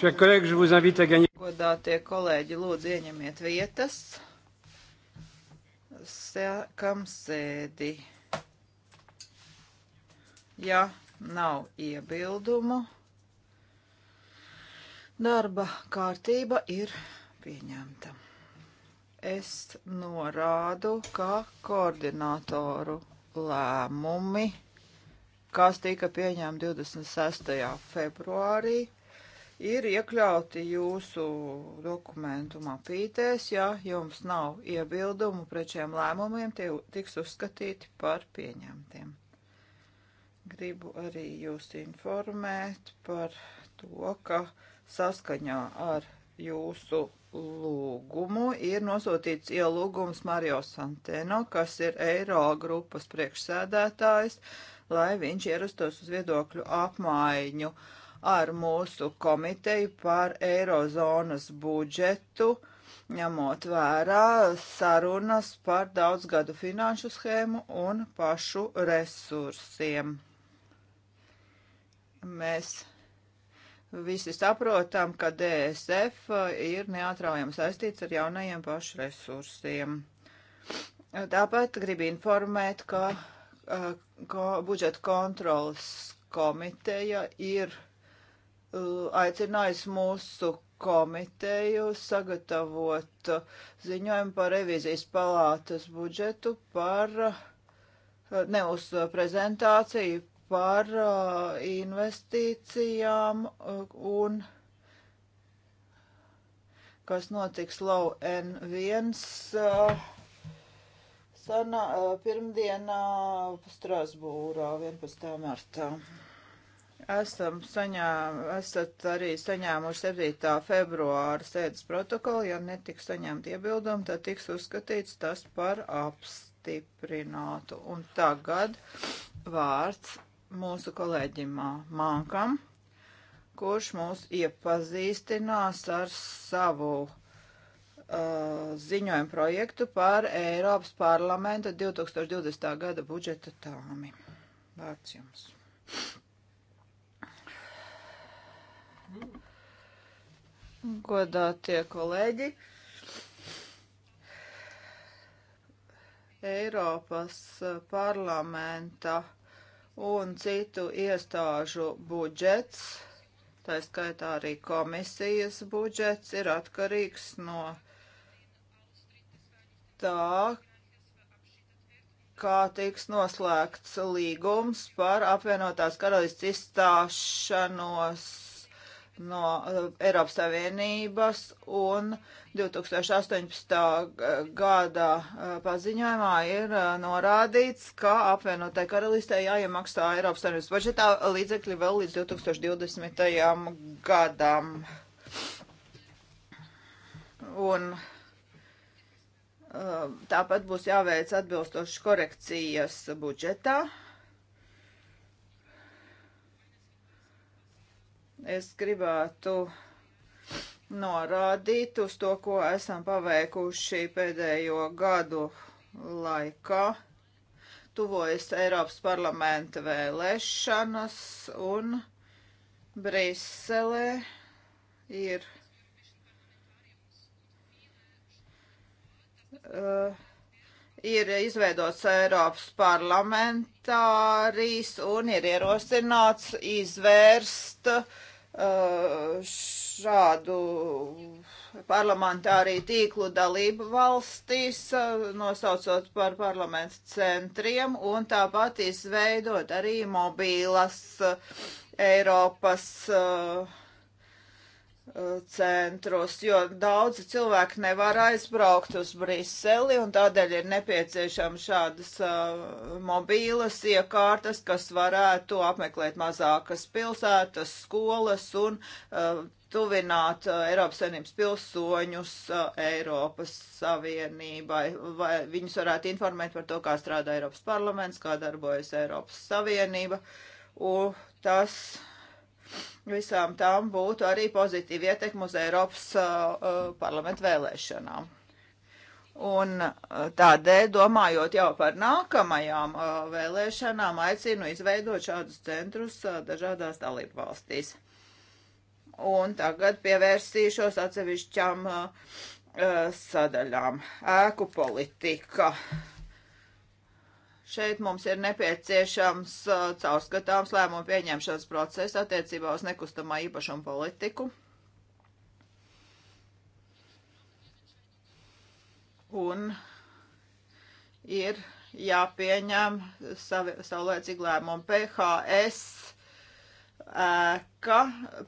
Godātie kolēģi, lūdzu ieņemiet vietas. Sākam sēdi. Ja nav iebildumu, darba kārtība ir pieņemta. Es norādu, ka koordinātoru lēmumi, kas tika pieņemti 26. februārī, ir iekļauti jūsu dokumentu mapītēs. Ja jums nav iebildumu pret šiem lēmumiem, tie tiks uzskatīti par pieņemtiem. Gribu arī jūs informēt par to, ka saskaņā ar jūsu lūgumu ir nosūtīts ielūgums Mario Santeno, kas ir Eiro grupas priekšsēdētājs, lai viņš ierastos uz viedokļu apmaiņu uh, ar mūsu komiteju par Eirozonas budžetu, ņemot vērā sarunas par daudzgadu finanšu schēmu un pašu resursiem. Mēs visi saprotam, ka DSF ir neatraujami saistīts ar jaunajiem pašu resursiem. Tāpat gribu informēt, ka, ka budžeta kontrolas komiteja ir aicinājis mūsu komiteju sagatavot ziņojumu par revizijas palātas budžetu par neuz prezentāciju par investīcijām un kas notiks Low N1 sanā, pirmdienā Strasbūrā 11. martā. Esam saņēm, esat arī saņēmuši 7. februāra sēdes protokolu. Ja netiks saņemt iebildumu, tad tiks uzskatīts tas par apstiprinātu. Un tagad vārds mūsu kolēģim Mankam, kurš mūs iepazīstinās ar savu uh, ziņojumu projektu par Eiropas parlamenta 2020. gada budžeta tāmi. Vārds jums. godātie kolēģi. Eiropas parlamenta un citu iestāžu budžets, tā skaitā arī komisijas budžets, ir atkarīgs no tā, kā tiks noslēgts līgums par apvienotās karalists izstāšanos no eh, Eiropas Savienības un 2018. gada eh, paziņojumā ir eh, norādīts, ka apvienotai karalistē jāiemaksā Eiropas Savienības budžetā līdzekļi vēl līdz 2020. gadam. Un tāpat būs jāveic atbilstošas korekcijas budžetā es gribētu norādīt uz to, ko esam paveikuši pēdējo gadu laikā. Tuvojas Eiropas parlamenta vēlēšanas un Briselē ir uh, ir izveidots Eiropas parlamentārijas un ir ierosināts izvērst uh, Uh, šādu parlamentāriju tīklu dalību valstīs, uh, nosaucot par parlamentu centriem, un tāpat izveidot arī mobīlas uh, Eiropas uh, centros, jo daudzi cilvēki nevar aizbraukt uz Briseli, un tādēļ ir nepieciešama šādas uh, mobīlas iekārtas, kas varētu apmeklēt mazākas pilsētas, skolas un uh, tuvināt uh, Eiropas Savienības pilsoņus uh, Eiropas Savienībai, vai viņus varētu informēt par to, kā strādā Eiropas parlaments, kā darbojas Eiropas Savienība, un tas visām tām būtu arī pozitīva ietekme uz Eiropas uh, uh, parlamentu vēlēšanām. Un uh, tādēļ, domājot jau par nākamajām uh, vēlēšanām, aicinu izveidot šādus centrus uh, dažādās dalību valstīs. Un tagad pievērsīšos atsevišķām uh, uh sadaļām. Ēku politika. Uh, Šeit mums ir nepieciešams uh, caurskatāms lēmumu pieņemšanas process attiecībā uz nekustamā īpašuma politiku. Un ir jāpieņem savi, saulēcīgi lēmumu PHS ēka.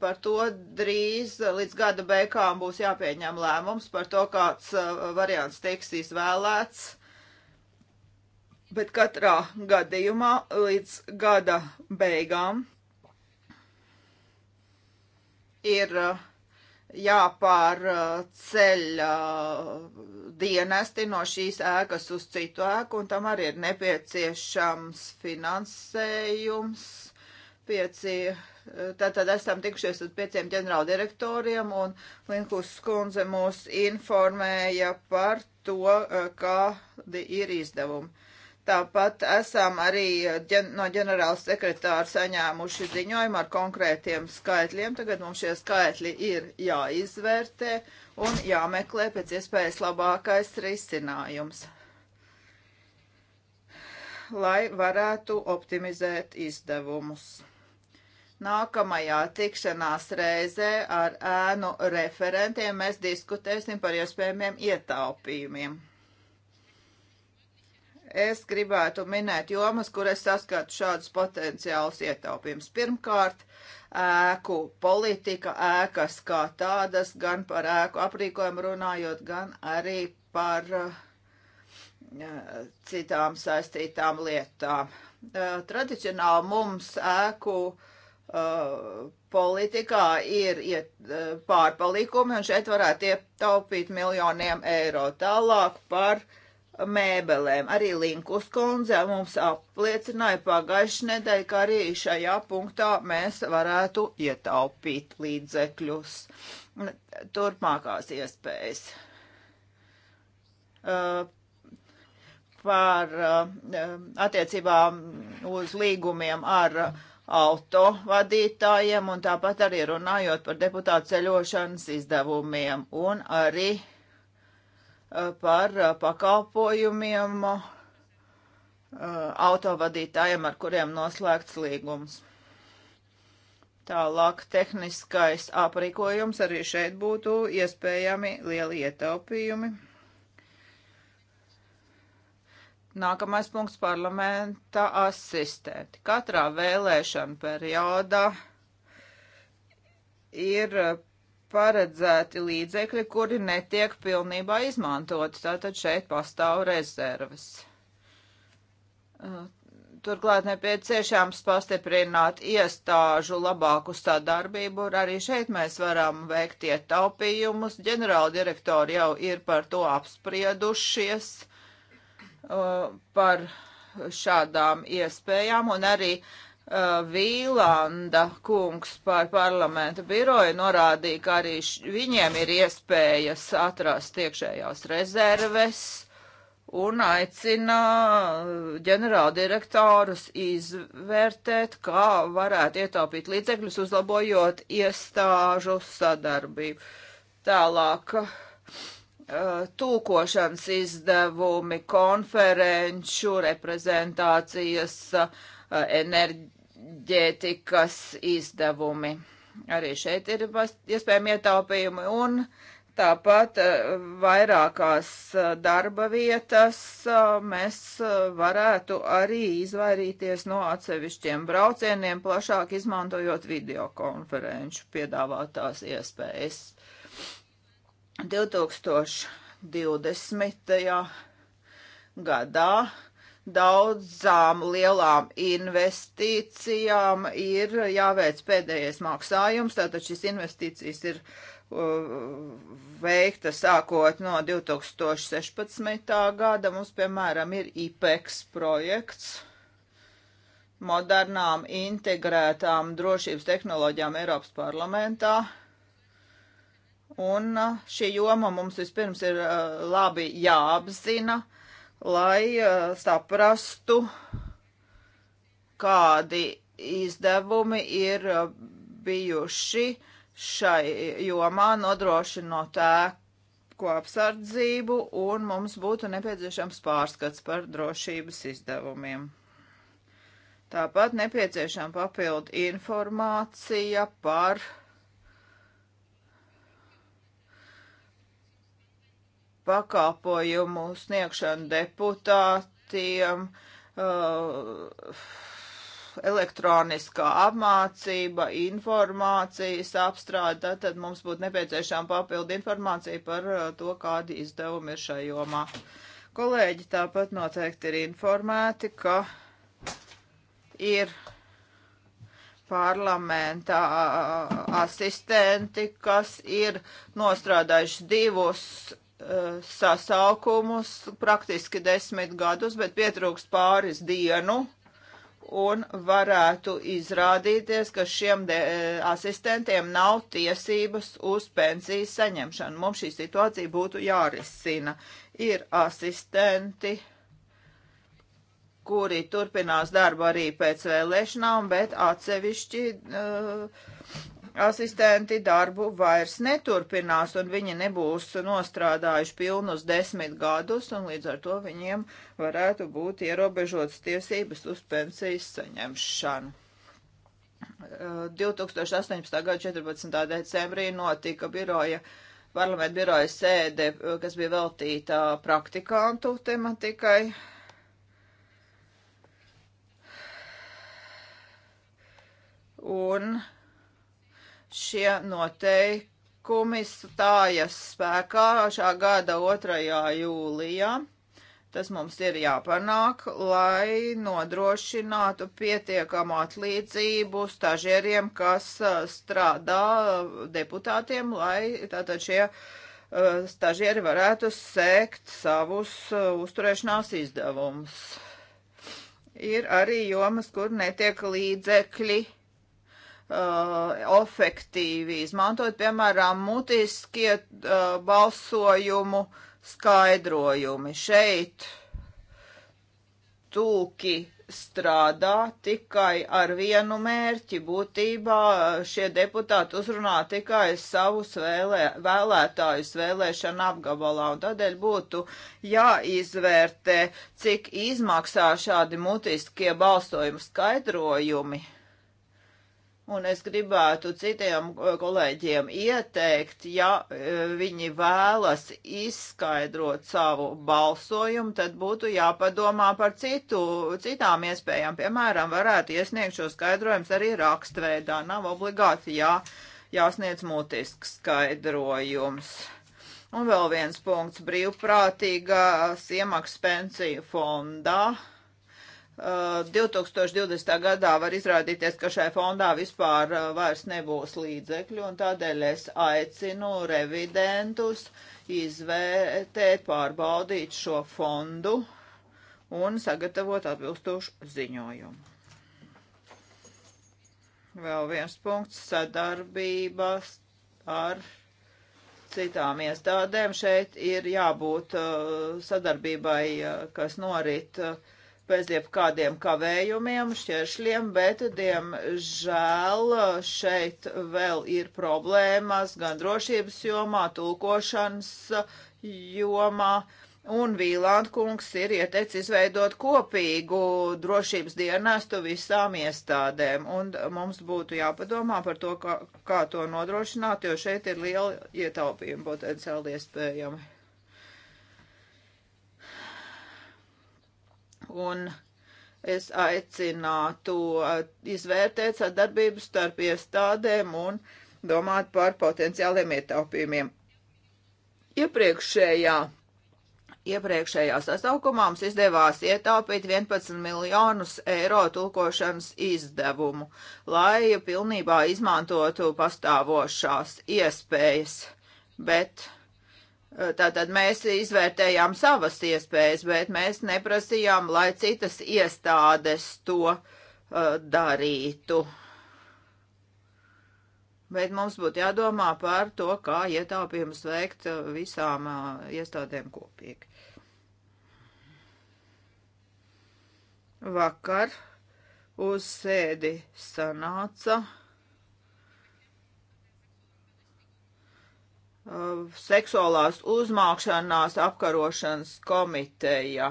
Par to drīz līdz gada beigām būs jāpieņem lēmums par to, kāds uh, variants tiks izvēlēts. Bet katrā gadījumā līdz gada beigām ir uh, jāpārceļ uh, dienesti no šīs ēkas uz citu ēku, un tam arī ir nepieciešams finansējums. Pieci, tātad uh, esam tikušies ar pieciem ģenerāldirektoriem, un Linkus skundze mūs informēja par to, kādi ir izdevumi. Tāpat esam arī eh, ģen, no ģenerāla sekretāra saņēmuši ziņojumu ar konkrētiem skaitļiem. Tagad mums šie skaitļi ir jāizvērtē un jāmeklē pēc iespējas labākais risinājums, lai varētu optimizēt izdevumus. Nākamajā tikšanās reizē ar ēnu referentiem mēs diskutēsim par iespējamiem ietaupījumiem es gribētu minēt jomas, kur es saskatu šādus potenciālus ietaupījumus. Pirmkārt, ēku politika, ēkas kā tādas, gan par ēku aprīkojumu runājot, gan arī par eh, citām saistītām lietām. Eh, tradicionāli mums ēku eh, politikā ir iet, pārpalikumi, un šeit varētu ietaupīt miljoniem eiro. Tālāk par uh, mēbelēm. Arī Linkus kundze mums apliecināja pagājušajā nedēļā, ka arī šajā punktā mēs varētu ietaupīt līdzekļus. Turpmākās iespējas. Uh, par uh, attiecībām uz līgumiem ar auto vadītājiem un tāpat arī runājot par deputātu ceļošanas izdevumiem un arī uh, Eh, par eh, pakalpojumiem eh, autovadītājiem, ar kuriem noslēgts līgums. Tālāk tehniskais aprīkojums arī šeit būtu iespējami lieli ietaupījumi. Nākamais punkts - parlamenta asistenti. Katrā vēlēšana periodā ir paredzēti līdzekļi, kuri netiek pilnībā izmantoti. Tātad šeit pastāv rezerves. Turklāt nepieciešams pastiprināt iestāžu labāku sadarbību, un arī šeit mēs varam veikt ietaupījumus. Ģenerāla direktori jau ir par to apspriedušies, uh, par šādām iespējām, un arī uh, Uh, Vīlanda kungs par parlamentu biroju norādīja, ka arī viņiem ir iespējas atrast iekšējās rezerves un aicina uh, ģenerāldirektorus izvērtēt, kā varētu ietaupīt līdzekļus, uzlabojot iestāžu sadarbību. Tālāk uh, tulkošanas izdevumi, konferenču reprezentācijas uh, Eh, enerģētikas izdevumi. Arī šeit ir iespējami ietaupījumi un tāpat eh, vairākās eh, darba vietas mēs varētu arī izvairīties no atsevišķiem braucieniem, plašāk izmantojot videokonferenču piedāvātās iespējas. 2020. gadā daudzām lielām investīcijām ir jāveic pēdējais maksājums, tātad šis investīcijas ir uh, veikta sākot no 2016. gada. Mums, piemēram, ir IPEX projekts modernām integrētām drošības tehnoloģijām Eiropas parlamentā. Un uh, šī joma mums vispirms ir uh, labi jāapzina, uh, lai uh, saprastu, kādi izdevumi ir uh, bijuši šai jomā nodrošinot ēku apsardzību, un mums būtu nepieciešams pārskats par drošības izdevumiem. Tāpat nepieciešama papildu informācija par uh, pakāpojumu sniegšanu deputātiem, uh, elektroniskā apmācība, informācijas apstrāde, tad mums būtu nepieciešama papildu informācija par uh, to, kādi izdevumi ir šajā jomā. Kolēģi tāpat noteikti ir informēti, ka ir parlamentā uh, asistenti, kas ir nostrādājuši divus sasaukumus praktiski desmit gadus, bet pietrūkst pāris dienu. Un varētu izrādīties, ka šiem de, asistentiem nav tiesības uz pensijas saņemšanu. Mums šī situācija būtu jārisina. Ir asistenti, kuri turpinās darbu arī pēc vēlēšanām, bet atsevišķi uh, asistenti darbu vairs neturpinās, un viņi nebūs nostrādājuši pilnus desmit gadus, un līdz ar to viņiem varētu būt ierobežotas tiesības uz pensijas saņemšanu. 2018. Eh, gada 14. decembrī notika biroja, parlamenta biroja sēde, eh, kas bija veltīta praktikantu tematikai, un šie noteikumi stājas spēkā šā gada 2. jūlijā. Tas mums ir jāpanāk, lai nodrošinātu pietiekamu atlīdzību stažieriem, kas strādā deputātiem, lai tātad šie stažieri varētu sekt savus uzturēšanās izdevumus. Ir arī jomas, kur netiek līdzekļi uh, efektīvi izmantot, piemēram, mutiskie uh, balsojumu skaidrojumi. Šeit tūki strādā tikai ar vienu mērķi. Būtībā uh, šie deputāti uzrunā tikai savus vēlē, vēlētājus vēlēšana apgabalā, un tādēļ būtu jāizvērtē, cik izmaksā šādi mutiskie balsojumu skaidrojumi Un es gribētu citiem eh, kolēģiem ieteikt, ja eh, viņi vēlas izskaidrot savu balsojumu, tad būtu jāpadomā par citu, citām iespējām. Piemēram, varētu iesniegt šo skaidrojumus arī rakstveidā. Nav obligāti jā, jāsniedz mutisks skaidrojums. Un vēl viens punkts - brīvprātīgās iemaksas pensiju fondā 2020. Uh, gadā var izrādīties, ka šai fondā vispār uh, vairs nebūs līdzekļu, un tādēļ es aicinu revidentus izvērtēt, pārbaudīt šo fondu un sagatavot atbilstošu ziņojumu. Vēl viens punkts - sadarbības ar citām iestādēm. Šeit ir jābūt uh, sadarbībai, kas norit uh, bez jebkādiem kavējumiem, šķēršļiem, bet, diemžēl, šeit vēl ir problēmas gan drošības jomā, tulkošanas jomā. Un Vīlānd kungs ir ieteicis izveidot kopīgu drošības dienestu visām iestādēm, un mums būtu jāpadomā par to, kā, kā to nodrošināt, jo šeit ir liela ietaupījuma potenciāli iespējami. un es aicinātu uh, izvērtēt sadarbību starp iestādēm un domāt par potenciāliem ietaupījumiem. Iepriekšējā, iepriekšējā sasaukumā mums izdevās ietaupīt 11 miljonus eiro tulkošanas izdevumu, lai pilnībā izmantotu pastāvošās iespējas, bet Tātad mēs izvērtējām savas iespējas, bet mēs neprasījām, lai citas iestādes to uh, darītu. Bet mums būtu jādomā par to, kā ietaupījumus veikt uh, visām uh, iestādēm kopīgi. Vakar uz sēdi sanāca. Uh, seksuālās uzmākšanās apkarošanas komiteja.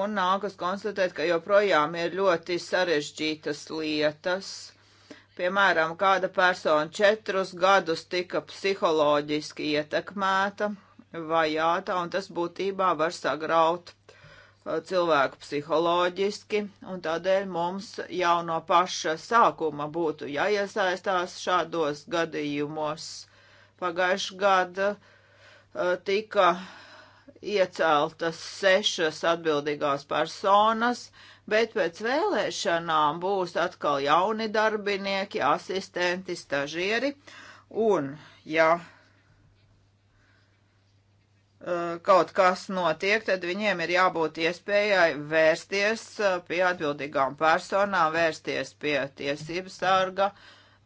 Un nākas konstatēt, ka joprojām ir ļoti sarežģītas lietas. Piemēram, kāda persona četrus gadus tika psiholoģiski ietekmēta, vajāta, un tas būtībā var sagraut uh, cilvēku psiholoģiski, un tādēļ mums jau no paša sākuma būtu jāiesaistās šādos gadījumos Pagājuši gada eh, tika ieceltas sešas atbildīgās personas, bet pēc vēlēšanām būs atkal jauni darbinieki, asistenti, stažieri. Un, ja eh, kaut kas notiek, tad viņiem ir jābūt iespējai vērsties eh, pie atbildīgām personām, vērsties pie tiesības sārga uh,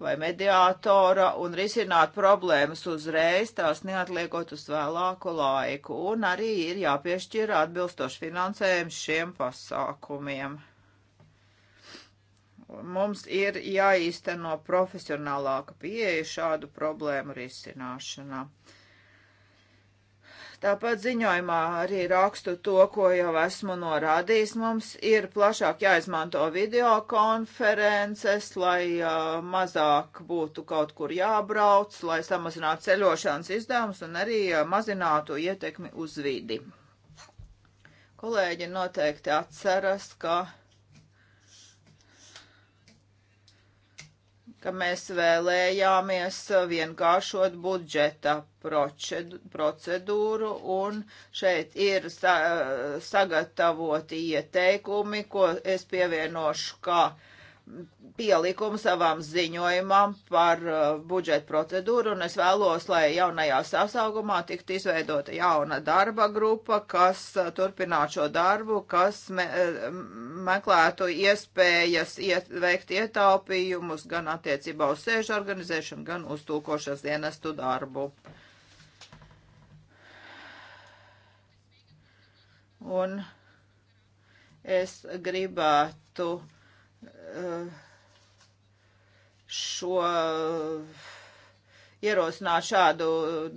vai mediātora un risināt problēmas uzreiz, tās neatliekot uz vēlāku laiku, un arī ir jāpiešķir atbilstoši finansējums šiem pasākumiem. Mums ir jāīsteno profesionālāka pieeja šādu problēmu risināšanā. Uh, Tāpat ziņojumā arī rakstu to, ko jau esmu norādījis. Mums ir plašāk jāizmanto video konferences, lai uh, mazāk būtu kaut kur jābrauc, lai samazinātu ceļošanas izdevumus un arī uh, mazinātu ietekmi uz vidi. Kolēģi noteikti atceras, ka ka mēs vēlējāmies vienkāršot budžeta procedūru, un šeit ir sa sagatavoti ieteikumi, ko es pievienošu kā uh, pielikumu savām ziņojumam par uh, budžetu procedūru, un es vēlos, lai jaunajā sasaugumā tiktu izveidota jauna darba grupa, kas uh, turpinātu šo darbu, kas me, uh, meklētu iespējas iet, veikt ietaupījumus gan attiecībā uz sēžu organizēšanu, gan uz tūkošas dienestu darbu. Un es gribētu šo ierosināt šādu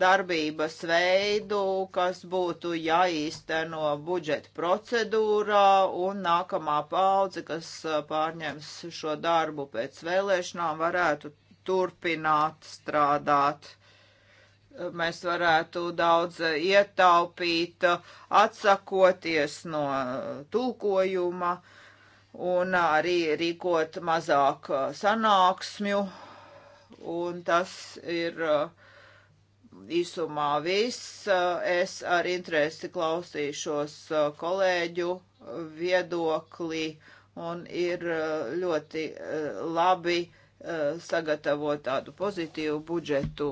darbības veidu, kas būtu jāīsteno budžeta procedūrā un nākamā paudze, kas uh, pārņems šo darbu pēc vēlēšanām, varētu turpināt strādāt mēs varētu daudz ietaupīt, atsakoties no uh, tulkojuma un arī rīkot mazāk uh, sanāksmju, un tas ir uh, īsumā viss. Uh, es ar interesi klausīšos kolēģu viedokli, un ir ļoti labi sagatavot tādu pozitīvu budžetu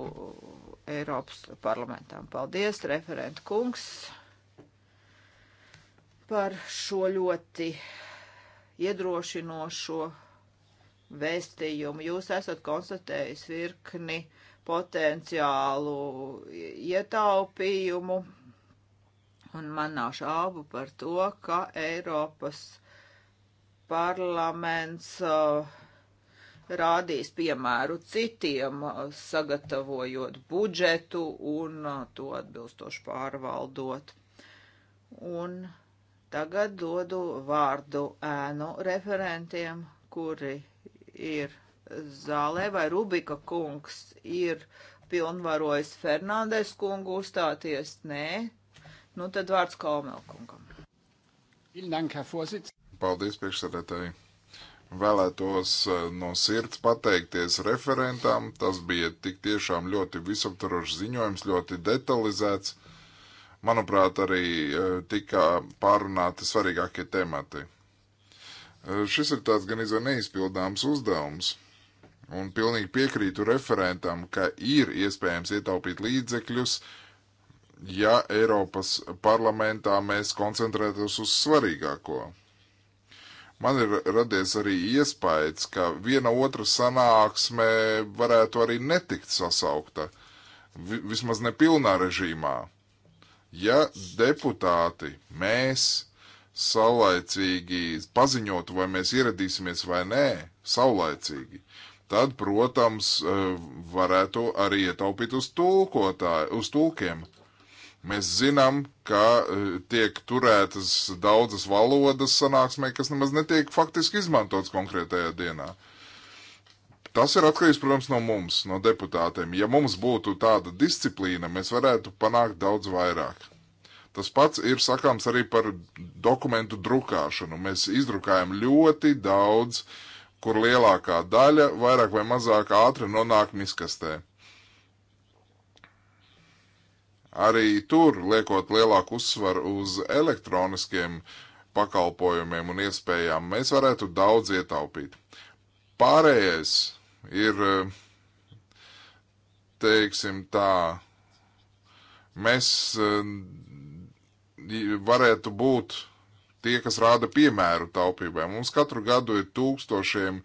Eiropas parlamentām. Paldies, referent kungs, par šo ļoti uh, iedrošinošo vēstījumu. Jūs esat konstatējis virkni potenciālu ietaupījumu, un man nav šābu par to, ka Eiropas parlaments uh, rādīs piemēru citiem, uh, sagatavojot budžetu un uh, to atbilstoši pārvaldot. Un Tagad dodu vārdu ēnu referentiem, kuri ir zālē, vai Rubika kungs ir pilnvarojis Fernandes kungu uzstāties? Nē. Nu, tad vārds Kalmelkungam. Paldies, priekšsēdētāji. Vēlētos no sirds pateikties referentam. Tas bija tik tiešām ļoti visaptvarošs ziņojums, ļoti detalizēts. Manuprāt, arī e, tika pārunāti svarīgākie temati. E, šis ir tāds gan izvēl neizpildāms uzdevums. Un pilnīgi piekrītu referentam, ka ir iespējams ietaupīt līdzekļus, ja Eiropas parlamentā mēs koncentrētos uz svarīgāko. Man ir radies arī iespējas, ka viena otra sanāksme varētu arī netikt sasaukta, vismaz nepilnā režīmā. Ja deputāti, mēs saulaicīgi paziņotu, vai mēs ieradīsimies vai nē, saulaicīgi, tad, protams, e, varētu arī ietaupīt uz, uz tulkiem. Mēs zinām, ka e, tiek turētas daudzas valodas sanāksmē, kas nemaz netiek faktiski izmantotas konkrētajā dienā. Uh, Tas ir atkarīgs, protams, no mums, no deputātiem. Ja mums būtu tāda disciplīna, mēs varētu panākt daudz vairāk. Tas pats ir sakāms arī par dokumentu drukāšanu. Mēs izdrukājam ļoti daudz, kur lielākā daļa vairāk vai mazāk ātri nonāk miskastē. Arī tur liekot lielāku uzsvaru uz elektroniskiem pakalpojumiem un iespējām, mēs varētu daudz ietaupīt. Pārējais ir, eh, teiksim tā, mēs eh, varētu būt tie, kas rāda piemēru taupībai. Mums katru gadu ir tūkstošiem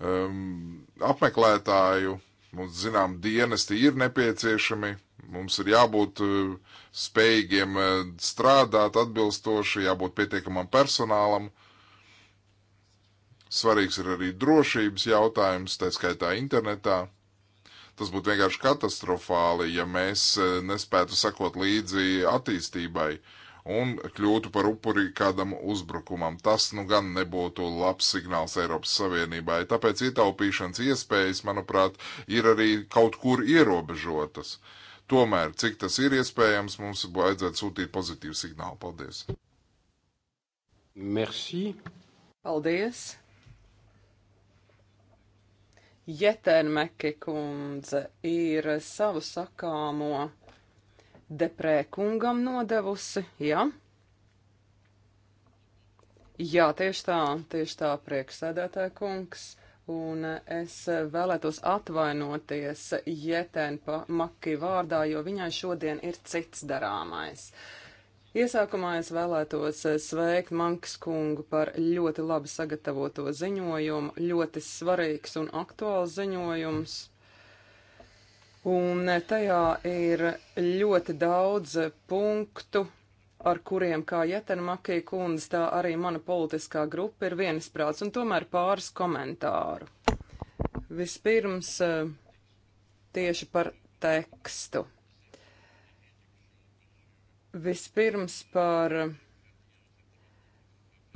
um, apmeklētāju, mums zinām dienesti ir nepieciešami, mums ir jābūt uh, spējīgiem strādāt atbilstoši, jābūt pietiekamam personālam. Svarīgs ir arī drošības jautājums, tā skaitā internetā. Tas būtu vienkārši katastrofāli, ja mēs e, nespētu sakot līdzi attīstībai un kļūtu par upuri kādam uzbrukumam. Tas nu gan nebūtu labs signāls Eiropas Savienībai. Tāpēc ietaupīšanas iespējas, manuprāt, ir arī kaut kur ierobežotas. Tomēr, cik tas ir iespējams, mums vajadzētu sūtīt pozitīvu signālu. Paldies! Merci! Paldies! Jetermeki kundze ir savu sakāmo deprē kungam nodevusi, jā? Jā, tieši tā, tieši tā, prieksēdētāja kungs. Un es vēlētos atvainoties Jetēna Maki vārdā, jo viņai šodien ir cits darāmais. Uh, Iesākumā es vēlētos eh, sveikt Mankas kungu par ļoti labi sagatavoto ziņojumu, ļoti svarīgs un aktuāls ziņojums. Un eh, tajā ir ļoti daudz punktu, ar kuriem kā Jetena Makija kundze, tā arī mana politiskā grupa ir vienisprāts, un tomēr pāris komentāru. Vispirms eh, tieši par tekstu. Vispirms par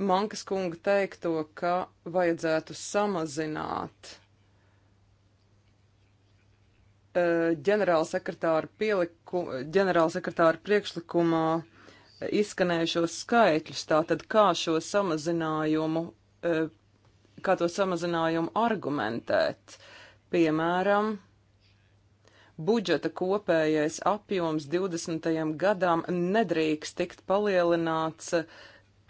Mankas kunga teikto, ka vajadzētu samazināt eh, ģenerālsekretāra, pieliku, ģenerālsekretāra priekšlikumā izskanējušos skaitļus, tātad kā šo samazinājumu, eh, kā to samazinājumu argumentēt. Piemēram, budžeta kopējais apjoms 20. gadam nedrīkst tikt palielināts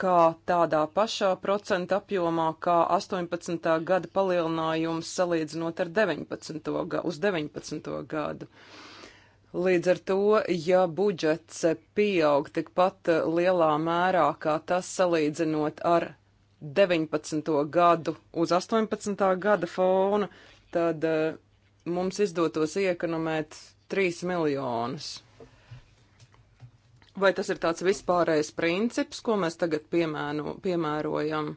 kā tādā pašā procenta apjomā, kā 18. gada palielinājums salīdzinot ar 19. Ga, uz 19. gadu. Līdz ar to, ja budžets pieaug tikpat lielā mērā, kā tas salīdzinot ar 19. gadu uz 18. gada fonu, tad uh, mums izdotos iekonomēt 3 miljonus. Vai tas ir tāds vispārējais princips, ko mēs tagad piemēno, piemērojam?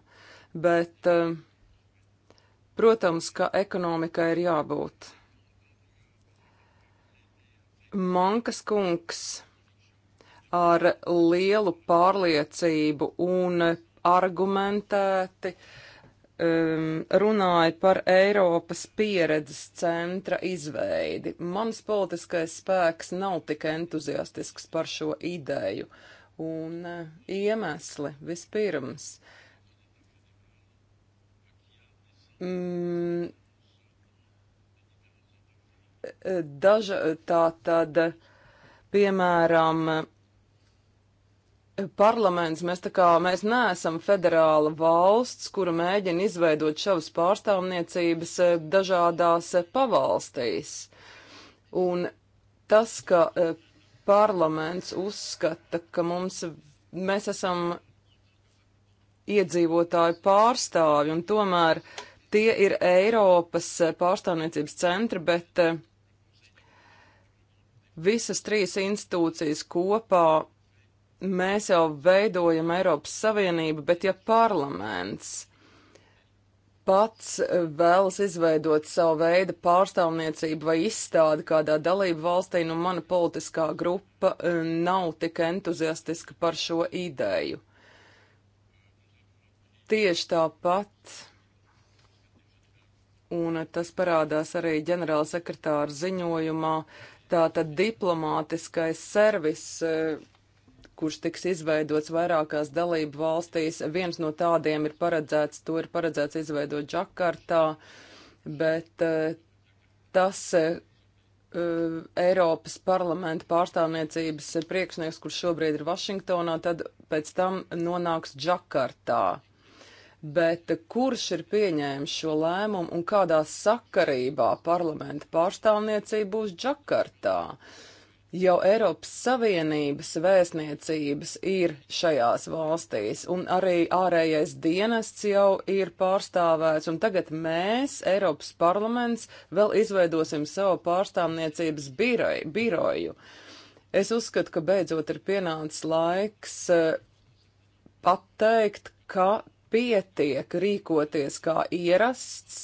Bet, eh, protams, ka ekonomikai ir jābūt. Mankas kungs ar lielu pārliecību un argumentēti uh, um, runāja par Eiropas pieredzes centra izveidi. Mans politiskais spēks nav tik entuziastisks par šo ideju. Un uh, iemesli vispirms. Mm, daža tā tad, piemēram, parlaments, mēs tā kā mēs neesam federāla valsts, kura mēģina izveidot savas pārstāvniecības eh, dažādās eh, pavalstīs. Un tas, ka eh, parlaments uzskata, ka mums, mēs esam iedzīvotāju pārstāvi, un tomēr tie ir Eiropas pārstāvniecības centri, bet visas trīs institūcijas kopā mēs jau veidojam Eiropas Savienību, bet ja parlaments pats vēlas izveidot savu veidu pārstāvniecību vai izstādi kādā dalību valstī, nu mana politiskā grupa eh, nav tik entuziastiska par šo ideju. Tieši tāpat, un tas parādās arī ģenerāla sekretāra ziņojumā, tātad diplomātiskais servis eh, kurš tiks izveidots vairākās dalību valstīs. Viens no tādiem ir paredzēts, to ir paredzēts izveidot Džakartā, bet eh, tas eh, Eiropas parlamenta pārstāvniecības priekšnieks, kurš šobrīd ir Vašingtonā, tad pēc tam nonāks Džakartā. Bet eh, kurš ir pieņēmis šo lēmumu un kādā sakarībā parlamenta pārstāvniecība būs Džakartā? Uh, Jau Eiropas Savienības vēstniecības ir šajās valstīs, un arī ārējais dienests jau ir pārstāvēts, un tagad mēs, Eiropas parlaments, vēl izveidosim savu pārstāvniecības biroju. biroju. Es uzskatu, ka beidzot ir pienācis laiks e, pateikt, ka pietiek rīkoties kā ierasts,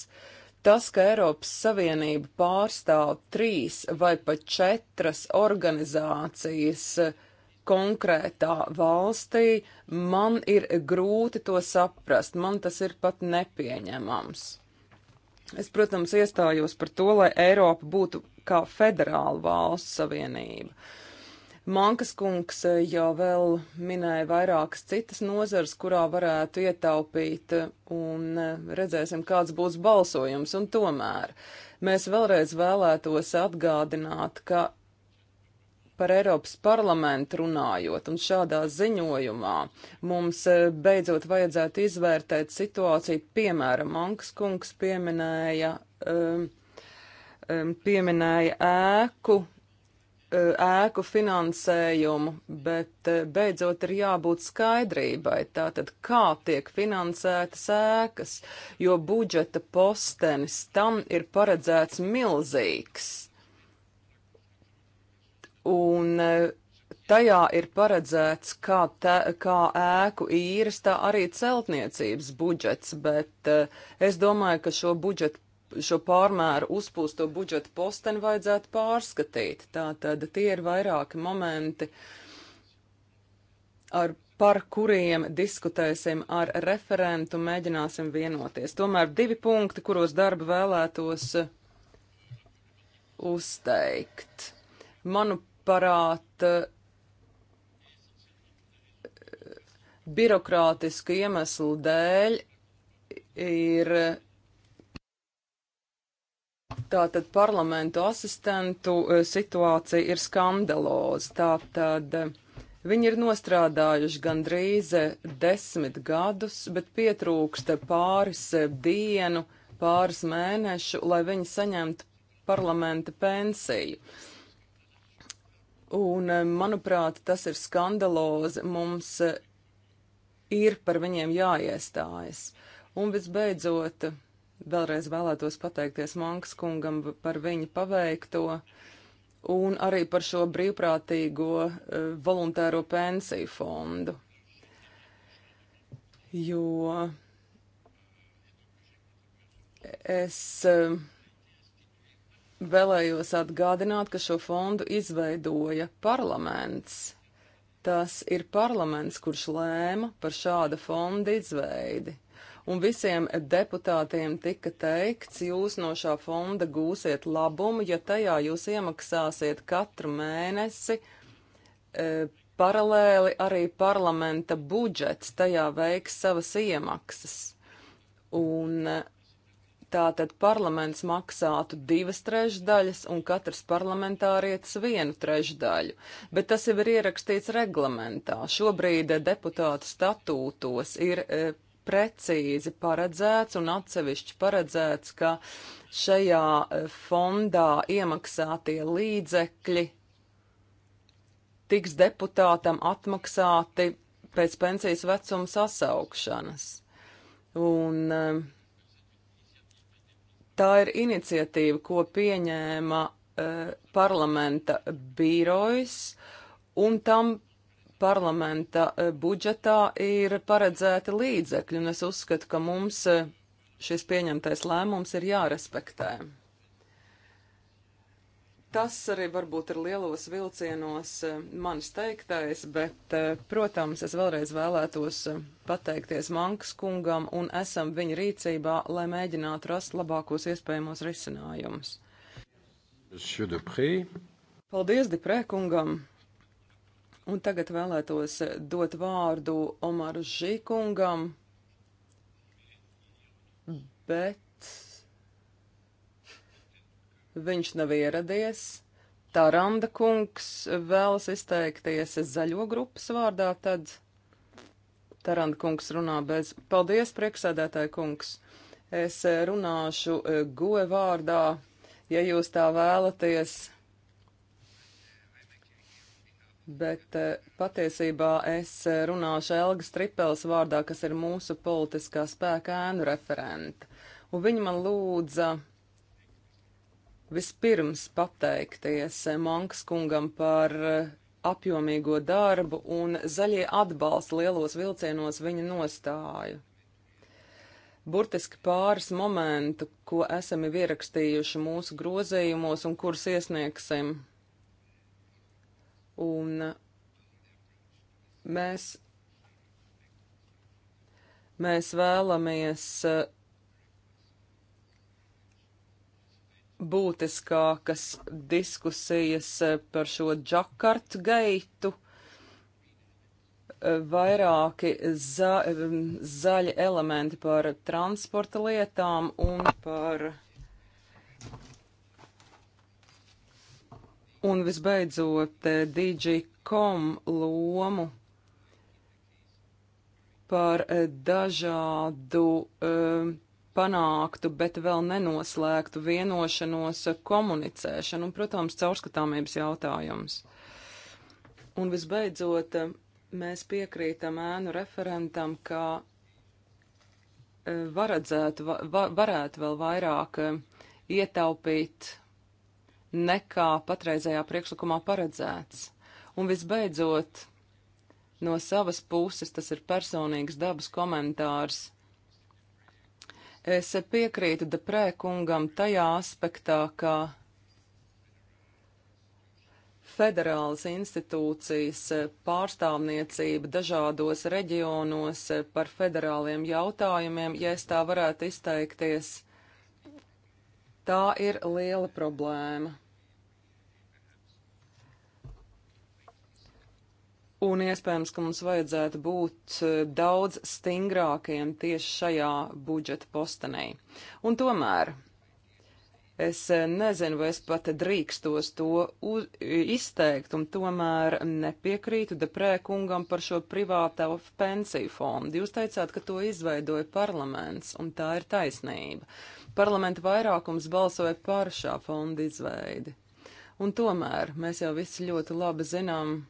Tas, ka Eiropas Savienība pārstāv trīs vai pat četras organizācijas konkrētā valstī, man ir grūti to saprast, man tas ir pat nepieņemams. Es, protams, iestājos par to, lai Eiropa būtu kā federāla valsts savienība. Uh, Mankas kungs eh, jau vēl minēja vairākas citas nozares, kurā varētu ietaupīt, eh, un eh, redzēsim, kāds būs balsojums. Un tomēr mēs vēlreiz vēlētos atgādināt, ka par Eiropas parlamentu runājot un šādā ziņojumā mums beidzot vajadzētu izvērtēt situāciju, piemēram, Ankas kungs pieminēja, um, um, pieminēja ēku E, ēku finansējumu, bet e, beidzot ir jābūt skaidrībai, tātad kā tiek finansētas ēkas, jo budžeta postenis tam ir paredzēts milzīgs. Un e, tajā ir paredzēts kā, te, kā ēku īres, tā arī celtniecības budžets, bet es domāju, ka šo budžetu šo pārmēru uzpūsto budžeta posteni vajadzētu pārskatīt. Tātad tie ir vairāki momenti, ar, par kuriem diskutēsim ar referentu, mēģināsim vienoties. Tomēr divi punkti, kuros darba vēlētos eh, uzteikt. Manuprāt, eh, birokrātisku iemeslu dēļ ir Tātad parlamentu asistentu e, situācija ir skandaloza. Tātad e, viņi ir nostrādājuši gandrīz e, desmit gadus, bet pietrūksta pāris dienu, pāris mēnešu, lai viņi saņemtu parlamenta pensiju. Un, manuprāt, tas ir skandalozi. Mums ir par viņiem jāiestājas. Un visbeidzot, Vēlreiz vēlētos pateikties Mankas kungam par viņa paveikto un arī par šo brīvprātīgo eh, voluntāro pensiju fondu. Jo es eh, vēlējos atgādināt, ka šo fondu izveidoja parlaments. Tas ir parlaments, kurš lēma par šāda fonda izveidi un visiem deputātiem tika teikts, jūs no šā fonda gūsiet labumu, ja tajā jūs iemaksāsiet katru mēnesi e, paralēli arī parlamenta budžets, tajā veiks savas iemaksas. Un e, Tātad parlaments maksātu divas trešdaļas un katrs parlamentārietis vienu trešdaļu, bet tas jau ir ierakstīts reglamentā. Šobrīd deputātu statūtos ir e, precīzi paredzēts un atsevišķi paredzēts, ka šajā e, fondā iemaksātie līdzekļi tiks deputātam atmaksāti pēc pensijas vecuma sasaukšanas. Un e, tā ir iniciatīva, ko pieņēma eh, parlamenta bīrojs, un tam parlamenta eh, budžetā ir paredzēti līdzekļi, un es uzskatu, ka mums eh, šis pieņemtais lēmums ir jārespektē. Tas arī varbūt ir lielos vilcienos eh, manis teiktais, bet, protams, es vēlreiz vēlētos pateikties Mankas kungam un esam viņa rīcībā, lai mēģinātu rast labākos iespējamos risinājumus. Paldies Diprē kungam! Un tagad vēlētos dot vārdu Omaru Žikungam, bet viņš nav ieradies. Taranda kungs vēlas izteikties zaļo grupas vārdā, tad Taranda kungs runā bez. Paldies, prieksēdētāji kungs! Es runāšu eh, goe vārdā, ja jūs tā vēlaties. Bet eh, patiesībā es eh, runāšu Elga Stripels vārdā, kas ir mūsu politiskā spēka ēnu referenta. Un viņa man lūdza vispirms pateikties eh, Mankas kungam par apjomīgo darbu un zaļie atbalsta lielos vilcienos viņa nostāju. Burtiski pāris momentu, ko esam ierakstījuši mūsu grozījumos un kurus iesniegsim un mēs, mēs vēlamies uh, būtiskākas diskusijas uh, par šo džakartu gaitu, uh, vairāki za, um, zaļi elementi par transporta lietām un par Un visbeidzot, eh, DigiCom lomu par eh, dažādu um, panāktu, bet vēl nenoslēgtu vienošanos komunicēšanu un, protams, caurskatāmības jautājums. Un visbeidzot, mēs piekrītam ēnu referentam, ka varadzētu, va, varētu vēl vairāk ietaupīt nekā patreizējā priekšlikumā paredzēts. Un visbeidzot, no savas puses tas ir personīgs dabas komentārs. Es piekrītu deprēkungam tajā aspektā, ka federālas institūcijas pārstāvniecība dažādos reģionos par federāliem jautājumiem, ja es tā varētu izteikties, Tā ir liela problēma. Un iespējams, ka mums vajadzētu būt e, daudz stingrākiem tieši šajā budžeta postenī. Un tomēr es e, nezinu, vai es pat drīkstos to uz, izteikt, un tomēr nepiekrītu deprē kungam par šo privāto pensiju fondu. Jūs teicāt, ka to izveidoja parlaments, un tā ir taisnība. Uh, Parlamenta vairākums balsoja par šā fonda izveidi. Un tomēr mēs jau visi ļoti labi zinām,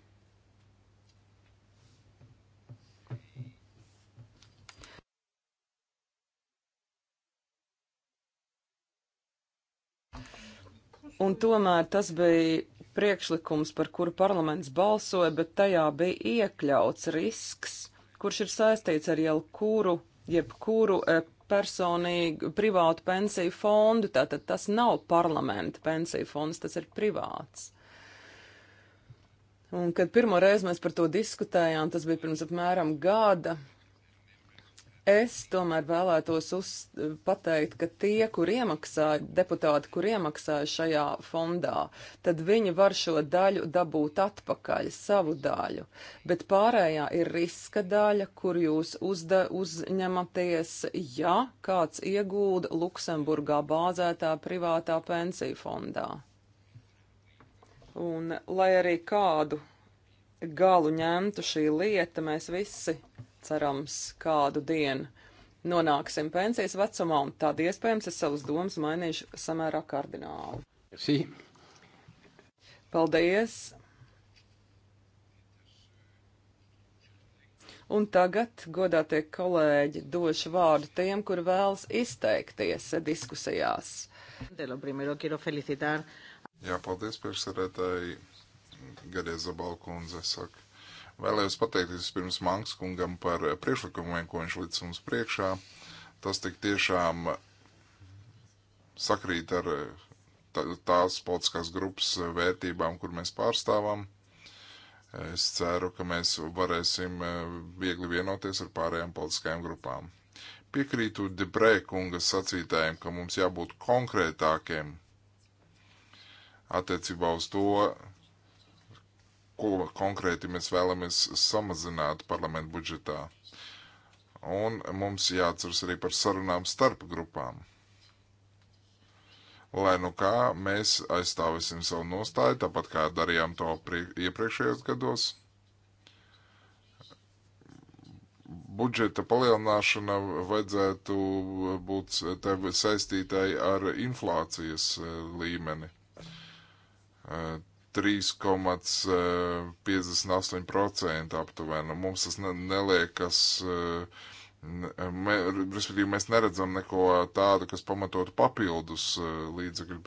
Un tomēr tas bija priekšlikums, par kuru parlaments balsoja, bet tajā bija iekļauts risks, kurš ir saistīts ar jau kuru, jebkuru e, personīgi privātu pensiju fondu, tātad tas nav parlamenta pensiju fonds, tas ir privāts. Un kad pirmo reizi mēs par to diskutējām, tas bija pirms apmēram gada, Es tomēr vēlētos uz, pateikt, ka tie, kur iemaksāja, deputāti, kur iemaksāja šajā fondā, tad viņi var šo daļu dabūt atpakaļ, savu daļu, bet pārējā ir riska daļa, kur jūs uzda, uzņematies, ja kāds iegūda Luksemburgā bāzētā privātā pensiju fondā. Un lai arī kādu galu ņemtu šī lieta, mēs visi cerams, kādu dienu nonāksim pensijas vecumā, un tad iespējams es savus domas mainīšu samērā kardināli. Sī. Paldies! Un tagad, godātie kolēģi, došu vārdu tiem, kur vēlas izteikties diskusijās. Jā, paldies priekšsarētāji, Gadie Zabalkundze saka. Vēlējos pateikties pirms Mankas kungam par priekšlikumiem, ko viņš līdz mums priekšā. Tas tik tiešām sakrīt ar tās politiskās grupas vērtībām, kur mēs pārstāvam. Es ceru, ka mēs varēsim eh, viegli vienoties ar pārējām politiskajām grupām. Piekrītu Debrē kunga sacītājiem, ka mums jābūt konkrētākiem attiecībā uz to, ko konkrēti mēs vēlamies samazināt parlamentu budžetā. Un mums jāatceras arī par sarunām starp grupām. Lai nu kā, mēs aizstāvēsim savu nostāju, tāpat kā darījām to iepriekšējos gados. budžeta palielināšana vajadzētu būt saistītai ar inflācijas eh, līmeni. Eh, 3,58% eh, aptuveni. Mums tas neliekas, eh, me, respektīvi, mēs neredzam neko tādu, kas pamatotu papildus eh, līdzekļu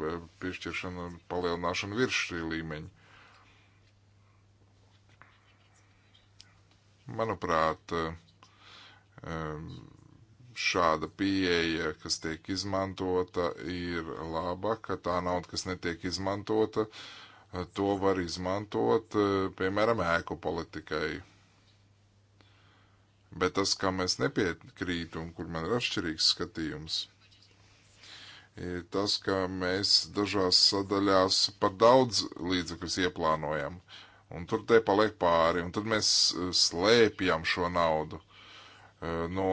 piešķiršanu un palielināšanu virs šī līmeņa. Manuprāt, šāda pieeja, kas tiek izmantota, ir laba, ka tā nauda, kas netiek izmantota, uh, To var izmantot, e, piemēram, ēku politikai. Bet tas, kam es nepiekrītu un kur man ir atšķirīgs skatījums, ir tas, ka mēs dažās sadaļās par daudz līdzekļus ieplānojam, un tur te paliek pāri, un tad mēs e, slēpjam šo naudu. E, no,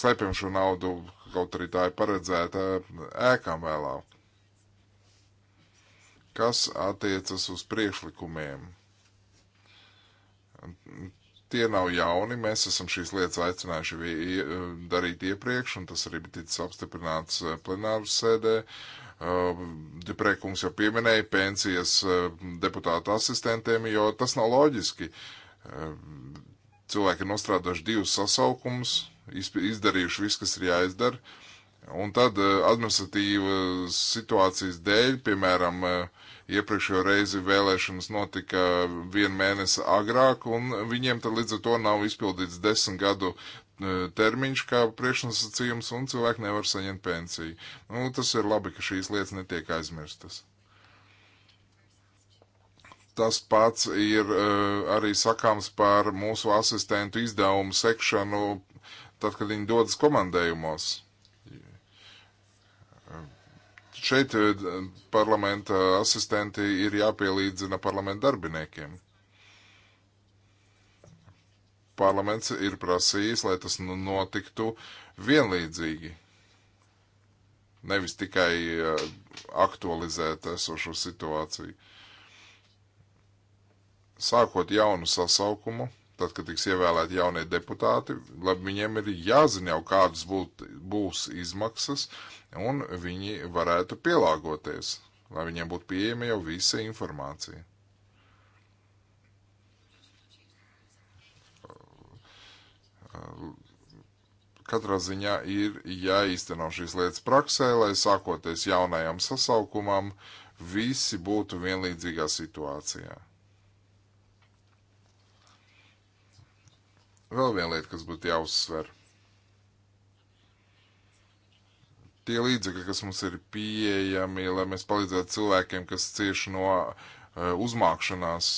slēpjam šo naudu, kaut arī tā ir paredzēta ēkām vēlāk kas attiecas uz priekšlikumiem. Tie nav jauni, mēs esam šīs lietas aicinājuši darīt iepriekš, un tas arī bija ticis apstiprināts eh, plenāru sēdē. Eh, Deprēkungs jau pieminēja pensijas eh, deputātu asistentiem, jo tas nav loģiski. Cilvēki ir nostrādājuši divus sasaukumus, izdarījuši visu, kas ir jāizdara, un tad administratīvas situācijas dēļ, piemēram, uh, Iepriekšējo reizi vēlēšanas notika vienu mēnesi agrāk, un viņiem tad līdz ar to nav izpildīts desmit gadu e, termiņš kā priekšnosacījums, un cilvēki nevar saņemt pensiju. Nu, tas ir labi, ka šīs lietas netiek aizmirstas. Tas pats ir uh, arī sakāms par mūsu asistentu izdevumu sekšanu, tad, kad viņi dodas komandējumos. Šeit eh, parlamenta asistenti ir jāpielīdzina parlamenta darbiniekiem. Parlaments ir prasījis, lai tas nu notiktu vienlīdzīgi. Nevis tikai eh, aktualizēt esošo situāciju. Sākot jaunu sasaukumu tad, kad tiks ievēlēti jaunie deputāti, lai viņiem ir jāzina jau, kādas būt, būs izmaksas, un viņi varētu pielāgoties, lai viņiem būtu pieejama jau visa informācija. Katrā ziņā ir jāīsteno šīs lietas praksē, lai sākoties jaunajam sasaukumam, visi būtu vienlīdzīgā situācijā. Vēl viena lieta, kas būtu jāuzsver. Tie līdzekļi, kas mums ir pieejami, lai mēs palīdzētu cilvēkiem, kas cieši no uh, uzmākšanās,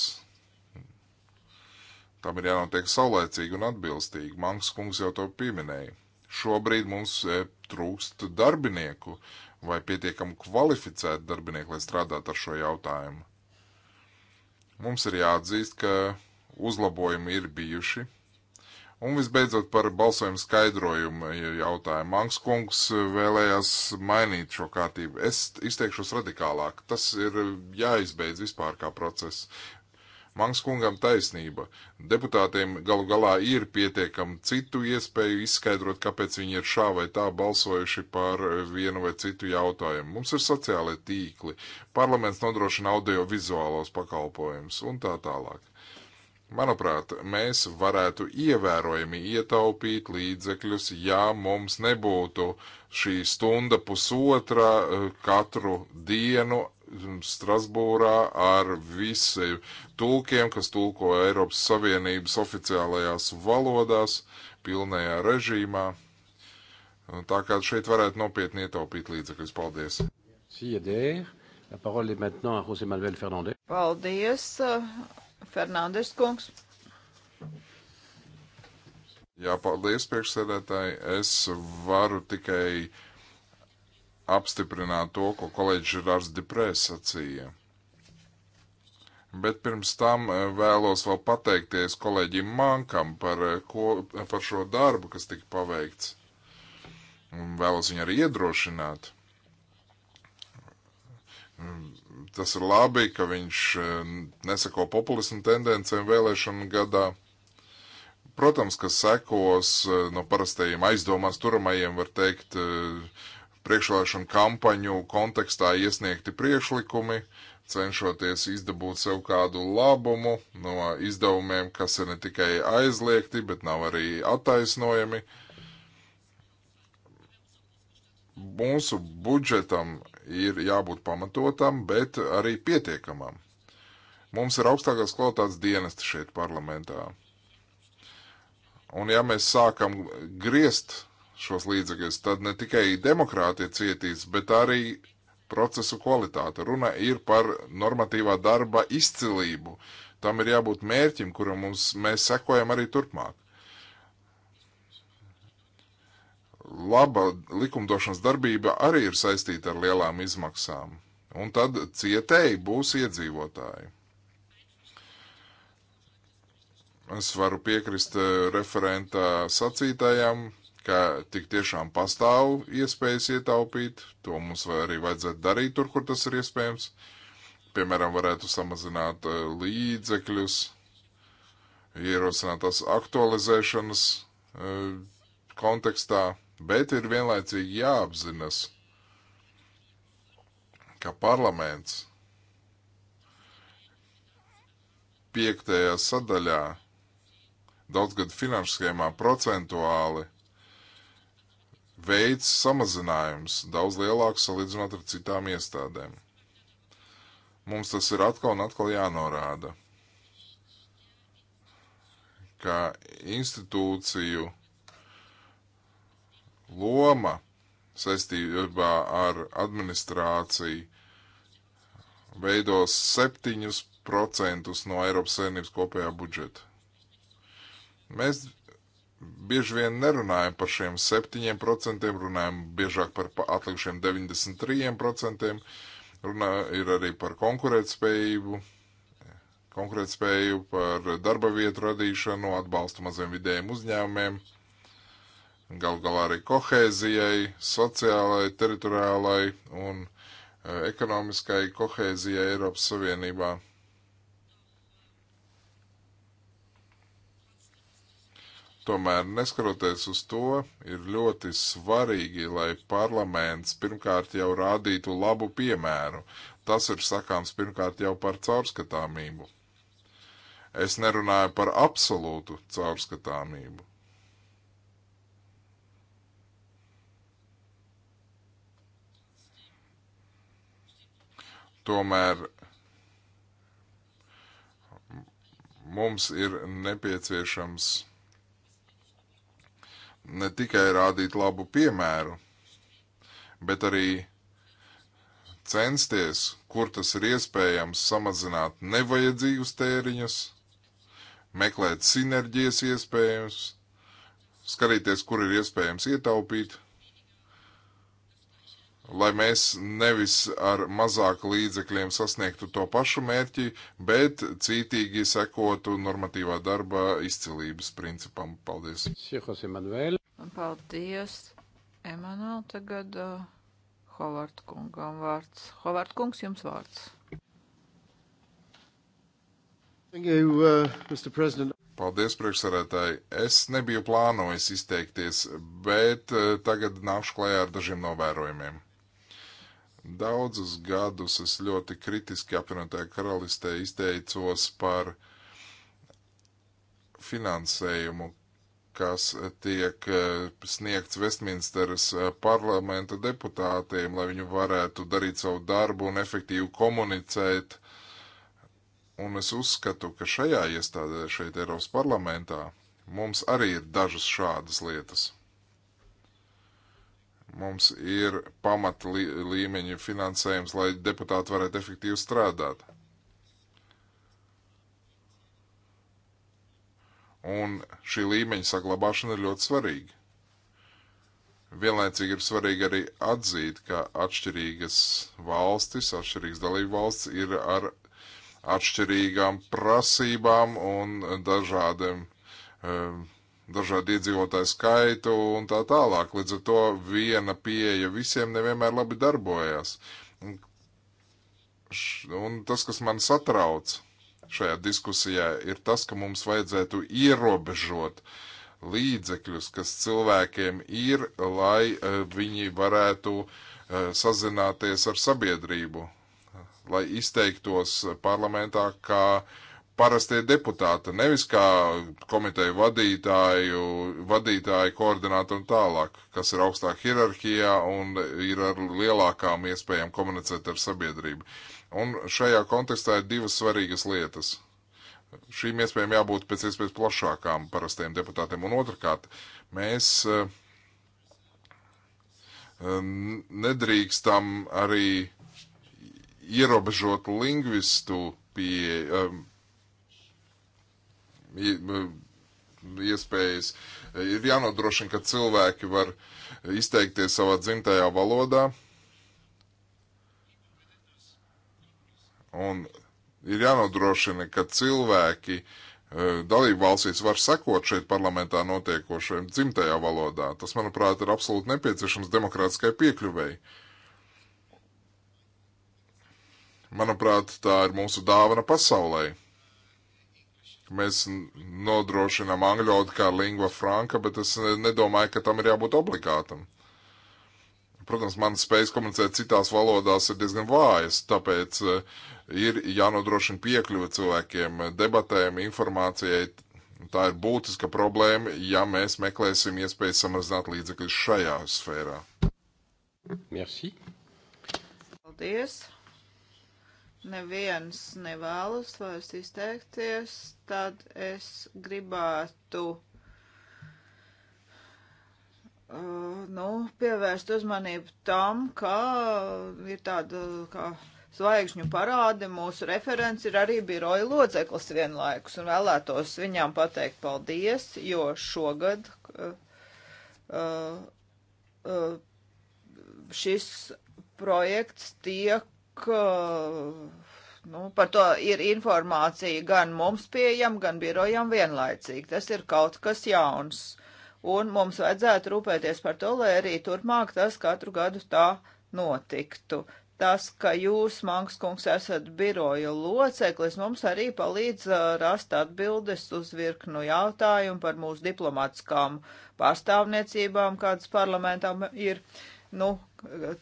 tam ir jānotiek saulēcīgi un atbilstīgi. Manks kungs jau to pieminēja. Šobrīd mums uh, trūkst darbinieku vai pietiekami kvalificētu darbinieku, lai strādātu ar šo jautājumu. Mums ir jāatzīst, ka uzlabojumi ir bijuši Un visbeidzot par balsojumu skaidrojumu jautājumu. Manks kungs vēlējās mainīt šo kārtību. Es izteikšos radikālāk. Tas ir jāizbeidz vispār kā process. Manks kungam taisnība. Deputātiem galu galā ir pietiekami citu iespēju izskaidrot, kāpēc viņi ir šā vai tā balsojuši par vienu vai citu jautājumu. Mums ir sociālai tīkli, parlaments nodrošina audio vizuālos pakalpojumus un tā tālāk. Manuprāt, mēs varētu ievērojami ietaupīt līdzekļus, ja mums nebūtu šī stunda pusotra eh, katru dienu mm, Strasbūrā ar visiem tulkiem, kas tulko Eiropas Savienības oficiālajās valodās, pilnajā režīmā. Tā kā šeit varētu nopietni ietaupīt līdzekļus. Paldies! Paldies! Fernandes kungs. Jā, paldies priekšsēdētāji. Es varu tikai apstiprināt to, ko kolēģis Žirārs Deprē sacīja. Bet pirms tam eh, vēlos vēl pateikties kolēģim Mankam par, eh, ko, par šo darbu, kas tika paveikts. Vēlos viņu arī iedrošināt mm, tas ir labi, ka viņš e, neseko populismu tendencēm vēlēšanu gadā. Protams, ka sekos e, no parastajiem aizdomās turamajiem, var teikt, e, priekšvēlēšanu kampaņu kontekstā iesniegti priekšlikumi, cenšoties izdabūt sev kādu labumu no izdevumiem, kas ir ne tikai aizliegti, bet nav arī attaisnojami. Mūsu budžetam ir jābūt pamatotam, bet arī pietiekamam. Mums ir augstākās kvalitātes dienesti šeit parlamentā. Un ja mēs sākam griezt šos līdzekļus, tad ne tikai demokrātie cietīs, bet arī procesu kvalitāte. Runa ir par normatīvā darba izcilību. Tam ir jābūt mērķim, kuram mums, mēs sekojam arī turpmāk. laba likumdošanas darbība arī ir saistīta ar lielām izmaksām. Un tad cietēji būs iedzīvotāji. Es varu piekrist eh, referenta sacītājam, ka tik tiešām pastāv iespējas ietaupīt. To mums arī vajadzētu darīt tur, kur tas ir iespējams. Piemēram, varētu samazināt eh, līdzekļus, ierosināt tās aktualizēšanas eh, kontekstā bet ir vienlaicīgi jāapzinas, ka parlaments piektajā sadaļā daudzgad finanšu schēmā procentuāli veids samazinājums daudz lielāks salīdzinot ar citām iestādēm. Mums tas ir atkal un atkal jānorāda, ka institūciju loma saistībā ar administrāciju veidos 7% no Eiropas Savienības kopējā budžeta. Mēs bieži vien nerunājam par šiem 7%, runājam biežāk par atlikušiem 93%, runā ir arī par konkurētspējību, konkurētspēju par darba vietu radīšanu, atbalstu maziem vidējiem uzņēmumiem gal galā arī kohēzijai, sociālai, teritoriālai un e, ekonomiskai kohēzijai Eiropas Savienībā. Tomēr, neskaroties uz to, ir ļoti svarīgi, lai parlaments pirmkārt jau rādītu labu piemēru. Tas ir sakāms pirmkārt jau par caurskatāmību. Es nerunāju par absolūtu caurskatāmību. Tomēr mums ir nepieciešams ne tikai rādīt labu piemēru, bet arī censties, kur tas ir iespējams, samazināt nevajadzīgus tēriņus, meklēt sinerģijas iespējams, skatīties, kur ir iespējams ietaupīt lai mēs nevis ar mazāk līdzekļiem sasniegtu to pašu mērķi, bet cītīgi sekotu normatīvā darba izcilības principam. Paldies! Paldies! Emanuel, tagad uh, Hovard kungam vārds. Hovard kungs, jums vārds. Thank you, uh, Mr. President. Paldies, priekšsarētāji. Es nebiju plānojis izteikties, bet uh, tagad nākšu klajā ar dažiem novērojumiem. Daudzus gadus es ļoti kritiski apvienotajā karalistē izteicos par finansējumu, kas tiek eh, sniegts Westminsteras eh, parlamenta deputātiem, lai viņi varētu darīt savu darbu un efektīvi komunicēt. Un es uzskatu, ka šajā iestādē, šeit Eiropas parlamentā, mums arī ir dažas šādas lietas. Mums ir pamata līmeņa finansējums, lai deputāti varētu efektīvi strādāt. Un šī līmeņa saglabāšana ir ļoti svarīga. Vienlaicīgi ir svarīgi arī atzīt, ka atšķirīgas valstis, atšķirīgas dalību valsts ir ar atšķirīgām prasībām un dažādiem um, dažādu iedzīvotāju skaitu un tā tālāk. Līdz ar to viena pieeja visiem nevienmēr labi darbojas. Un, un tas, kas man satrauc šajā diskusijā, ir tas, ka mums vajadzētu ierobežot līdzekļus, kas cilvēkiem ir, lai e, viņi varētu e, sazināties ar sabiedrību, lai izteiktos parlamentā kā uh, parastie deputāti, nevis kā komiteju vadītāju, vadītāju koordinātu un tālāk, kas ir augstāk hierarhijā un ir ar lielākām iespējām komunicēt ar sabiedrību. Un šajā kontekstā ir divas svarīgas lietas. Šīm iespējām jābūt pēc iespējas plašākām parastiem deputātiem. Un otrkārt, mēs eh, nedrīkstam arī ierobežot lingvistu pie, iespējas. Ir jānodrošina, ka cilvēki var izteikties savā dzimtajā valodā. Un ir jānodrošina, ka cilvēki e, dalību valstīs var sekot šeit parlamentā notiekošajam dzimtajā valodā. Tas, manuprāt, ir absolūti nepieciešams demokrātiskai piekļuvēji. Manuprāt, tā ir mūsu dāvana pasaulē. Mēs nodrošinām angļu valodu kā lingua franca, bet es nedomāju, ka tam ir jābūt obligātam. Protams, manas spējas komunicēt citās valodās ir diezgan vājas, tāpēc eh, ir jānodrošina piekļuve cilvēkiem, eh, debatēm, informācijai. Tā ir būtiska problēma, ja mēs meklēsim iespējas samazināt līdzekļus šajā sfērā. Merci. Paldies neviens nevēlas vairs izteikties, tad es gribētu uh, nu, pievērst uzmanību tam, ka ir tāda kā zvaigžņu parāde. Mūsu referents ir arī biroja lodzeklis vienlaikus un vēlētos viņām pateikt paldies, jo šogad uh, uh, uh šis projekts tiek nu, par to ir informācija gan mums pieejama, gan birojam vienlaicīgi. Tas ir kaut kas jauns. Un mums vajadzētu rūpēties par to, lai arī turpmāk tas katru gadu tā notiktu. Tas, ka jūs, Manks kungs, esat biroja loceklis, mums arī palīdz uh, rast atbildes uz virknu jautājumu par mūsu diplomatiskām pārstāvniecībām, kādas parlamentām ir. Uh, nu,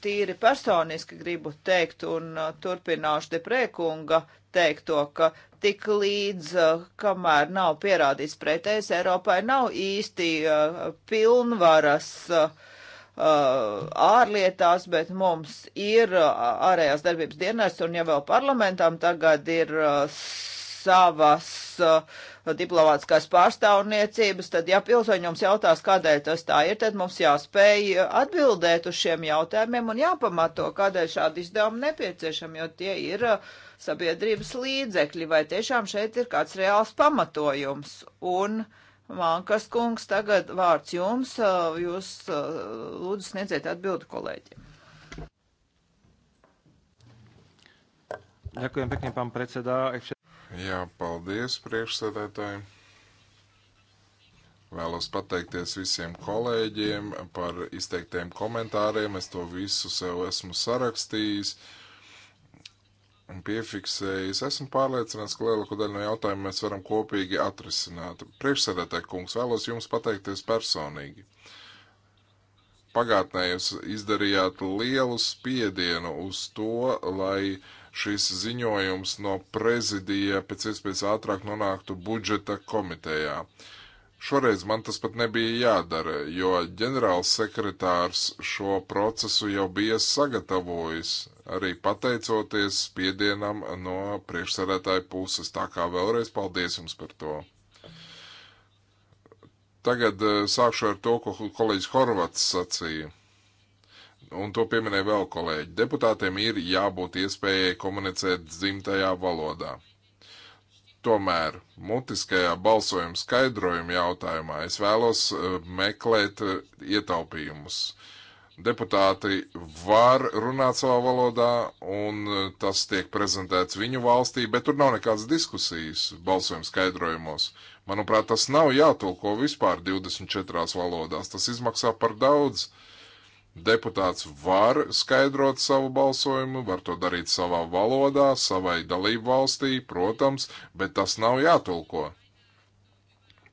tīri personiski gribu teikt un uh, turpināšu deprēkunga teikto, ka tik līdz, uh, kamēr nav pierādīts pretējs, Eiropai nav īsti uh, pilnvaras ārlietās, bet mums ir ārējās darbības dienas un ja vēl parlamentam tagad ir savas uh, no diplomātiskās pārstāvniecības, tad ja pilsoņi mums jautās, kādēļ tas tā ir, tad mums jāspēj atbildēt uz šiem jautājumiem un jāpamato, kādēļ šādi izdevumi nepieciešami, jo tie ir uh, sabiedrības līdzekļi, vai tiešām šeit ir kāds reāls pamatojums. Un, Mankas kungs, tagad vārds jums. Uh, jūs uh, lūdzu sniedziet atbildi kolēģiem. Ďakujem pekne, pán predseda. Jā, paldies priekšsēdētājiem. Vēlos pateikties visiem kolēģiem par izteiktiem komentāriem. Es to visu sev esmu sarakstījis un piefiksējis. Esmu pārliecināts, ka lielāko daļu no jautājumiem mēs varam kopīgi atrisināt. Priekšsēdētāji kungs, vēlos jums pateikties personīgi. Pagātnē jūs izdarījāt lielu spiedienu uz to, lai uh, šis ziņojums no prezidija pēc iespējas ātrāk nonāktu budžeta komitejā. Šoreiz man tas pat nebija jādara, jo ģenerāls sekretārs šo procesu jau bija sagatavojis, arī pateicoties spiedienam no priekšsarētāja puses. Tā kā vēlreiz paldies jums par to! Tagad eh, sākšu ar to, ko kolēģis Horvats sacīja un to pieminēja vēl kolēģi, deputātiem ir jābūt iespējai komunicēt dzimtajā valodā. Tomēr mutiskajā balsojuma skaidrojuma jautājumā es vēlos eh, meklēt eh, ietaupījumus. Deputāti var runāt savā valodā, un eh, tas tiek prezentēts viņu valstī, bet tur nav nekādas diskusijas balsojuma skaidrojumos. Manuprāt, tas nav jātulko vispār 24 valodās. Tas izmaksā par daudz. Uh, Deputāts var skaidrot savu balsojumu, var to darīt savā valodā, savai dalību valstī, protams, bet tas nav jātulko.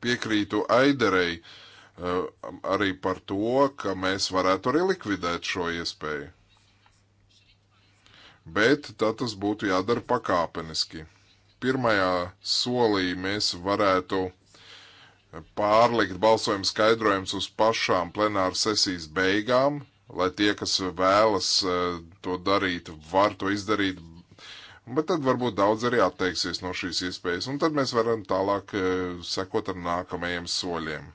Piekrītu Aiderei eh, arī par to, ka mēs varētu arī likvidēt šo iespēju. Bet tad tas būtu jādara pakāpeniski. Pirmajā solī mēs varētu pārlikt balsojumu skaidrojums uz pašām plenāra sesijas beigām, lai tie, kas vēlas eh, to darīt, var to izdarīt, bet tad varbūt daudz arī atteiksies no šīs iespējas, un tad mēs varam tālāk eh, sekot ar nākamajiem soļiem.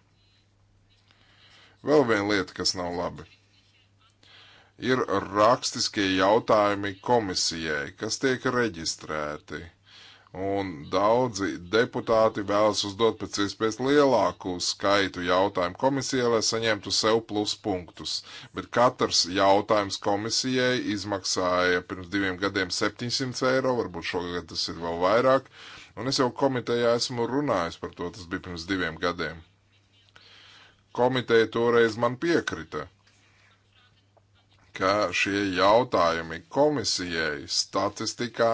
Vēl viena lieta, kas nav labi. Ir rakstiskie jautājumi komisijai, kas tiek reģistrēti Un daudzi deputāti vēlas uzdot pēc iespējas lielāku skaitu jautājumu komisijai, lai saņemtu sev pluspunktus. Bet katrs jautājums komisijai izmaksāja pirms diviem gadiem 700 eiro, varbūt šogad tas ir vēl vairāk. Un es jau komitejā esmu runājis par to, tas bija pirms diviem gadiem. Komiteja toreiz man piekrita ka šie jautājumi komisijai statistikā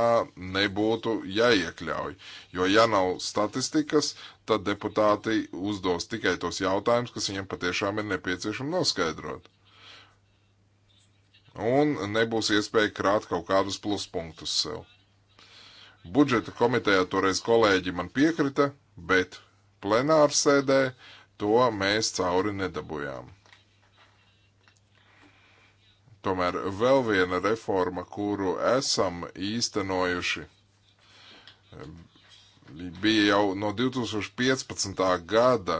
nebūtu jāiekļauj, jo ja nav statistikas, tad deputāti uzdos tikai tos jautājumus, kas viņiem patiešām ir nepieciešami noskaidrot. Un nebūs iespēja krāt kaut kādus pluspunktus sev. Budžeta komitejā toreiz kolēģi man piekrita, bet plenārsēdē to mēs cauri nedabujām. Tomēr vēl viena reforma, kuru esam īstenojuši, bija jau no 2015. gada.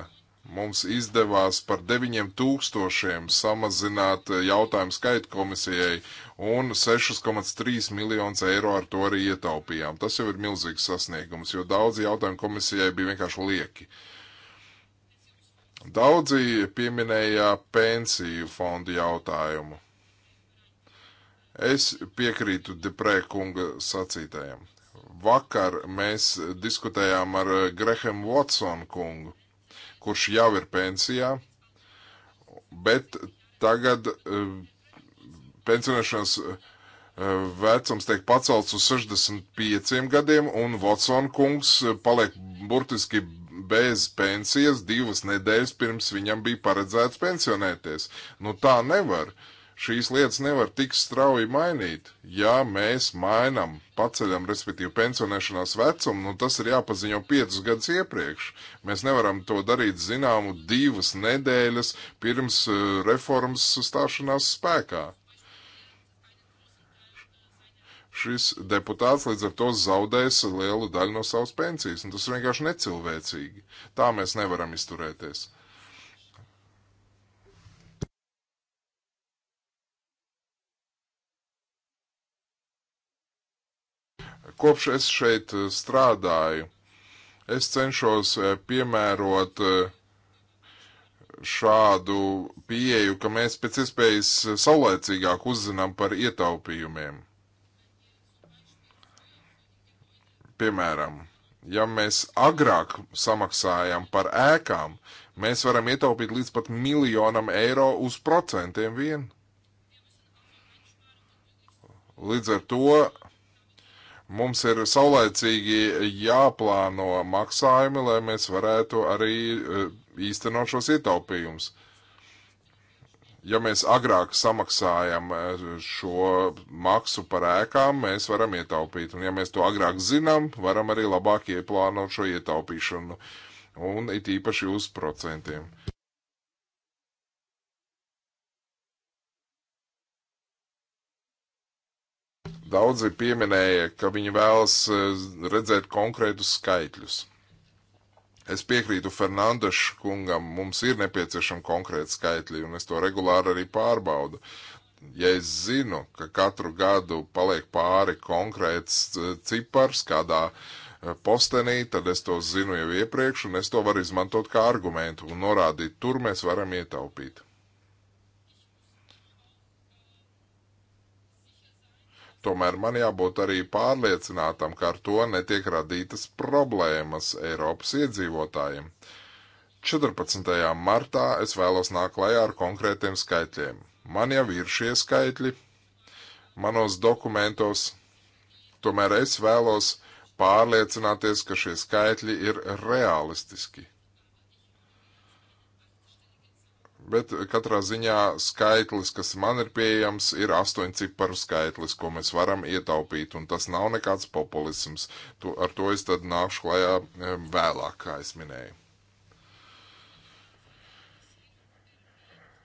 Mums izdevās par 9000 samazināt jautājumu skaitu komisijai un 6,3 miljonus eiro ar to arī ietaupījām. Tas jau ir milzīgs sasniegums, jo daudzi jautājumi komisijai bija vienkārši lieki. Daudzi pieminēja pensiju fondu jautājumu. Es piekrītu Deprē kunga sacītajam. Vakar mēs diskutējām ar Graham Watsonu kungu, kurš jau ir pensijā, bet tagad eh, pensionēšanas eh, vecums tiek pacelts uz 65 gadiem, un Watsona kungs paliek burtiski bez pensijas divas nedēļas pirms viņam bija paredzēts pensionēties. Nu tā nevar. Uh, Šīs lietas nevar tik strauji mainīt. Ja mēs mainām, paceļam, respektīvi, pensionēšanās vecumu, nu tas ir jāpaziņo piecus gadus iepriekš. Mēs nevaram to darīt zināmu divas nedēļas pirms uh, reformas stāšanās spēkā šis deputāts līdz ar to zaudēs lielu daļu no savas pensijas, un tas vienkārši necilvēcīgi. Tā mēs nevaram izturēties. Kopš es šeit eh, strādāju, es cenšos eh, piemērot eh, šādu pieeju, ka mēs pēc iespējas saulēcīgāk uzzinām par ietaupījumiem. Piemēram, ja mēs agrāk samaksājam par ēkām, mēs varam ietaupīt līdz pat miljonam eiro uz procentiem vien. Līdz ar to Mums ir saulēcīgi jāplāno maksājumi, lai mēs varētu arī eh, īstenot šos ietaupījumus. Ja mēs agrāk samaksājam eh, šo maksu par ēkām, mēs varam ietaupīt. Un ja mēs to agrāk zinām, varam arī labāk ieplānot šo ietaupīšanu. Un it īpaši uz procentiem. Daudzi pieminēja, ka viņi vēlas eh, redzēt konkrētus skaitļus. Es piekrītu Fernandeša kungam, mums ir nepieciešami konkrēti skaitļi, un es to regulāri arī pārbaudu. Ja es zinu, ka katru gadu paliek pāri konkrēts eh, cipars kādā eh, postenī, tad es to zinu jau iepriekš, un es to varu izmantot kā argumentu un norādīt, tur mēs varam ietaupīt. Tomēr man jābūt arī pārliecinātam, ka ar to netiek radītas problēmas Eiropas iedzīvotājiem. 14. martā es vēlos nākt klajā ar konkrētiem skaitļiem. Man jau ir šie skaitļi manos dokumentos, tomēr es vēlos pārliecināties, ka šie skaitļi ir realistiski. bet eh, katrā ziņā skaitlis, kas man ir pieejams, ir astoņu ciparu skaitlis, ko mēs varam ietaupīt, un tas nav nekāds populisms. To, ar to es tad nākšu klajā eh, vēlāk, kā es minēju.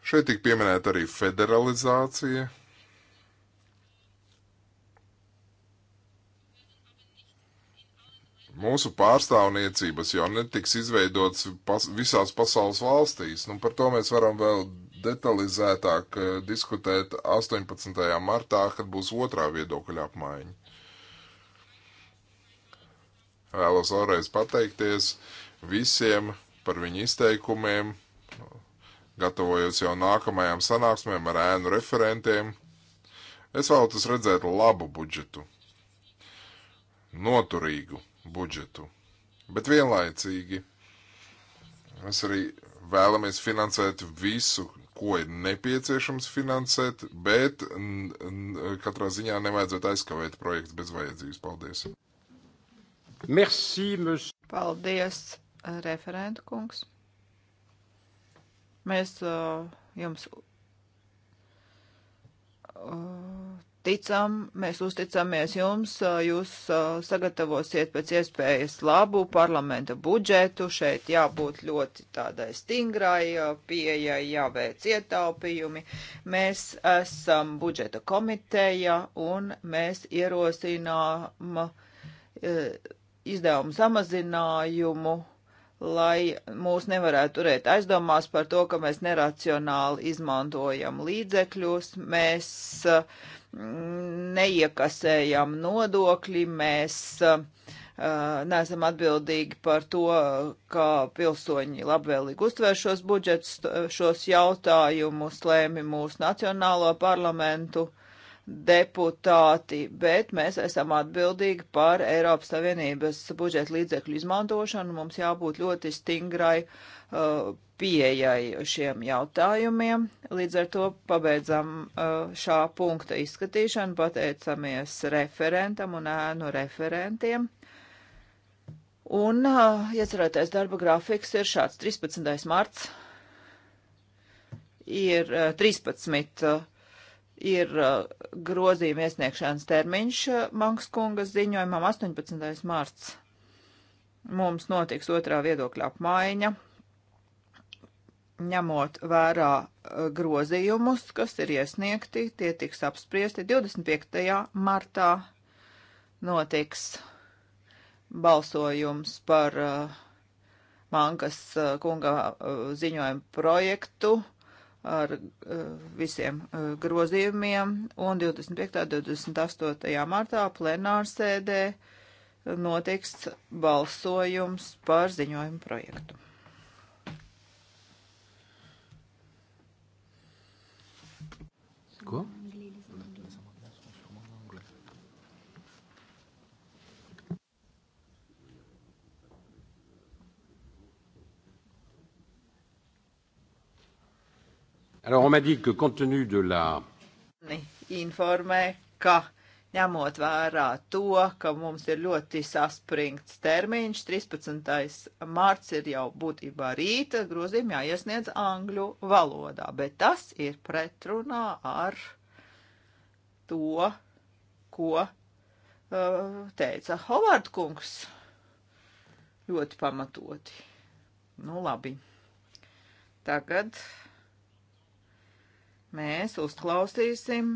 Šeit tik pieminēta arī federalizācija. Mūsu pārstāvniecības jau netiks izveidotas pas visās pasaules valstīs. Nu, par to mēs varam vēl detalizētāk eh, diskutēt 18. martā, kad būs otrā viedokļa apmaiņa. Vēlos vēlreiz pateikties visiem par viņu izteikumiem, gatavojos jau nākamajām sanāksmēm ar ēnu referentiem. Es vēlos redzēt labu budžetu, noturīgu, budžetu. Bet vienlaicīgi mēs arī vēlamies finansēt visu, ko ir nepieciešams finansēt, bet katrā ziņā nevajadzētu aizkavēt projektu bez vajadzības. Paldies! Merci, mums. Paldies, referentu kungs! Mēs uh, jums uh, ticam, mēs uzticamies jums, jūs sagatavosiet pēc iespējas labu parlamenta budžetu, šeit jābūt ļoti tādai stingrai pieejai, jāveic ietaupījumi. Mēs esam budžeta komiteja un mēs ierosinām izdevumu samazinājumu lai mūs nevarētu turēt aizdomās par to, ka mēs neracionāli izmantojam līdzekļus. Mēs uh, neiekasējam nodokļi, mēs uh, neesam atbildīgi par to, kā pilsoņi labvēlīgi uztver šos budžetus, šos jautājumus, lēmi mūsu nacionālo parlamentu uh, deputāti, bet mēs esam atbildīgi par Eiropas Savienības budžeta līdzekļu izmantošanu. Mums jābūt ļoti stingrai uh, pieejai šiem jautājumiem. Līdz ar to pabeidzam uh, šā punkta izskatīšanu, pateicamies referentam un ēnu referentiem. Un uh, iecerētais darba grafiks ir šāds 13. marts. Ir 13 uh, ir uh, grozījuma iesniegšanas termiņš uh, Mankskungas ziņojumam 18. mārts. Mums notiks otrā viedokļa apmaiņa, ņemot vērā uh, grozījumus, kas ir iesniegti, tie tiks apspriesti 25. martā notiks balsojums par uh, Mankas uh, kunga uh, ziņojumu projektu ar eh, visiem eh, grozījumiem, un 25. un 28. martā plenārsēdē notiks balsojums par ziņojumu projektu. Ko? Alors, on m'a dit que compte tenu de la... Informē, ka ņemot vērā to, ka mums ir ļoti saspringts termiņš, 13. mārts ir jau būtībā rīta, grozījumi jāiesniedz angļu valodā, bet tas ir pretrunā ar to, ko uh, teica Hovard kungs ļoti pamatoti. Nu labi, tagad mēs uzklausīsim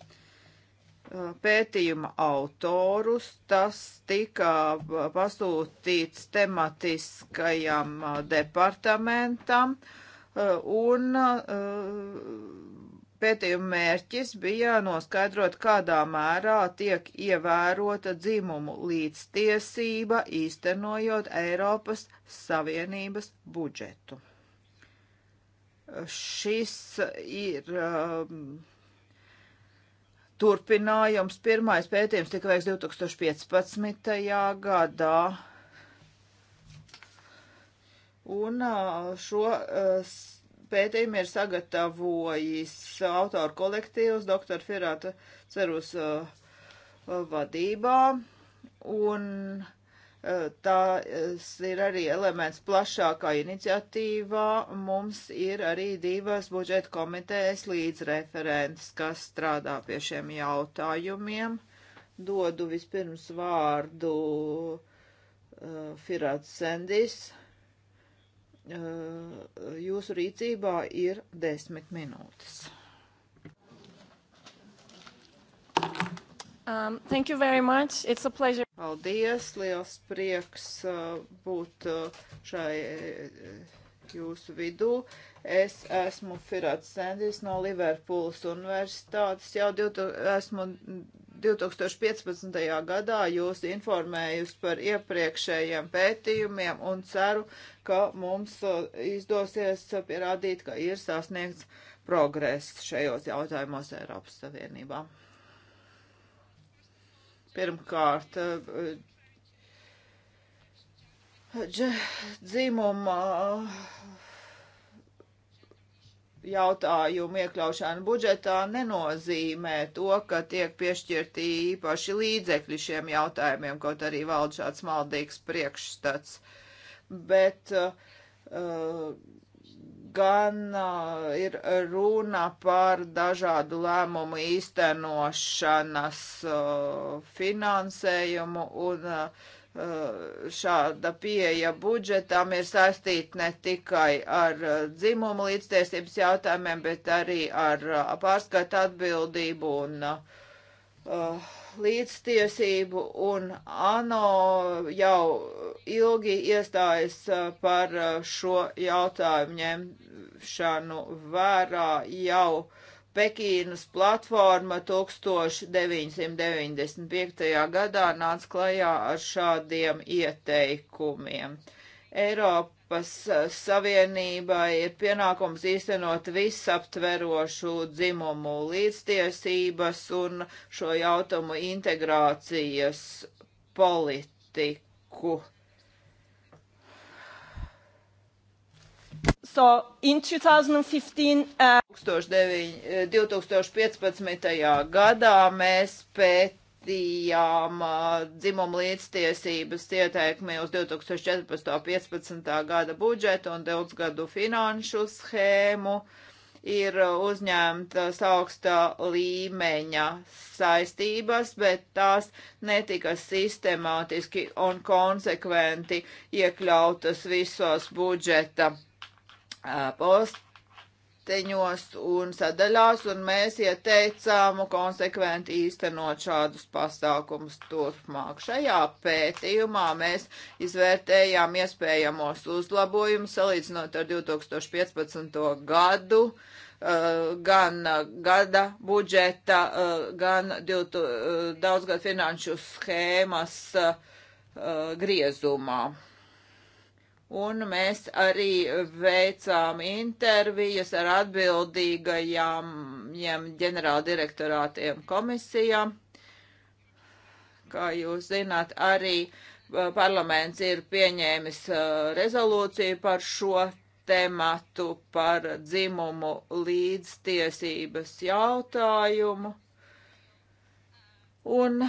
uh, pētījuma autorus. Tas tika uh, pasūtīts tematiskajam uh, departamentam, un pētījuma mērķis bija noskaidrot, kādā mērā tiek ievērota dzimumu līdztiesība, īstenojot Eiropas Savienības budžetu šis ir um, turpinājums. Pirmais pētījums tika veikts 2015. gadā. Un uh, šo uh, pētījumu ir sagatavojis autoru kolektīvs dr. Firāta Cerus uh, vadībā. Un uh, Tas ir arī elements plašākā iniciatīvā. Mums ir arī divas budžeta komitejas līdzreferentes, kas strādā pie šiem jautājumiem. Dodu vispirms vārdu uh, Firāts Sendis. Uh, jūsu rīcībā ir desmit minūtes. Um, thank you very much. It's a pleasure. Paldies, liels prieks uh, būt uh, šai uh, jūsu vidū. Es esmu Firats Sendis no Liverpūles universitātes. Jau 2000, esmu 2015. gadā jūs informējusi par iepriekšējiem pētījumiem un ceru, ka mums izdosies pierādīt, ka ir sasniegts progress šajos jautājumos Eiropas Savienībā. Pirmkārt, eh, dzimuma eh, jautājumu iekļaušana budžetā nenozīmē to, ka tiek piešķirti īpaši līdzekļi šiem jautājumiem, kaut arī valda šāds maldīgs priekšstats. Bet uh, gan uh, ir runa par dažādu lēmumu īstenošanas uh, finansējumu un uh, šāda pieeja budžetam ir saistīta ne tikai ar dzimumu līdztiesības jautājumiem, bet arī ar pārskatu atbildību un uh, līdztiesību un ANO jau ilgi iestājas uh, par uh, šo jautājumu ņemšanu vērā jau Pekīnas platforma 1995. gadā nāca klajā ar šādiem ieteikumiem. Eiropa Eiropas eh, Savienībai ir pienākums īstenot visaptverošu dzimumu līdztiesības un šo jautājumu integrācijas politiku. So in 2015, uh... 2009, 2015. Eh, gadā mēs pēt skatījām dzimumu līdztiesības ieteikumi uz 2014.15. gada budžetu un daudzgadu finanšu schēmu. Ir uzņemtas augsta līmeņa saistības, bet tās netika sistemātiski un konsekventi iekļautas visos budžeta post posteņos un sadaļās, un mēs ieteicām konsekventi īstenot šādus pasākumus turpmāk. Šajā pētījumā mēs izvērtējām iespējamos uzlabojumus salīdzinot ar 2015. gadu eh, gan gada budžeta, eh, gan eh, daudzgad finanšu schēmas griezumā. Un mēs arī veicām intervijas ar atbildīgajām ģenerāldirektorātiem komisijām. Kā jūs zināt, arī uh, parlaments ir pieņēmis uh, rezolūciju par šo tematu, par dzimumu līdztiesības jautājumu. Un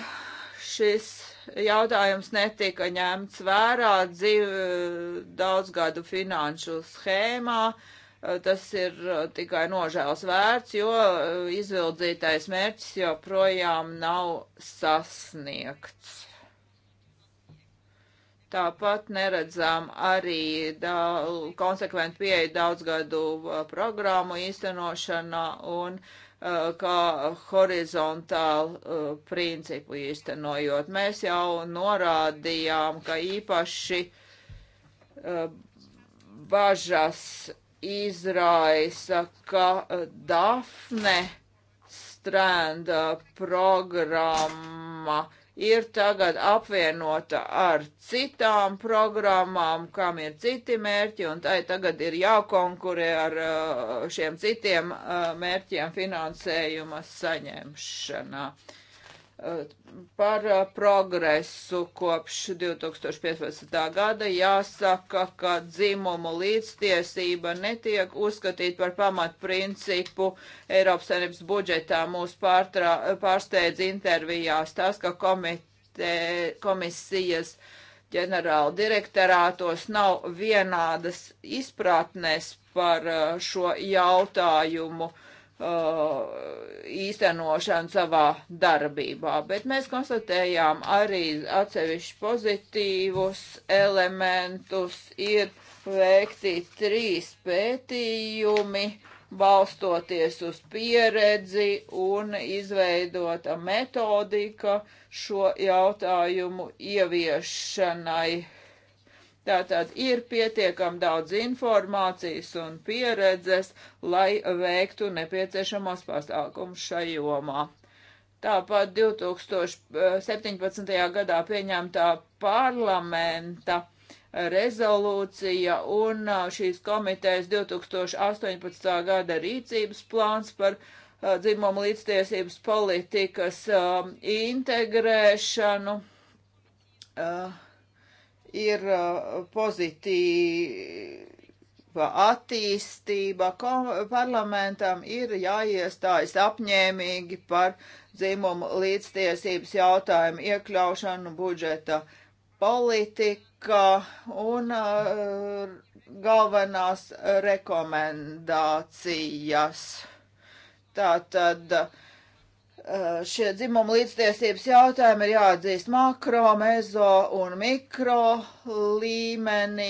šis jautājums netika ņemts vērā dzīve daudzgadu finanšu schēmā. Tas ir uh, tikai nožēls vērts, jo uh, izvildzītais mērķis joprojām nav sasniegts. Tāpat neredzām arī konsekventu pieeju daudzgadu uh, programmu īstenošanā un uh, Eh, kā horizontālu eh, principu īstenojot. Mēs jau norādījām, ka īpaši eh, bažas izraisa, ka Dafne strēnda programma ir tagad apvienota ar citām programmām, kam ir citi mērķi, un tai tagad ir jākonkurē ar uh, šiem citiem uh, mērķiem finansējuma saņemšanā. Uh, par uh, progresu kopš 2015. gada jāsaka, ka dzimumu līdztiesība netiek uzskatīta par pamatprincipu Eiropas Savienības budžetā. Mūs pārtrā, pārsteidz intervijās tas, ka komite, komisijas ģenerāla direktorātos nav vienādas izpratnes par uh, šo jautājumu. Uh, Uh, īstenošanu savā darbībā, bet mēs konstatējām arī atsevišķi pozitīvus elementus. Ir veikti trīs pētījumi, balstoties uz pieredzi un izveidota metodika šo jautājumu ieviešanai Tātad ir pietiekam daudz informācijas un pieredzes, lai veiktu nepieciešamos pasākumus šai jomā. Tāpat 2017. Eh, gadā pieņemtā parlamenta rezolūcija un eh, šīs komitejas 2018. gada rīcības plāns par uh, dzimumu līdztiesības politikas uh, integrēšanu. Uh, ir uh, pozitīva attīstība. Kom parlamentam ir jāiestājas apņēmīgi par dzimumu līdztiesības jautājumu iekļaušanu budžeta politikā un uh, galvenās rekomendācijas. Tātad uh, Eh, šie dzimuma līdztiesības jautājumi ir jāatzīst makro, mezo un mikro līmenī,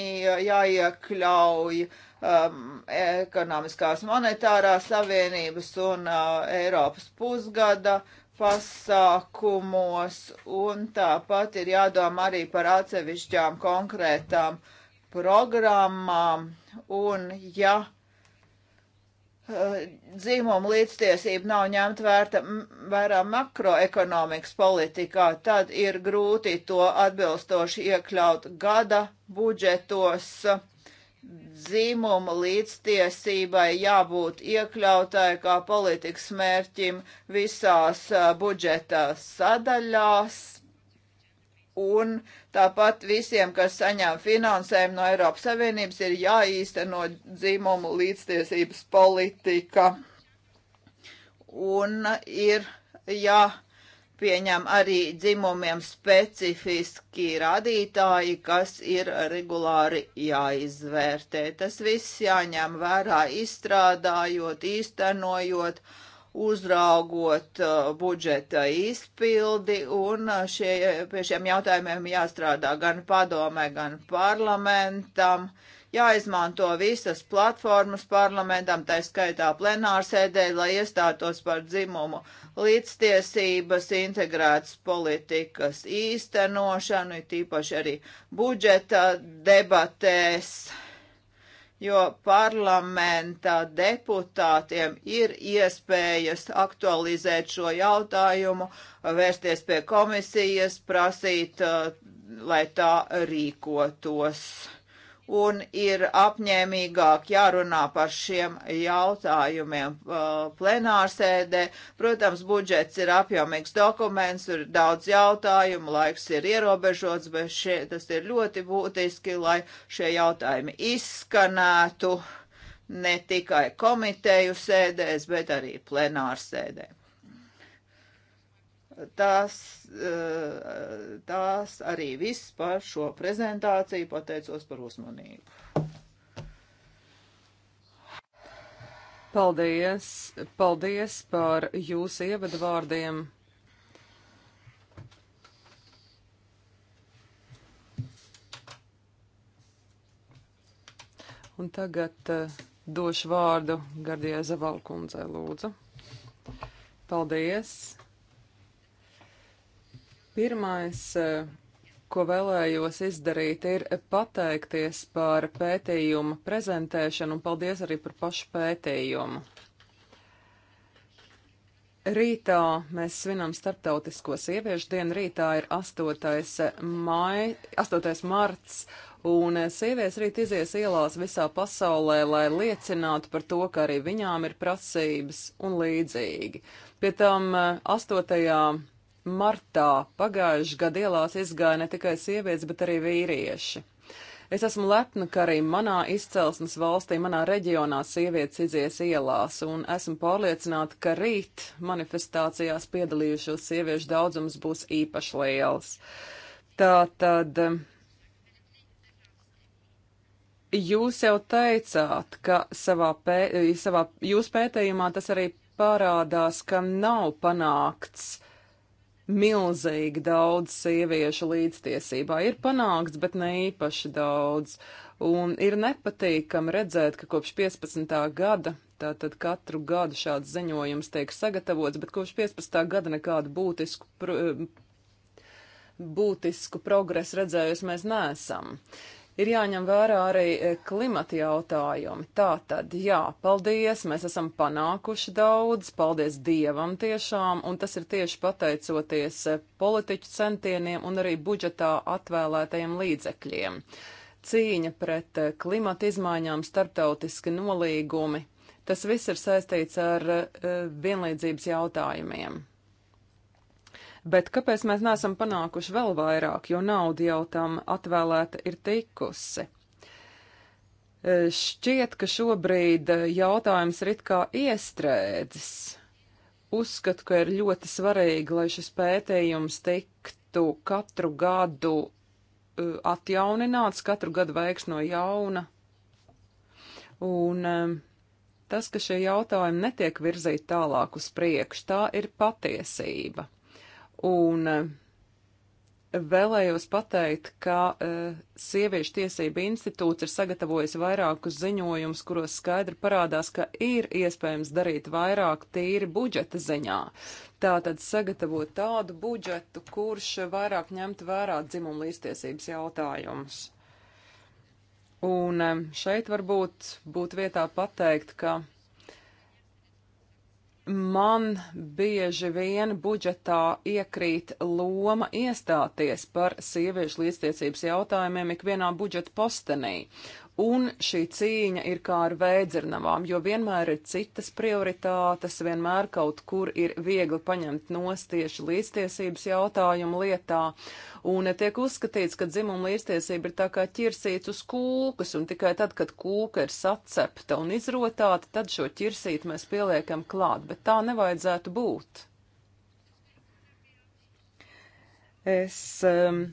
jāiekļauj um, ekonomiskās monetārās savienības un uh, Eiropas pusgada pasākumos, un tāpat ir jādomā arī par atsevišķām konkrētām programmām, un ja dzimumu līdztiesība nav ņemt vērta, vērā makroekonomikas politikā, tad ir grūti to atbilstoši iekļaut gada budžetos. Dzimuma līdztiesībai jābūt iekļautai kā politikas mērķim visās budžeta sadaļās un tāpat visiem, kas saņem finansējumu no Eiropas Savienības, ir jāīsteno dzimumu līdztiesības politika un ir jāpieņem arī dzimumiem specifiski radītāji, kas ir regulāri jāizvērtē. Tas viss jāņem vērā izstrādājot, īstenojot, uh, uzraugot uh, budžeta izpildi, un uh, šie, pie šiem jautājumiem jāstrādā gan padomē, gan parlamentam. Jāizmanto visas platformas parlamentam, tā skaitā plenārsēdē, lai iestātos par dzimumu līdztiesības, integrētas politikas īstenošanu, tīpaši arī budžeta debatēs jo parlamentā deputātiem ir iespējas aktualizēt šo jautājumu, vērsties pie komisijas, prasīt, eh, lai tā rīkotos un ir apņēmīgāk jārunā par šiem jautājumiem uh, plenārsēdē. Protams, budžets ir apjomīgs dokuments, ir daudz jautājumu, laiks ir ierobežots, bet šie, tas ir ļoti būtiski, lai šie jautājumi izskanētu ne tikai komiteju sēdēs, bet arī plenārsēdē tās, eh, tās arī viss par šo prezentāciju. Pateicos par uzmanību. Paldies, paldies par jūsu ievadu vārdiem. Un tagad uh, došu vārdu Gardijai Zavalkundzei, lūdzu. Paldies! Pirmais, e, ko vēlējos izdarīt, ir pateikties par pētījumu prezentēšanu un paldies arī par pašu pētījumu. Rītā mēs svinam starptautisko sieviešu dienu. Rītā ir 8. Mai, 8. marts, un sievietes rīt izies ielās visā pasaulē, lai liecinātu par to, ka arī viņām ir prasības un līdzīgi. Pie tam 8 e, martā pagājuši gadu ielās izgāja ne tikai sievietes, bet arī vīrieši. Es esmu lepna, ka arī manā izcelsmes valstī, manā reģionā sievietes izies ielās, un esmu pārliecināta, ka rīt manifestācijās piedalījušos sieviešu daudzums būs īpaši liels. Tā tad. Jūs jau teicāt, ka savā, pē, savā jūs pētījumā tas arī parādās, ka nav panākts uh, milzīgi daudz sieviešu līdztiesībā. Ir panākts, bet ne īpaši daudz. Un ir nepatīkami redzēt, ka kopš 15. gada, tātad katru gadu šāds ziņojums tiek sagatavots, bet kopš 15. gada nekādu būtisku, pro, būtisku progresu redzējusi mēs neesam. Uh, ir jāņem vērā arī e, klimata jautājumi. Tā tad, jā, paldies, mēs esam panākuši daudz, paldies Dievam tiešām, un tas ir tieši pateicoties e, politiķu centieniem un arī budžetā atvēlētajiem līdzekļiem. Cīņa pret e, klimata izmaiņām starptautiski nolīgumi. Tas viss ir saistīts ar uh, vienlīdzības jautājumiem. Bet kāpēc mēs neesam panākuši vēl vairāk, jo nauda jau tam atvēlēta ir tikusi? E, šķiet, ka šobrīd jautājums ir it kā iestrēdzis. Uzskatu, ka ir ļoti svarīgi, lai šis pētījums tiktu katru gadu e, atjaunināts, katru gadu veiks no jauna. Un e, tas, ka šie jautājumi netiek virzīti tālāk uz priekšu, tā ir patiesība. Un eh, vēlējos pateikt, ka uh, Sieviešu tiesība institūts ir sagatavojis vairākus ziņojumus, kuros skaidri parādās, ka ir iespējams darīt vairāk tīri budžeta ziņā. Tātad sagatavot tādu budžetu, kurš vairāk ņemtu vērā dzimumu līdztiesības jautājumus. Un eh, šeit varbūt būtu vietā pateikt, ka man bieži vien budžetā iekrīt loma iestāties par sieviešu līdztiesības jautājumiem ikvienā budžeta postenī. Un šī cīņa ir kā ar vēdzernavām, jo vienmēr ir citas prioritātes, vienmēr kaut kur ir viegli paņemt nost tieši līdztiesības jautājumu lietā. Un tiek uzskatīts, ka dzimuma līdztiesība ir tā kā ķirsīts uz kūkas, un tikai tad, kad kūka ir sacepta un izrotāta, tad šo ķirsīti mēs pieliekam klāt, bet tā nevajadzētu būt. Es um,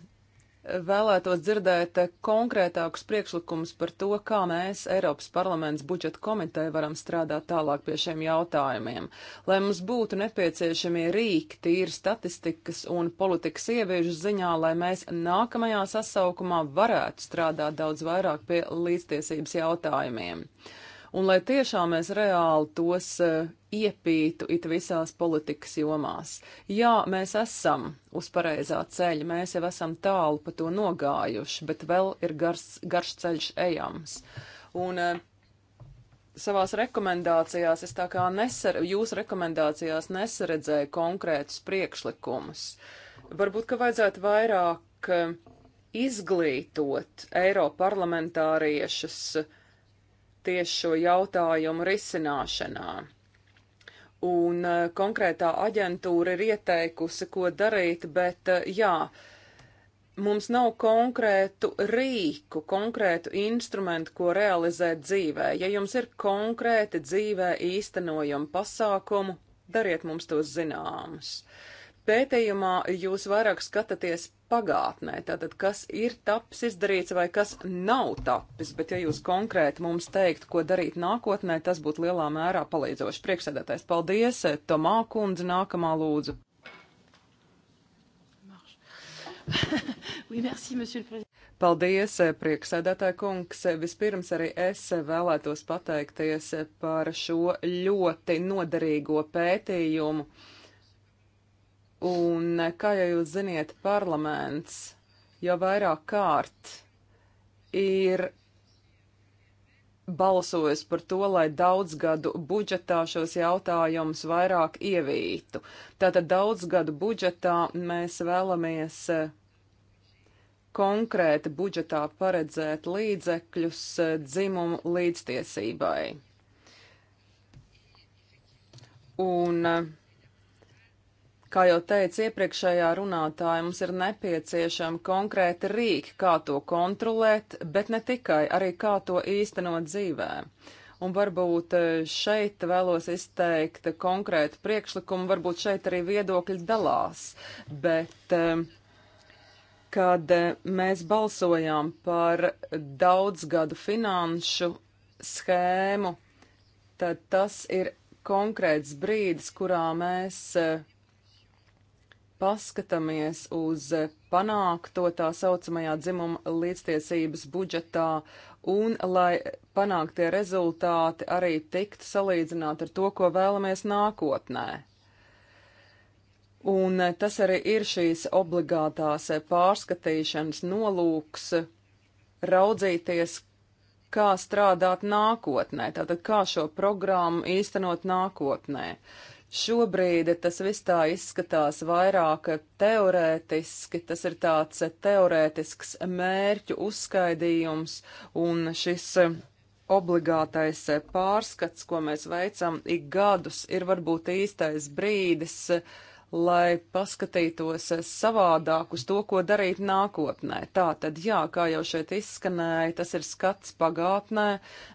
vēlētos dzirdēt konkrētākus priekšlikumus par to, kā mēs Eiropas parlaments budžeta komiteja varam strādāt tālāk pie šiem jautājumiem, lai mums būtu nepieciešamie rīki tīri statistikas un politikas ieviežu ziņā, lai mēs nākamajā sasaukumā varētu strādāt daudz vairāk pie līdztiesības jautājumiem. Uh, un lai tiešām mēs reāli tos uh, iepītu it visās politikas jomās. Jā, mēs esam uz pareizā ceļa, mēs jau esam tālu pa to nogājuši, bet vēl ir gars, garš ceļš ejams. Un, uh, savās rekomendācijās es tā kā nesar, jūsu rekomendācijās nesaredzēju konkrētus priekšlikumus. Varbūt, ka vajadzētu vairāk e, izglītot Eiroparlamentāriešus tieši šo jautājumu risināšanā. Un eh, konkrētā aģentūra ir ieteikusi, ko darīt, bet eh, jā, mums nav konkrētu rīku, konkrētu instrumentu, ko realizēt dzīvē. Ja jums ir konkrēti dzīvē īstenojumi pasākumu, dariet mums tos zināmus. Uh, Pētījumā jūs vairāk skatāties pagātnē, tātad kas ir taps izdarīts vai kas nav tapis, bet ja jūs konkrēti mums teikt, ko darīt nākotnē, tas būtu lielā mērā palīdzoši. Prieksēdētājs, paldies, Tomā kundze, nākamā lūdzu. oui, merci, monsieur le président. Paldies, prieksēdētāja kungs. Vispirms arī es vēlētos pateikties par šo ļoti noderīgo pētījumu. Un, kā jau jūs ziniet, parlaments jau vairāk kārt ir balsojis par to, lai daudzgadu budžetā šos jautājumus vairāk ievītu. Tātad daudzgadu budžetā mēs vēlamies eh, konkrēti budžetā paredzēt līdzekļus eh, dzimumu līdztiesībai. Un uh, Kā jau teica iepriekšējā runātāja, mums ir nepieciešama konkrēta rīka, kā to kontrolēt, bet ne tikai, arī kā to īstenot dzīvē. Un varbūt e, šeit vēlos izteikt konkrētu priekšlikumu, varbūt šeit arī viedokļi dalās, bet e, kad e, mēs balsojām par daudzgadu finanšu schēmu, tad tas ir konkrēts brīdis, kurā mēs uh, paskatāmies uz panākto tā saucamajā dzimuma līdztiesības budžetā un lai panāktie rezultāti arī tiktu salīdzināti ar to, ko vēlamies nākotnē. Un tas arī ir šīs obligātās pārskatīšanas nolūks raudzīties, kā strādāt nākotnē, tātad kā šo programmu īstenot nākotnē. Uh, Šobrīd tas viss tā izskatās vairāk teorētiski, tas ir tāds teorētisks mērķu uzskaidījums, un šis obligātais pārskats, ko mēs veicam ik gadus, ir varbūt īstais brīdis uh, lai paskatītos savādāk uz to, ko darīt nākotnē. Tā tad, jā, kā jau šeit izskanēja, tas ir skats pagātnē,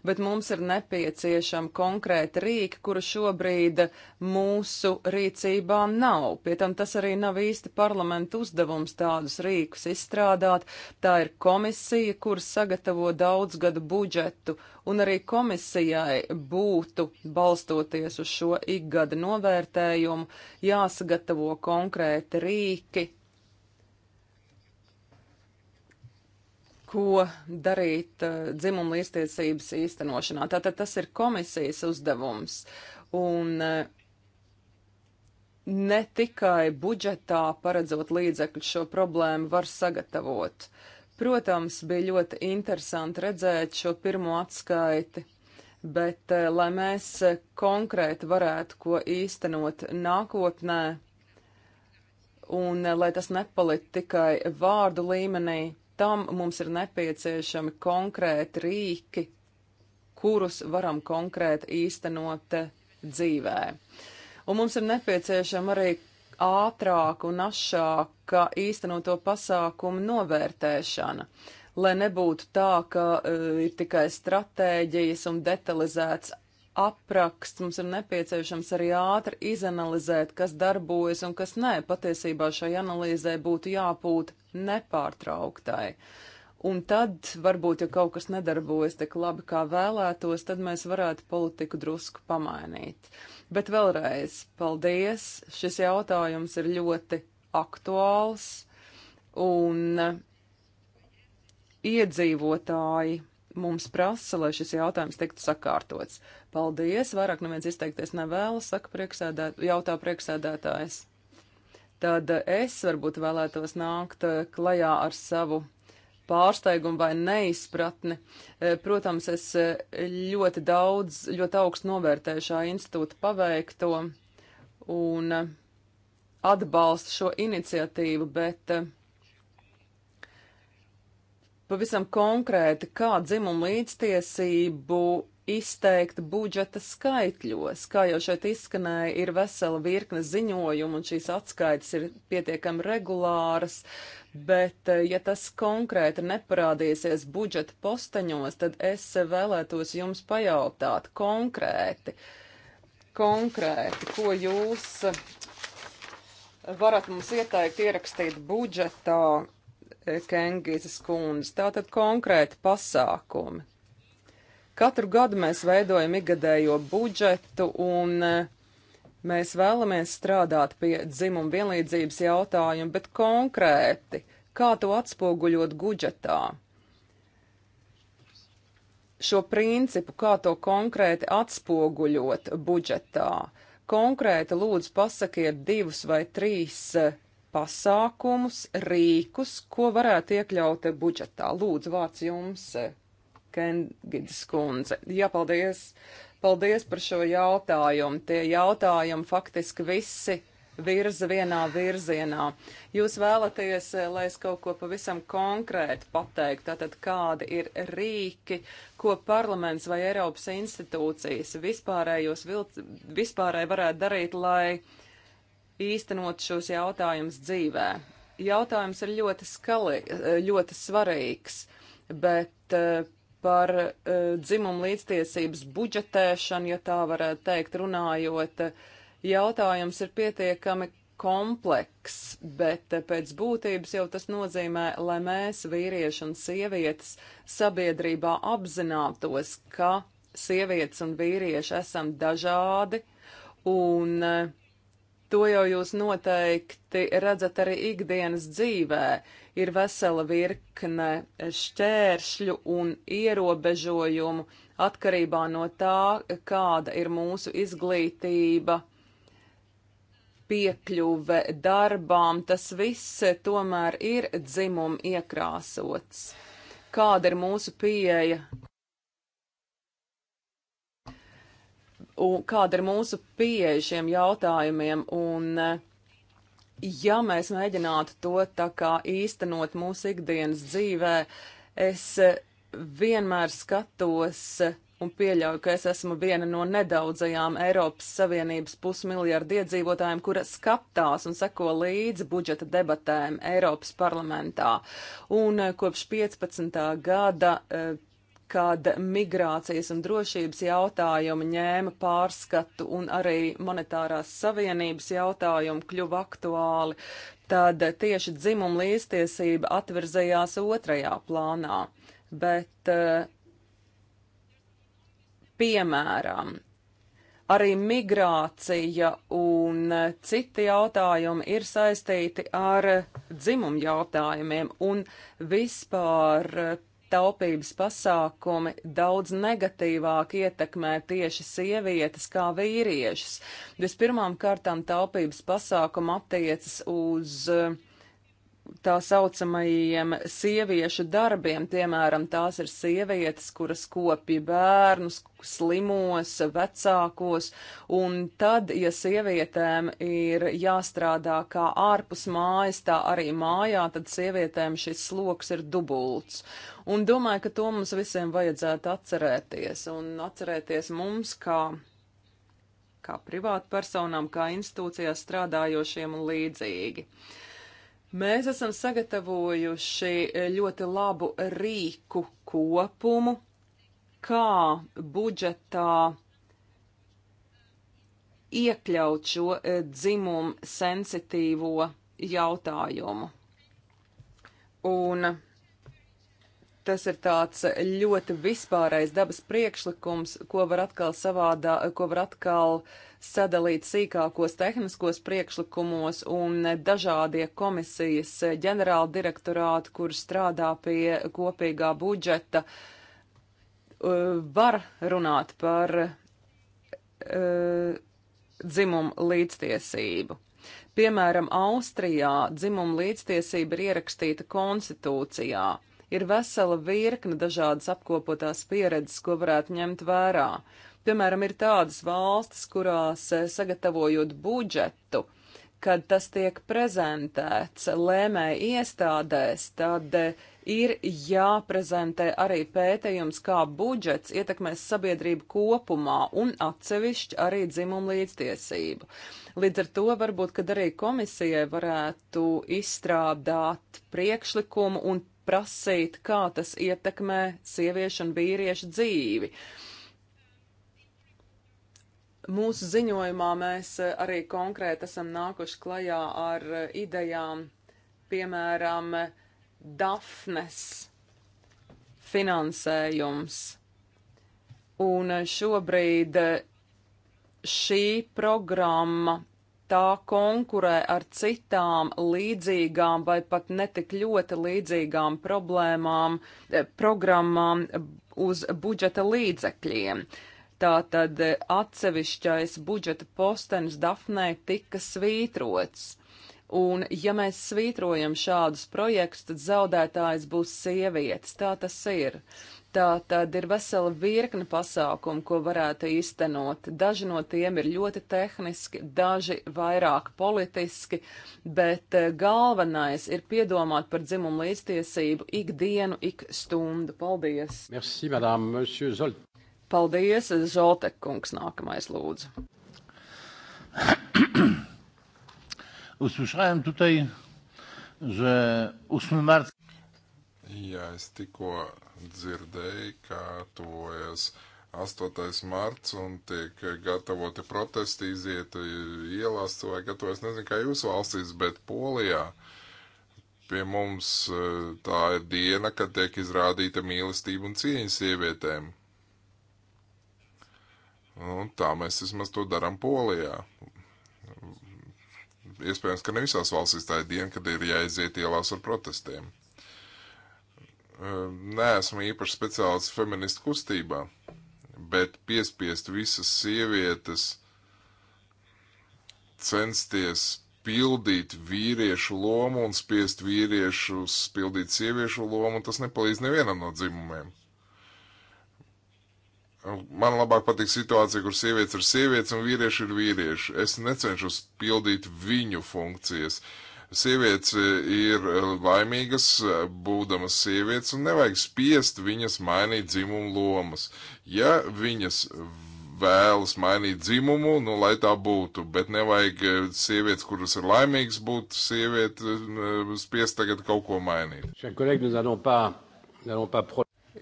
bet mums ir nepieciešama konkrēta rīka, kura šobrīd mūsu rīcībā nav. Pie tam tas arī nav īsti parlamentu uzdevums tādus rīkus izstrādāt. Tā ir komisija, kur sagatavo daudzgadu budžetu, un arī komisijai būtu, balstoties uz šo ikgada novērtējumu, jāsagatavo jāsagatavo konkrēti rīki, ko darīt eh, dzimuma līdztiesības īstenošanā. Tātad tas ir komisijas uzdevums. Un eh, ne tikai budžetā paredzot līdzekļu šo problēmu var sagatavot. Protams, bija ļoti interesanti redzēt šo pirmo atskaiti, bet eh, lai mēs konkrēti varētu ko īstenot nākotnē, un eh, lai tas nepalikt tikai vārdu līmenī, tam mums ir nepieciešami konkrēti rīki, kurus varam konkrēti īstenot eh, dzīvē. Un mums ir nepieciešama arī ātrāka un ašāka īstenoto pasākumu novērtēšana, lai nebūtu tā, ka uh, ir tikai stratēģijas un detalizēts apraksts, mums ir nepieciešams arī ātri izanalizēt, kas darbojas un kas nē. Patiesībā šai analīzē būtu jābūt nepārtrauktai. Un tad, varbūt, ja kaut kas nedarbojas tik labi, kā vēlētos, tad mēs varētu politiku drusku pamainīt. Bet vēlreiz, paldies! Šis jautājums ir ļoti aktuāls un iedzīvotāji mums prasa, lai šis jautājums tiktu sakārtots. Paldies, vairāk neviens izteikties nevēlas, saka prieksēdēt, jautā prieksēdētājs. Tad es varbūt vēlētos nākt eh, klajā ar savu pārsteigumu vai neizpratni. Eh, protams, es eh, ļoti daudz, ļoti augstu novērtēju šā institūta paveikto un atbalstu šo iniciatīvu, bet uh, pavisam konkrēti, kā dzimumu līdztiesību izteikt budžeta skaitļos. Kā jau šeit izskanēja, ir vesela virkne ziņojumu, un šīs atskaites ir pietiekami regulāras, bet eh, ja tas konkrēti neparādīsies budžeta posteņos, tad es vēlētos jums pajautāt konkrēti, konkrēti, ko jūs varat mums ieteikt ierakstīt budžetā Kengīzes kundze. Tātad konkrēti pasākumi. Katru gadu mēs veidojam ikgadējo budžetu un eh, mēs vēlamies strādāt pie dzimuma vienlīdzības jautājuma, bet konkrēti, kā to atspoguļot budžetā? Šo principu, kā to konkrēti atspoguļot budžetā? Konkrēti lūdzu pasakiet divus vai trīs eh, pasākumus, rīkus, ko varētu iekļaut budžetā. Lūdzu, vārds jums, Kengidas kundze. Jā, paldies. Paldies par šo jautājumu. Tie jautājumi faktiski visi virza vienā virzienā. Jūs vēlaties, lai es kaut ko pavisam konkrētu pateiktu, tātad kādi ir rīki, ko parlaments vai Eiropas institūcijas vispārējos vilc, vispārēji varētu darīt, lai uh, īstenot šos jautājumus dzīvē. Jautājums ir ļoti, skali, ļoti svarīgs, bet eh, par eh, dzimumu līdztiesības budžetēšanu, ja tā varētu teikt, runājot, jautājums ir pietiekami komplekss, bet eh, pēc būtības jau tas nozīmē, lai mēs, vīrieši un sievietes, sabiedrībā apzinātos, ka sievietes un vīrieši esam dažādi un uh, To jau jūs noteikti redzat arī ikdienas dzīvē. Ir vesela virkne šķēršļu un ierobežojumu atkarībā no tā, kāda ir mūsu izglītība, piekļuve darbām. Tas viss tomēr ir dzimuma iekrāsots. Kāda ir mūsu pieeja un kāda ir mūsu pieeja šiem jautājumiem. Un, eh, ja mēs mēģinātu to tā kā īstenot mūsu ikdienas dzīvē, es eh, vienmēr skatos eh, un pieļauju, ka es esmu viena no nedaudzajām Eiropas Savienības pusmiljardu iedzīvotājiem, kura skatās un seko līdzi budžeta debatēm Eiropas parlamentā. Un kopš 15. gada kad migrācijas un drošības jautājumi ņēma pārskatu un arī monetārās savienības jautājumi kļuva aktuāli, tad tieši dzimuma līdztiesība atverzējās otrajā plānā. Bet, eh, piemēram, arī migrācija un citi jautājumi ir saistīti ar dzimumu jautājumiem un vispār taupības pasākumi daudz negatīvāk ietekmē tieši sievietes kā vīriešus. Vispirmām kārtām taupības pasākumi attiecas uz uh, tā saucamajiem sieviešu darbiem, piemēram, tās ir sievietes, kuras kopja bērnus, slimos, vecākos, un tad, ja sievietēm ir jāstrādā kā ārpus mājas, tā arī mājā, tad sievietēm šis sloks ir dubults. Un domāju, ka to mums visiem vajadzētu atcerēties, un atcerēties mums, kā kā privātpersonām, kā institūcijās strādājošiem un līdzīgi. Uh, Mēs esam sagatavojuši ļoti labu rīku kopumu, kā budžetā iekļaut šo eh, dzimumu sensitīvo jautājumu. Un Tas ir tāds ļoti vispārējs dabas priekšlikums, ko var atkal savādā, ko var atkal sadalīt sīkākos tehniskos priekšlikumos un dažādie komisijas ģenerāla direktorāti, kur strādā pie kopīgā budžeta, uh, var runāt par uh, dzimumu līdztiesību. Piemēram, Austrijā dzimuma līdztiesība ir ierakstīta konstitūcijā. Ir vesela virkne dažādas apkopotās pieredzes, ko varētu ņemt vērā. Piemēram, ir tādas valstis, kurās eh, sagatavojot budžetu, kad tas tiek prezentēts lēmēji iestādēs, tad eh, ir jāprezentē arī pētījums, kā budžets ietekmēs sabiedrību kopumā un atsevišķi arī dzimumu līdztiesību. Līdz ar to varbūt, kad arī komisijai varētu izstrādāt priekšlikumu un prasīt, kā tas ietekmē sieviešu un vīriešu dzīvi. Mūsu ziņojumā mēs eh, arī konkrēti esam nākuši klajā ar eh, idejām, piemēram, Dafnes finansējums. Un eh, šobrīd šī programma tā konkurē ar citām līdzīgām vai pat netik ļoti līdzīgām problēmām, e, programmām uz budžeta līdzekļiem. Tātad e, atsevišķais budžeta postenis Dafnē tika svītrots. Un, ja mēs svītrojam šādus projektus, tad zaudētājs būs sievietes. Tā tas ir. Tā tad ir vesela virkne pasākumu, ko varētu īstenot. Daži no tiem ir ļoti tehniski, daži vairāk politiski, bet eh, galvenais ir piedomāt par dzimumu līdztiesību ikdienu, ik stundu. Paldies! Merci, madame, monsieur Zolt. Paldies, Zoltek kungs, nākamais lūdzu. Usłyszałem tutaj, że 8 marca Jā, es tikko dzirdēju, ka tuvojas 8. marts un tiek gatavoti protesti, iziet ielās, cilvēki gatavojas, nezinu, kā jūsu valstīs, bet Polijā pie mums e, tā ir diena, kad tiek izrādīta mīlestība un cieņa sievietēm. Un nu, tā mēs vismaz to darām Polijā. Iespējams, ka ne visās valstīs tā ir diena, kad ir jāiziet ielās ar protestiem. Ehm, neesmu īpaši speciāls feministu kustībā, bet piespiest visas sievietes censties pildīt vīriešu lomu un spiest vīriešus pildīt sieviešu lomu, tas nepalīdz nevienam no dzimumiem. Man labāk patīk situācija, kur sievietes ir sievietes un vīrieši ir vīrieši. Es necenšos pildīt viņu funkcijas. Uh, Sievietes eh, ir eh, laimīgas, eh, būdamas sievietes, un nevajag spiest viņas mainīt dzimumu lomas. Ja viņas vēlas mainīt dzimumu, nu, lai tā būtu, bet nevajag sievietes, kuras ir laimīgas, būt sieviete, spiest tagad kaut ko mainīt.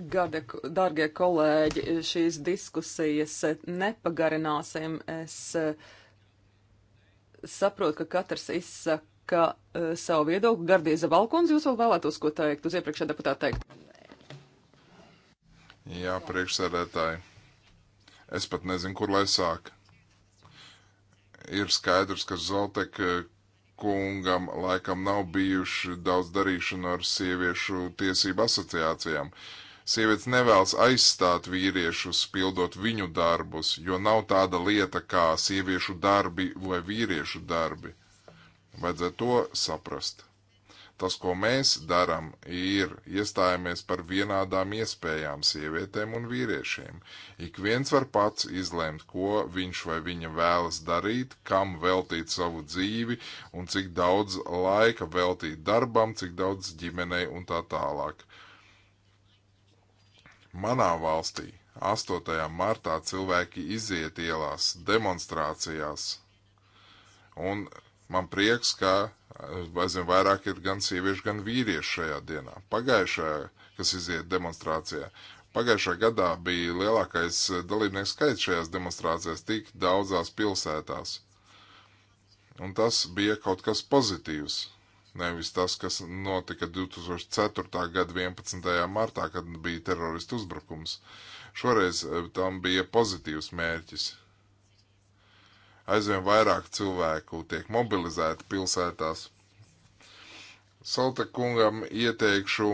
Gada, dārgie kolēģi, šīs diskusijas nepagarināsim. Es saprotu, ka katrs izsaka ka uh, savu viedokli Gardieza Valkons jūs vēl vēlētos ko teikt, uz iepriekšē deputāta teikt. Jā, priekšsēdētāji. Es pat nezinu, kur lai sāk. Ir skaidrs, ka Zoltek e, kungam laikam nav bijuši daudz darīšanu ar sieviešu tiesību asociācijām. Sievietes nevēlas aizstāt vīriešus, pildot viņu darbus, jo nav tāda lieta kā sieviešu darbi vai vīriešu darbi. Vajadzētu to saprast. Tas, ko mēs darām, ir iestājamies par vienādām iespējām sievietēm un vīriešiem. Ik viens var pats izlēmt, ko viņš vai viņa vēlas darīt, kam veltīt savu dzīvi un cik daudz laika veltīt darbam, cik daudz ģimenei un tā tālāk. Manā valstī 8. martā cilvēki iziet ielās demonstrācijās un Man prieks, ka eh, aizvien vairāk ir gan sieviešu, gan vīriešu šajā dienā. Pagājušā, kas iziet demonstrācijā, pagājušā gadā bija lielākais eh, dalībnieks skaits šajās demonstrācijās tik daudzās pilsētās. Un tas bija kaut kas pozitīvs. Nevis tas, kas notika 2004. gada 11. martā, kad bija teroristu uzbrukums. Šoreiz eh, tam bija pozitīvs mērķis aizvien vairāk cilvēku tiek mobilizēti pilsētās. Salta kungam ieteikšu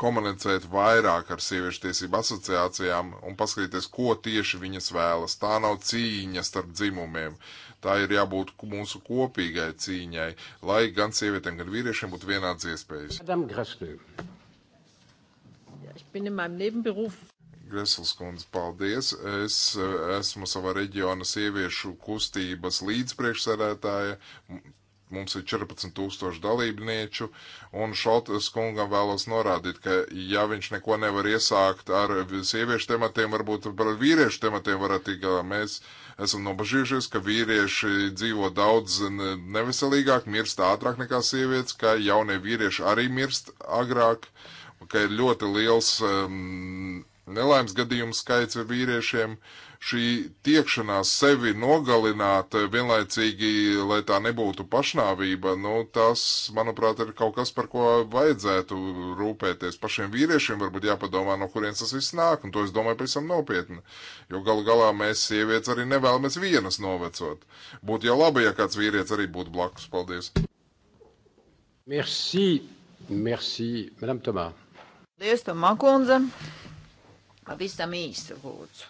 komunicēt vairāk ar sieviešu tiesību asociācijām un paskatīties, ko tieši viņas vēlas. Tā nav cīņa starp dzimumiem. Tā ir jābūt mūsu kopīgai cīņai, lai gan sievietēm, gan vīriešiem būtu vienāds iespējas. Madame Grasle. Ja, ich bin in meinem Nebenberuf Gresls kundze, paldies. Es eh, esmu savā reģiona sieviešu kustības līdzpriekšsēdētāja. Mums ir 14 tūkstoši dalībnieču, un Šaltas kungam vēlos norādīt, ka ja viņš neko nevar iesākt ar sieviešu tematiem, varbūt par vīriešu tematiem varat tikt galā. Mēs esam nobažījušies, ka vīrieši dzīvo daudz neveselīgāk, mirst ātrāk nekā sievietes, ka jaunie vīrieši arī mirst agrāk ka ir ļoti liels um, Nelaimes gadījumu skaits vīriešiem šī tiekšanās sevi nogalināt eh, vienlaicīgi, lai tā nebūtu pašnāvība, nu, tas, manuprāt, ir kaut kas, par ko vajadzētu rūpēties. Pašiem vīriešiem varbūt jāpadomā, no kurienes tas viss nāk, un to es domāju pavisam nopietni. Jo galu galā mēs sievietes arī nevēlamies vienas novecot. Būtu jau labi, ja kāds vīrietis arī būtu blakus. Paldies! Merci, merci, Madame Tomā. Paldies, Tomā kundze. Pavisam īsi lūdzu.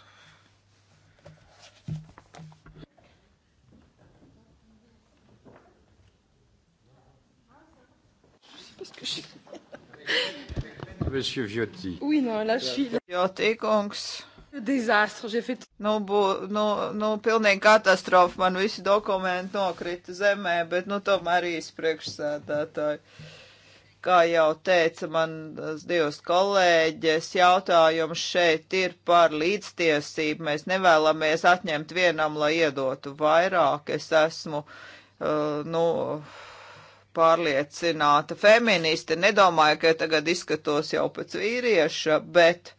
Monsieur Viotti. Oui, non, là, je suis... Viotti, kungs. Dizastra, j'ai fait... Nu, bū, nu, nu, pilnīgi katastrofa, man visi dokumenti nokrita zemē, bet, nu, tomēr īsti priekšsēdētāji. Kā jau teica manas eh, divas kolēģes, jautājums šeit ir par līdztiesību. Mēs nevēlamies atņemt vienam, lai iedotu vairāk. Es esmu, uh, nu, pārliecināta feministe. Nedomāju, ka tagad izskatos jau pēc vīrieša, bet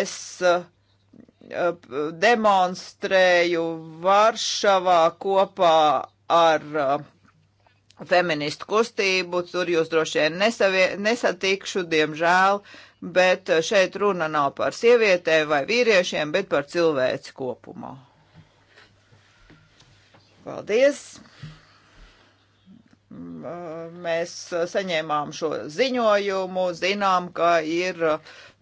es uh, demonstrēju Varšavā kopā ar uh, feministu kustību, tur jūs droši vien nesavie, nesatikšu, diemžēl, bet eh, šeit runa nav par sievietēm vai vīriešiem, bet par cilvēci kopumā. Paldies! Eh, mēs eh, saņēmām šo ziņojumu, zinām, ka ir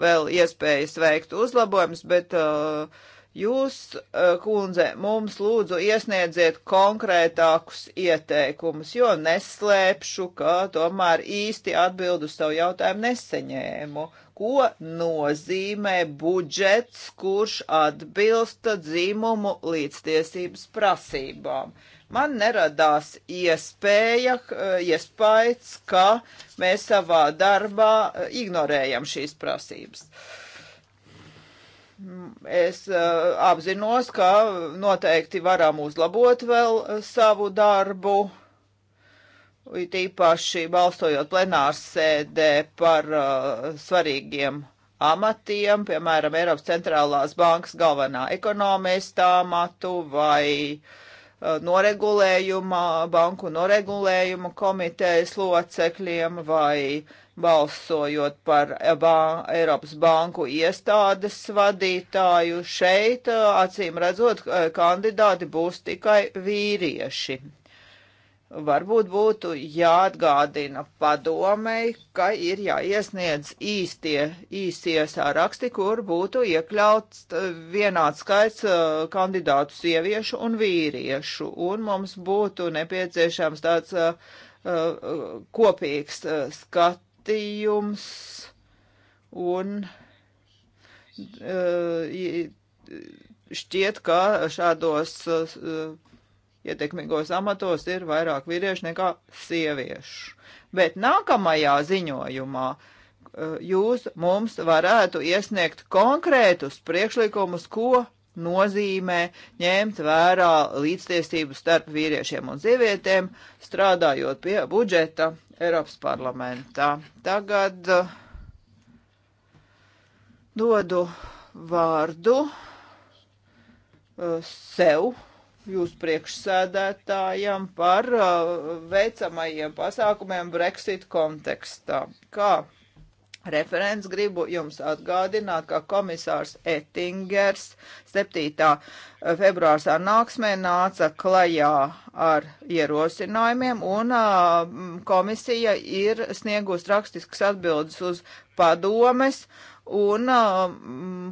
vēl iespējas veikt uzlabojums, bet uh, Jūs, eh, kundze, mums lūdzu iesniedziet konkrētākus ieteikumus, jo neslēpšu, ka tomēr īsti atbildu savu jautājumu neseņēmu. Ko nozīmē budžets, kurš atbilsta dzīmumu līdztiesības prasībām? man neradās iespēja, eh, iespējas, ka mēs savā darbā eh, ignorējam šīs prasības. Uh, Es eh, apzinos, ka noteikti varam uzlabot vēl eh, savu darbu, it īpaši balstojot plenārs sēdē par uh, svarīgiem amatiem, piemēram, Eiropas centrālās bankas galvenā ekonomista amatu vai uh, noregulējuma, banku noregulējuma komitejas locekļiem vai uh, balsojot par ba Eiropas banku iestādes vadītāju. Šeit, acīm redzot, kandidāti būs tikai vīrieši. Varbūt būtu jāatgādina padomei, ka ir jāiesniedz īstie, īstie sāraksti, kur būtu iekļauts vienāds skaits kandidātu sieviešu un vīriešu, un mums būtu nepieciešams tāds uh, kopīgs skats pētījums un eh, šķiet, ka šādos eh, ietekmīgos amatos ir vairāk vīriešu nekā sieviešu. Bet nākamajā ziņojumā eh, jūs mums varētu iesniegt konkrētus priekšlikumus, ko nozīmē ņemt vērā līdztiestību starp vīriešiem un sievietēm, strādājot pie budžeta Eiropas parlamentā. Tagad uh, dodu vārdu uh, sev, jūs priekšsēdētājam, par uh, veicamajiem pasākumiem Brexit kontekstā. Kā referents, gribu jums atgādināt, ka komisārs Ettingers 7. februāra sanāksmē nāca klajā ar ierosinājumiem, un uh, komisija ir sniegus rakstisks atbildes uz padomes un uh,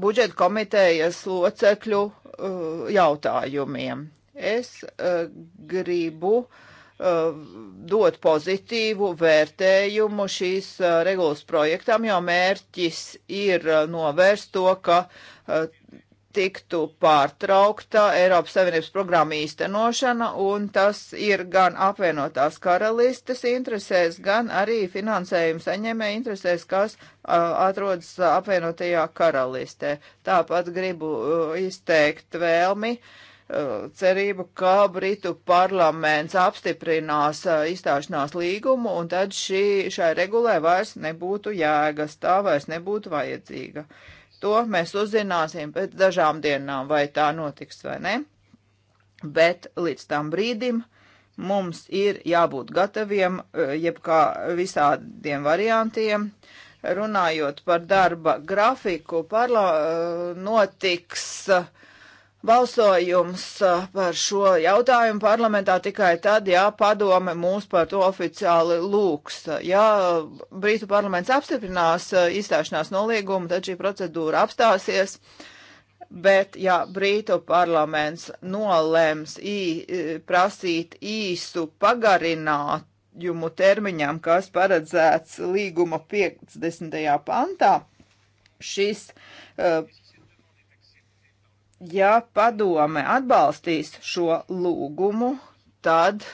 budžeta komitejas locekļu uh, jautājumiem. Es gribu uh, Uh, dot pozitīvu vērtējumu šīs uh, regulas projektam, jo mērķis ir uh, novērst to, ka tiktu pārtraukta Eiropas Savienības programma īstenošana, un tas ir gan apvienotās karalistes interesēs, gan arī finansējuma saņēmē interesēs, kas uh, atrodas apvienotajā karalistē. Tāpat gribu uh, izteikt vēlmi uh, Uh, cerību, ka Britu parlaments apstiprinās uh, izstāšanās līgumu, un tad šī, šai regulē vairs nebūtu jēgas, tā vairs nebūtu vajadzīga. To mēs uzzināsim pēc dažām dienām, vai tā notiks vai ne. Bet līdz tam brīdim mums ir jābūt gataviem uh, jebkā visādiem variantiem. Runājot par darba grafiku, parla, notiks uh, Balsojums par šo jautājumu parlamentā tikai tad, ja padome mūs par to oficiāli lūgs. Ja Brītu parlaments apstiprinās izstāšanās nolīgumu, tad šī procedūra apstāsies. Bet, ja Brītu parlaments nolems ī, prasīt īsu pagarinājumu termiņam, kas paredzēts līguma 50. pantā, šis uh, ja padome atbalstīs šo lūgumu, tad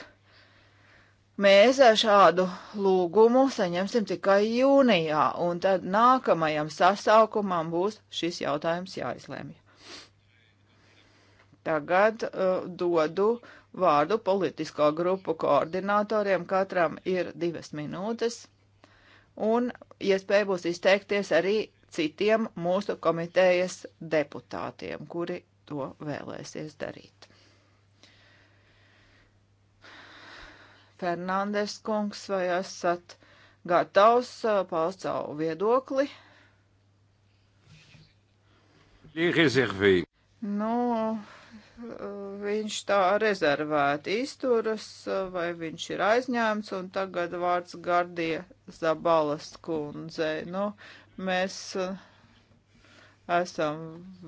mēs šādu lūgumu saņemsim tikai jūnijā, un tad nākamajam sasaukumam būs šis jautājums jāizlemj. Tagad uh, dodu vārdu politisko grupu koordinatoriem. Katram ir divas minūtes, un iespēja ja būs izteikties arī citiem mūsu komitejas deputātiem, kuri to vēlēsies darīt. Fernandes kungs, vai esat gatavs paust savu viedokli? Nu, viņš tā rezervēti izturas, vai viņš ir aizņēmts, un tagad vārds Gardie Zabalas kundzei. Nu, Mēs uh, esam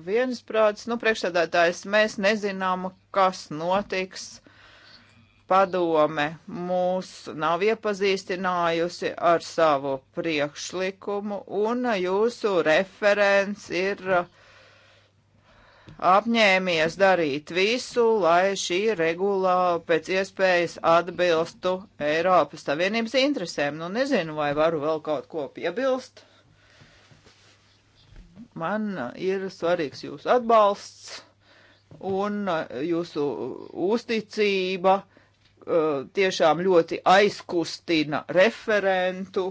viensprāts. Nu, priekšstādātājs, mēs nezinām, kas notiks. Padome mūs nav iepazīstinājusi ar savu priekšlikumu, un jūsu referents ir uh, apņēmies darīt visu, lai šī regula pēc iespējas atbilstu Eiropas Savienības interesēm. Nu, nezinu, vai varu vēl kaut ko piebilst. Man ir svarīgs jūsu atbalsts un jūsu uzticība eh, tiešām ļoti aizkustina referentu.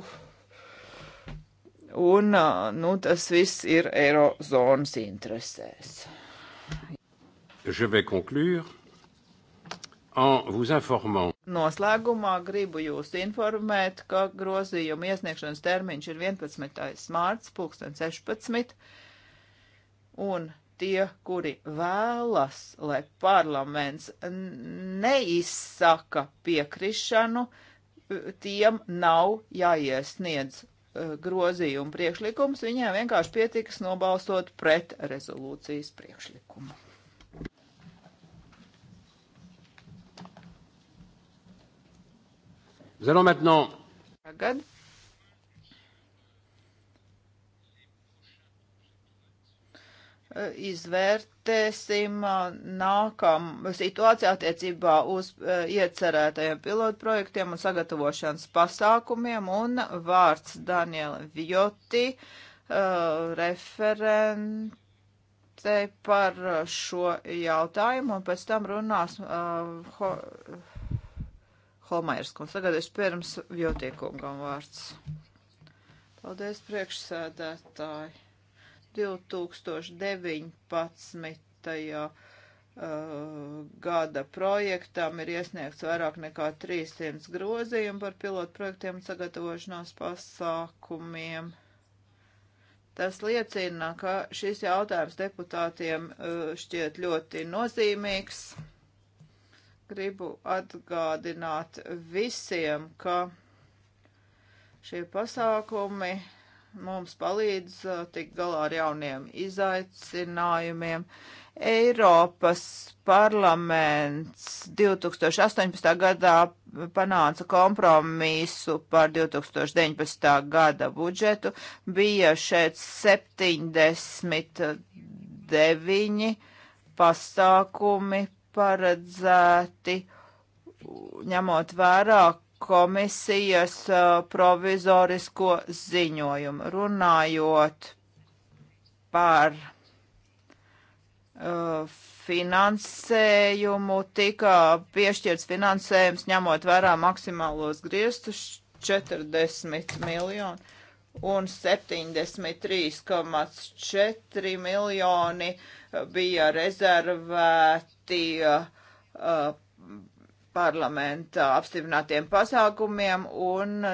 Un eh, nu, tas viss ir Eirozonas interesēs. Je vais conclure Noslēgumā gribu jūs informēt, ka grozījuma iesniegšanas termiņš ir 11. mārts, 2016, un tie, kuri vēlas, lai parlaments neizsaka piekrišanu, tiem nav jāiesniedz e, grozījumu priekšlikums, viņiem vienkārši pietiks nobalstot pret rezolūcijas priekšlikumu. Nous allons maintenant. Tagad. Eh, izvērtēsim eh, nākamu situāciju attiecībā uz eh, iecerētajiem pilotprojektiem un sagatavošanas pasākumiem un vārds Daniela Vjoti, uh, referent te par šo jautājumu, un pēc tam runās uh, ho, Holmairs kundze. Tagad es pirms Jotīkungam vārds. Paldies, priekšsēdētāji. 2019. Uh, gada projektam ir iesniegts vairāk nekā 300 grozījumu par pilotu projektiem sagatavošanās pasākumiem. Tas liecina, ka šis jautājums deputātiem uh, šķiet ļoti nozīmīgs. Gribu atgādināt visiem, ka šie pasākumi mums palīdz uh, tikt galā ar jauniem izaicinājumiem. Eiropas parlaments 2018. gadā panāca kompromisu par 2019. gada budžetu. Bija šeit 79 pasākumi paredzēti, ņemot vērā komisijas uh, provizorisko ziņojumu. Runājot par uh, finansējumu, tika piešķirts finansējums, ņemot vērā maksimālos griestus 40 miljonu un 73,4 miljoni bija rezervēti pretī uh, uh, parlamenta apstiprinātiem pasākumiem un uh,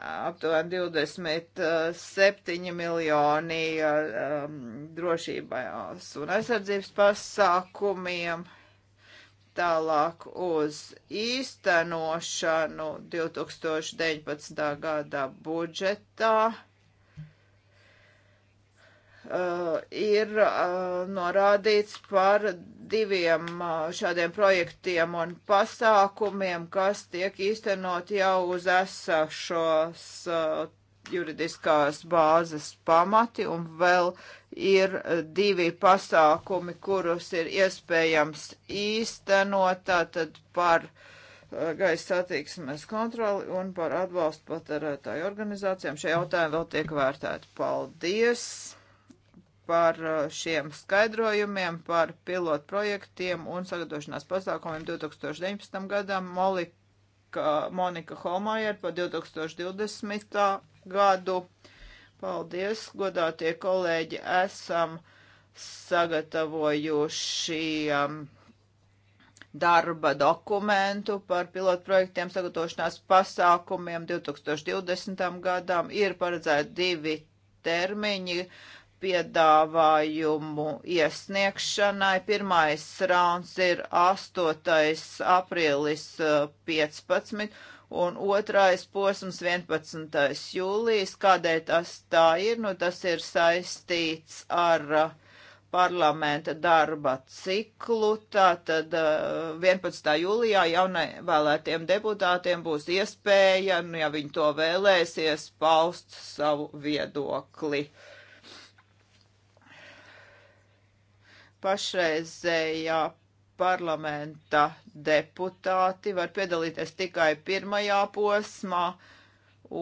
aptuveni 27 miljoni uh, um, drošībās un aizsardzības pasākumiem. Tālāk uz īstenošanu 2019. gada budžetā uh, ir uh, norādīts par diviem uh, šādiem projektiem un pasākumiem, kas tiek īstenot jau uz esošos uh, juridiskās bāzes pamati, un vēl ir uh, divi pasākumi, kurus ir iespējams īstenot, tātad par uh, gaisa satiksmes kontroli un par atbalstu patērētāju organizācijām. Šie jautājumi vēl tiek vērtēti. Paldies! par uh, šiem skaidrojumiem, par pilotu projektiem un sagatavošanās pasākumiem 2019. gadam, Molika, Monika Holmajer par 2020. gadu. Paldies, godātie kolēģi, esam sagatavojuši um, darba dokumentu par pilotprojektiem sagatavošanās pasākumiem 2020. gadam. Ir paredzēti divi termiņi piedāvājumu iesniegšanai. Pirmais rauns ir 8. aprīlis 15 eh, un otrais posms 11. jūlijas. Kādēļ tas tā ir? Nu, tas ir saistīts ar eh, parlamenta darba ciklu. Tātad 11. Eh, jūlijā jaunievēlētiem deputātiem būs iespēja, nu, ja viņi to vēlēsies, paust savu viedokli. Uh, pašreizējā parlamenta deputāti var piedalīties tikai pirmajā posmā,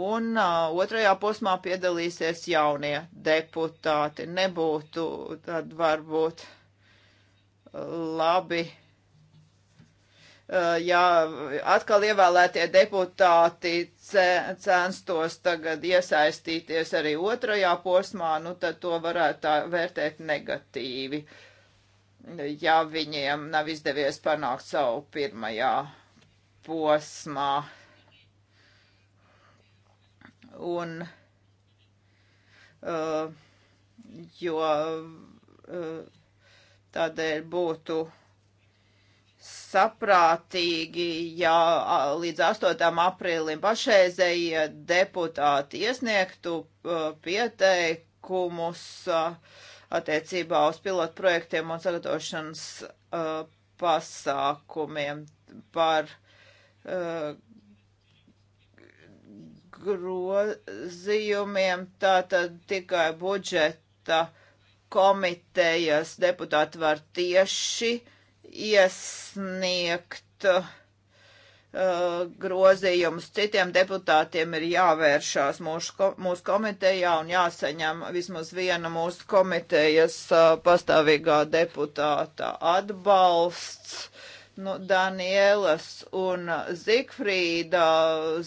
un uh, otrajā posmā piedalīsies jaunie deputāti. Nebūtu tad varbūt labi ja atkal ievēlētie deputāti censtos tagad iesaistīties arī otrajā posmā, nu tad to varētu tā vērtēt negatīvi ja viņiem nav izdevies panākt savu pirmajā posmā. Un, uh, jo uh, tādēļ būtu saprātīgi, ja līdz 8. aprīlim pašreizējie deputāti iesniegtu uh, pieteikumu noteikumus uh, attiecībā uz pilotu projektiem un sagatavošanas uh, pasākumiem par uh, grozījumiem, tātad tikai budžeta komitejas deputāti var tieši iesniegt uh, Uh, grozījumus. Citiem deputātiem ir jāvēršās mūsu, mūsu komitejā un jāsaņem vismaz viena mūsu komitejas uh, pastāvīgā deputāta atbalsts. Nu, Danielas un Zikfrīda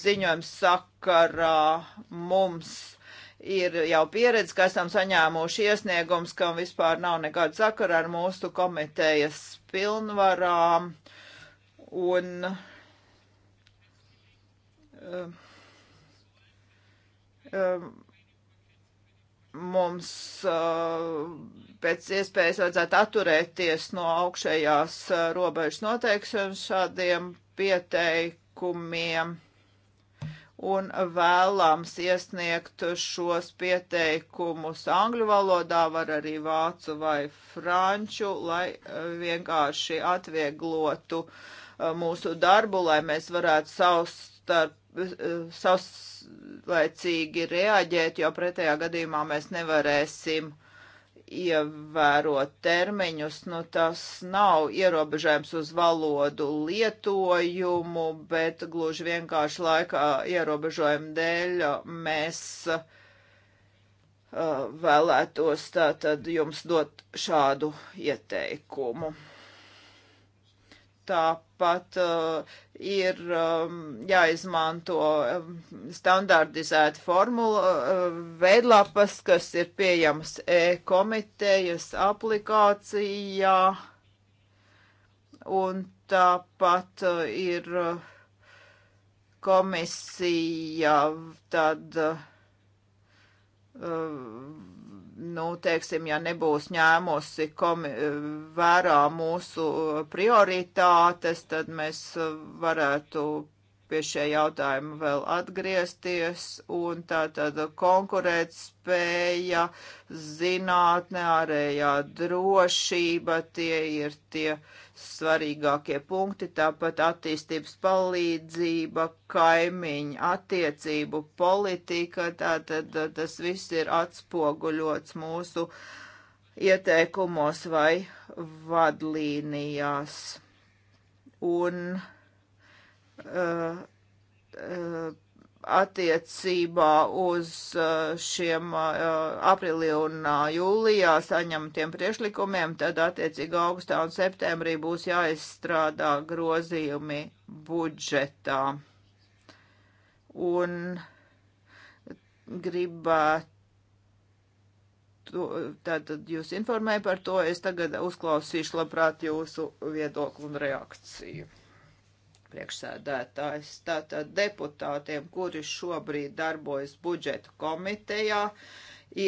ziņojums sakarā mums ir jau pieredze, ka esam saņēmuši iesniegums, kam vispār nav nekāda sakara ar mūsu komitejas pilnvarām. Un uh, Ehm, ehm, mums eh, pēc iespējas vajadzētu atturēties no augšējās eh, robežas noteikšanas šādiem pieteikumiem un vēlams iesniegt šos pieteikumus angļu valodā, var arī vācu vai franču, lai eh, vienkārši atvieglotu mūsu darbu, lai mēs varētu savstarp Eh, savlaicīgi reaģēt, jo pretējā gadījumā mēs nevarēsim ievērot termiņus. Nu, tas nav ierobežojums uz valodu lietojumu, bet gluži vienkārši laika ierobežojumu dēļ mēs uh, vēlētos tātad jums dot šādu ieteikumu. Tāpēc Tāpat uh, ir um, jāizmanto um, standartizēta formula uh, veidlapas, kas ir pieejams e-komitejas aplikācijā. Un tāpat uh, ir uh, komisija tad. Uh, nu, teiksim, ja nebūs ņēmusi komi, vērā mūsu prioritātes, tad mēs varētu pie šie jautājumi vēl atgriezties, un tā tad konkurētspēja, zinātne, ārējā drošība, tie ir tie uh, svarīgākie punkti, tāpat attīstības palīdzība, kaimiņu attiecību politika, tātad eh, tas viss ir atspoguļots mūsu ieteikumos vai vadlīnijās. Un uh, uh, attiecībā uz uh, šiem uh, aprīlī un uh, jūlijā saņemtiem priešlikumiem, tad attiecīgi augustā un septembrī būs jāizstrādā grozījumi budžetā. Un gribētu, tātad jūs informēju par to, es tagad uzklausīšu labprāt jūsu viedokli un reakciju priekšsēdētājs. Tātad deputātiem, kuri šobrīd darbojas budžeta komitejā,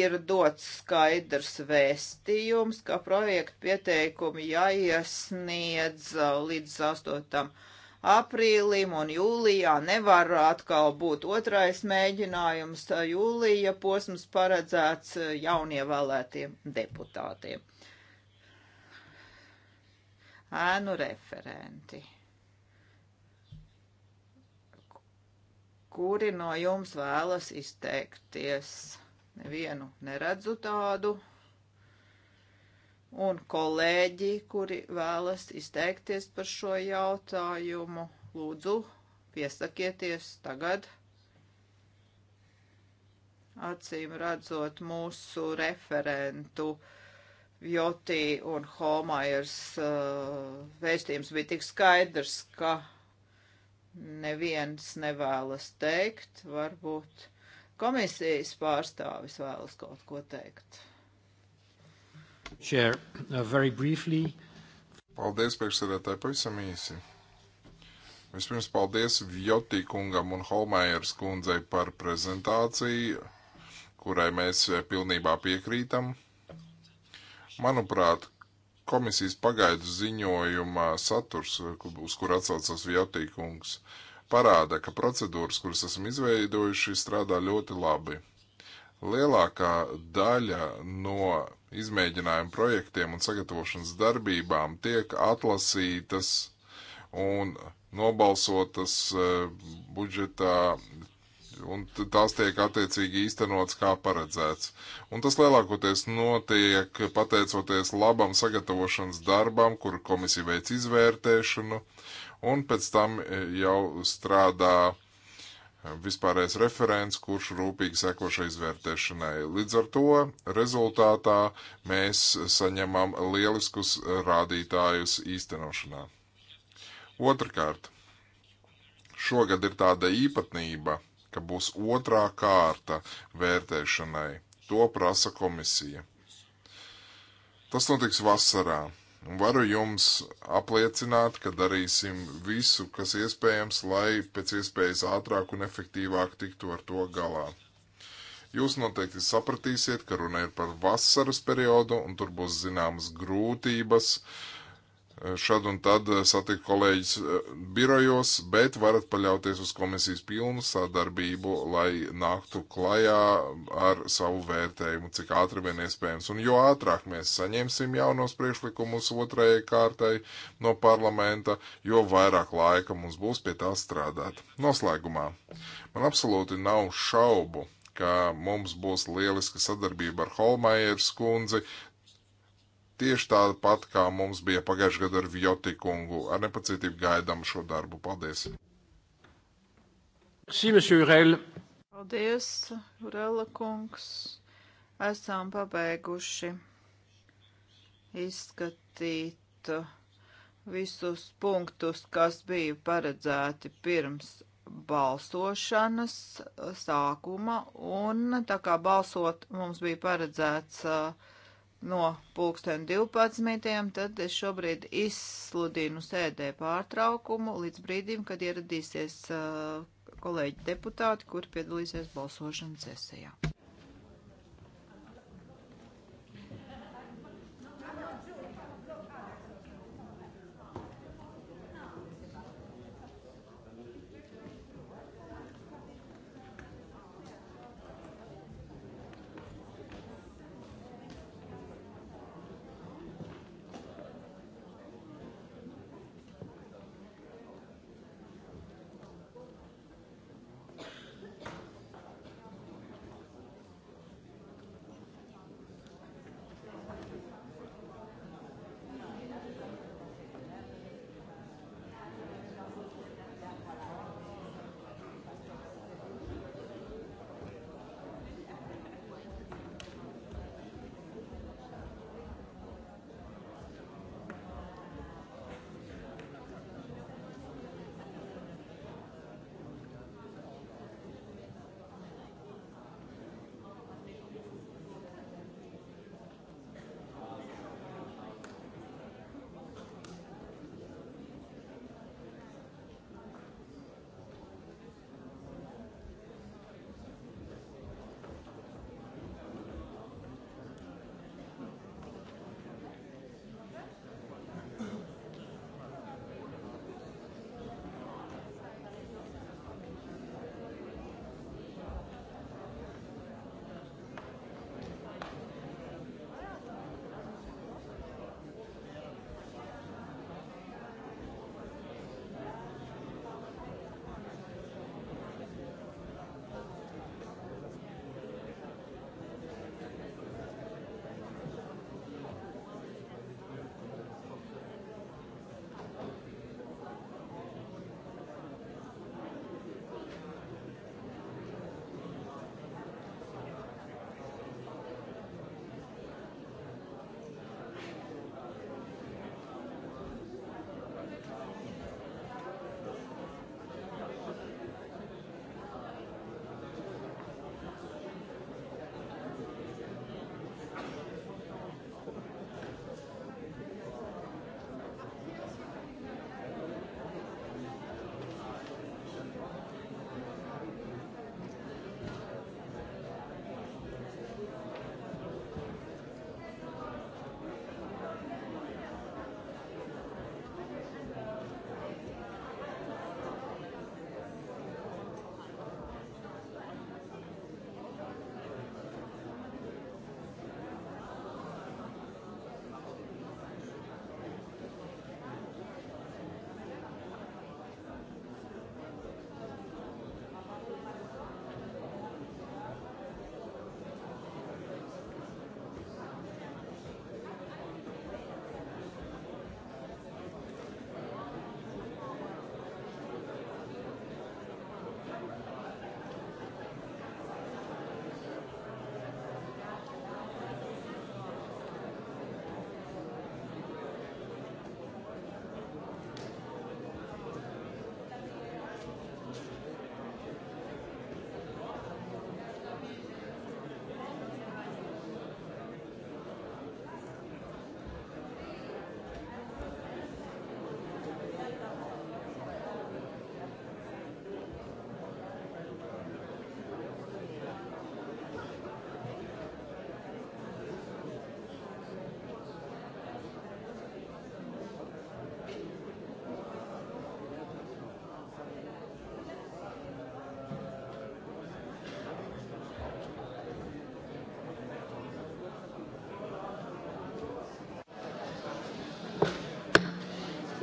ir dots skaidrs vēstījums, ka projektu pieteikumi jāiesniedz līdz 8. aprīlim un jūlijā nevar atkal būt otrais mēģinājums. Jūlija posms paredzēts jaunievēlētiem deputātiem ēnu referenti. kuri no jums vēlas izteikties. Nevienu neredzu tādu. Un kolēģi, kuri vēlas izteikties par šo jautājumu, lūdzu, piesakieties tagad. Acīm redzot mūsu referentu Jotī un Homairs uh, vēstījums bija tik skaidrs, ka neviens nevēlas teikt, varbūt komisijas pārstāvis vēlas kaut ko teikt. Chair, uh, very briefly. Paldies, priekšsēdētāji, pavisam īsi. Vispirms paldies Vjotī kungam un Holmējers kundzei par prezentāciju, kurai mēs pilnībā piekrītam. Manuprāt, komisijas pagaidu ziņojumā saturs, uz kur atsaucas Vjotīkungs, parāda, ka procedūras, kuras esam izveidojuši, strādā ļoti labi. Lielākā daļa no izmēģinājumu projektiem un sagatavošanas darbībām tiek atlasītas un nobalsotas eh, budžetā un tās tiek attiecīgi īstenotas kā paredzēts. Un tas lielākoties notiek pateicoties labam sagatavošanas darbam, kur komisija veic izvērtēšanu, un pēc tam e, jau strādā e, vispārējais referents, kurš rūpīgi seko šai izvērtēšanai. Līdz ar to rezultātā mēs saņemam lieliskus rādītājus īstenošanā. Otrakārt, šogad ir tāda īpatnība, ka būs otrā kārta vērtēšanai. To prasa komisija. Tas notiks vasarā. Un varu jums apliecināt, ka darīsim visu, kas iespējams, lai pēc iespējas ātrāk un efektīvāk tiktu ar to galā. Jūs noteikti sapratīsiet, ka runa ir par vasaras periodu, un tur būs zināmas grūtības uh, Eh, šad un tad eh, satikt kolēģis eh, birojos, bet varat paļauties uz komisijas pilnu sadarbību, lai nāktu klajā ar savu vērtējumu, cik ātri vien iespējams. Un jo ātrāk mēs saņemsim jaunos priekšlikumus otrajai kārtai no parlamenta, jo vairāk laika mums būs pie tā strādāt. Noslēgumā man absolūti nav šaubu ka mums būs lieliska sadarbība ar Holmajeru skundzi, tieši tāda pat, kā mums bija pagājušajā gadā ar Vjotikungu. Ar nepacietību gaidām šo darbu. Paldies! Sī, Urel. Paldies, Urela kungs! Esam pabeiguši izskatīt visus punktus, kas bija paredzēti pirms balsošanas sākuma, un tā kā balsot mums bija paredzēts uh, no pulksten 12. Tad es šobrīd izsludinu sēdē pārtraukumu līdz brīdim, kad ieradīsies uh, kolēģi deputāti, kuri piedalīsies balsošanas sesijā.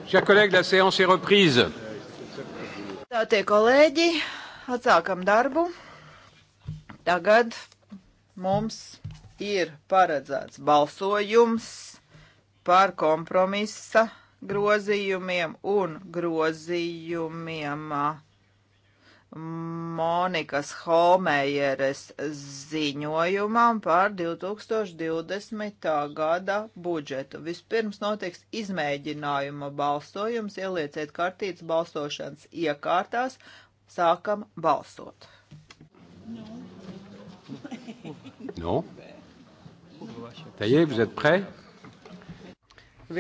Chers collègues, la séance est reprise. Tātie kolēģi, atsākam darbu. Tagad mums ir paredzēts balsojums par kompromisa grozījumiem un grozījumiem uh, Monikas Holmējeres ziņojumam par 2020. gada budžetu. Vispirms notiks izmēģinājuma balsojums, ielieciet kartītes balsošanas iekārtās, sākam balsot. No. Tajā jūs esat prē?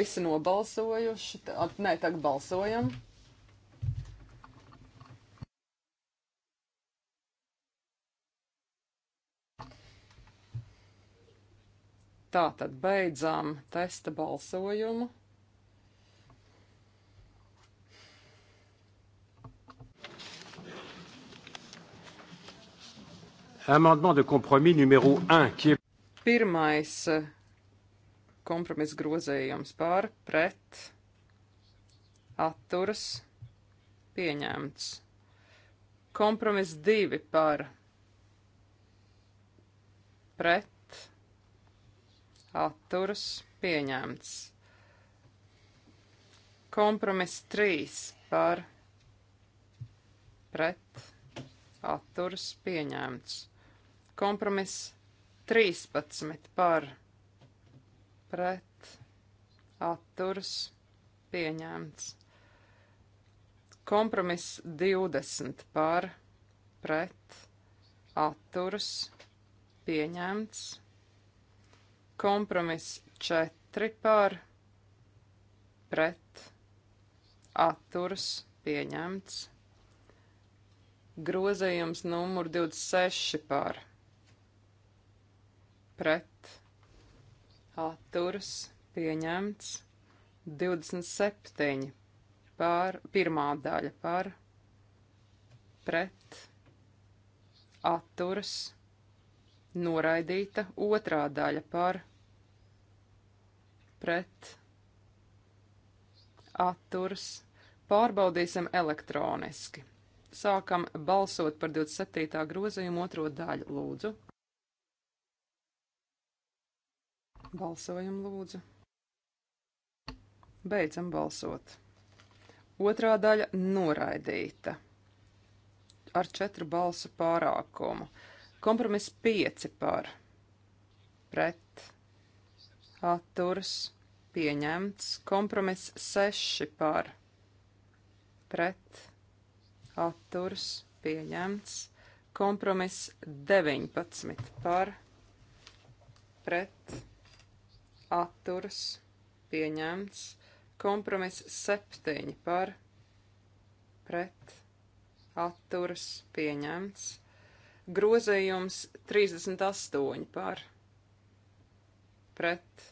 Visi nobalsojuši, tad nē, tagad balsojam. Tātad beidzām testa balsojumu. Amendement de compromis numéro 1, qui est... Pirmais eh, kompromis grozējums par, pret, atturas, pieņemts. Kompromis 2 par, pret, atturas pieņemts. Kompromiss 3 par pret atturas pieņemts. Kompromiss 13 par pret atturas pieņemts. Kompromiss 20 par pret atturas pieņemts Kompromiss 4 par pret atturas pieņemts. Grozējums numur 26 par pret atturas pieņemts. 27 par pirmā daļa par pret atturas pieņemts noraidīta otrā daļa par pret atturs. Pārbaudīsim elektroniski. Sākam balsot par 27. grozījumu otro daļu, lūdzu. Balsojam, lūdzu. Beidzam balsot. Otrā daļa noraidīta ar četru balsu pārākumu. Kompromiss 5 par pret atturas pieņemts. Kompromiss 6 par pret atturas pieņemts. Kompromiss 19 par pret atturas pieņemts. Kompromiss 7 par pret atturas pieņemts Grozējums 38 par pret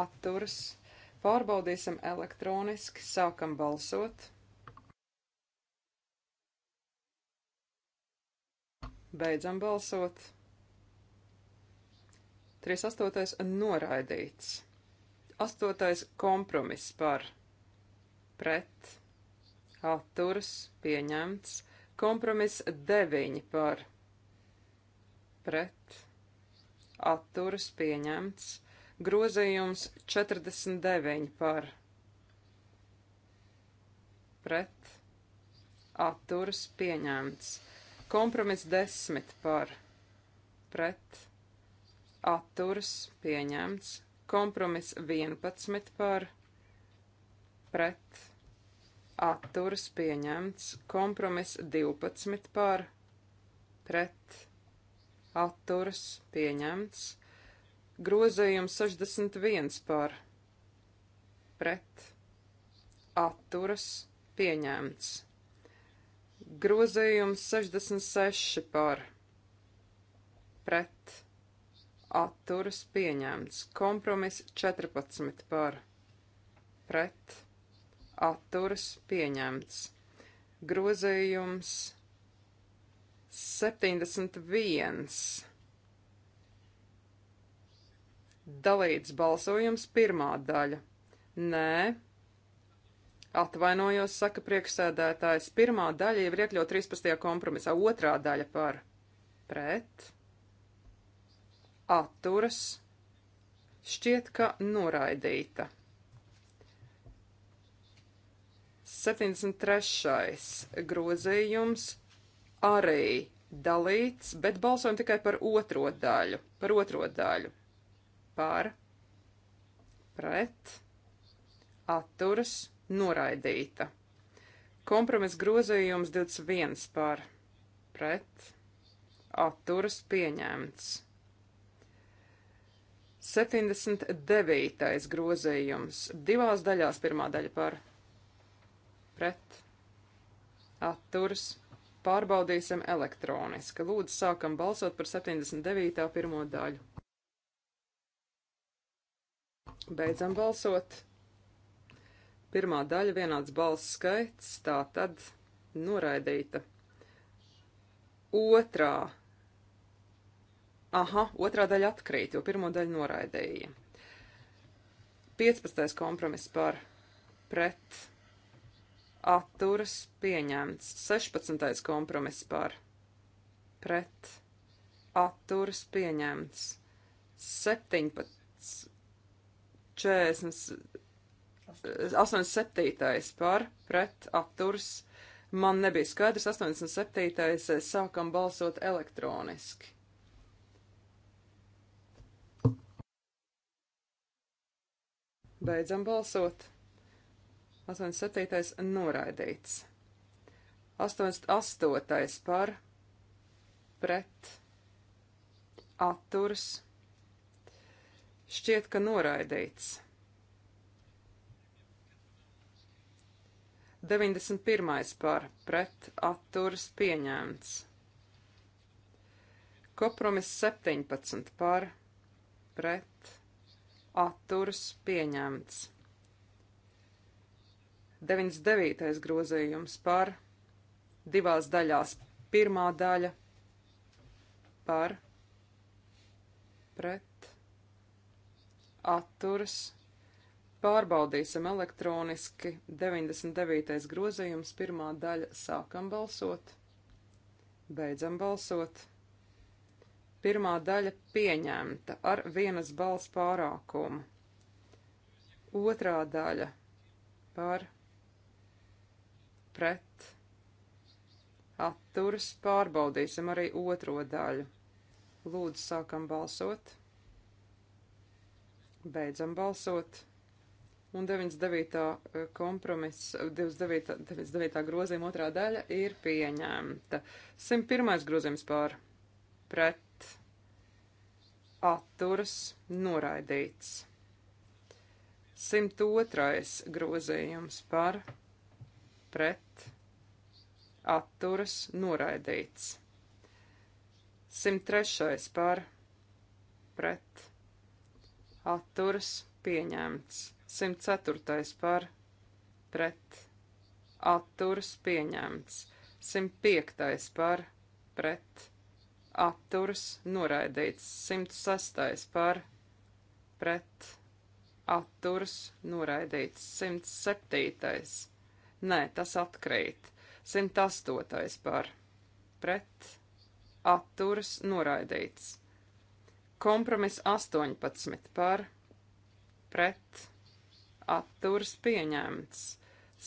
atturas. Pārbaudīsim elektroniski, sākam balsot. Beidzam balsot. 38. noraidīts. 8. kompromiss par pret atturas pieņemts. Kompromiss 9 par pret atturas pieņemts. Grozījums 49 par pret atturas pieņemts. Kompromiss 10 par pret atturas pieņemts. Kompromiss 11 par pret atturas pieņemts atturas pieņemts, kompromiss 12 par, pret, atturas pieņemts, grozējums 61 par, pret, atturas pieņemts, grozējums 66 par, pret, atturas pieņemts, kompromiss 14 par, pret, atturas pieņemts. Grozījums 71. Dalīts balsojums pirmā daļa. Nē. Atvainojos, saka priekšsēdētājs, pirmā daļa jau ir iekļaut 13. kompromisā, otrā daļa par pret, atturas, šķiet, ka noraidīta. 73. grozījums arī dalīts, bet balsojam tikai par otro daļu. Par otro daļu. Par, pret, atturas, noraidīta. Kompromiss grozījums 21 par, pret, atturas, pieņemts. 79. grozījums divās daļās, pirmā daļa par, pret pret, atturs, pārbaudīsim elektroniski. Lūdzu, sākam balsot par 79. pirmo daļu. Beidzam balsot. Pirmā daļa vienāds balss skaits, tā tad noraidīta. Otrā. Aha, otrā daļa atkrīt, jo pirmo daļu noraidīja. 15. kompromiss par pret atturas pieņemts. 16. kompromiss par pret atturas pieņemts. 17. 40. 87. par pret atturas. Man nebija skaidrs, 87. Eh, sākam balsot elektroniski. Beidzam balsot. 87. noraidīts. 88. par pret atturs šķiet, ka noraidīts. 91. par pret atturs pieņemts. Kompromiss 17 par pret atturs pieņemts. 99. grozījums par divās daļās. Pirmā daļa par pret atturas. Pārbaudīsim elektroniski 99. grozījums, pirmā daļa sākam balsot, beidzam balsot. Pirmā daļa pieņemta ar vienas balss pārākumu. Otrā daļa par pret atturas pārbaudīsim arī otro daļu. Lūdzu, sākam balsot, beidzam balsot. Un 99. Eh, kompromiss, 29. Eh, 29. grozījuma otrā daļa ir pieņemta. 101. grozījums pār pret atturas noraidīts. 102. grozījums par pret, atturas, noraidīts. 103. par, pret, atturas, pieņemts. 104. par, pret, atturas, pieņemts. 105. par, pret, atturas, noraidīts. 106. par, pret, atturas, noraidīts. 107 Nē, tas atkrīt. 108. par pret atturas noraidīts. Kompromiss 18 par pret atturas pieņemts.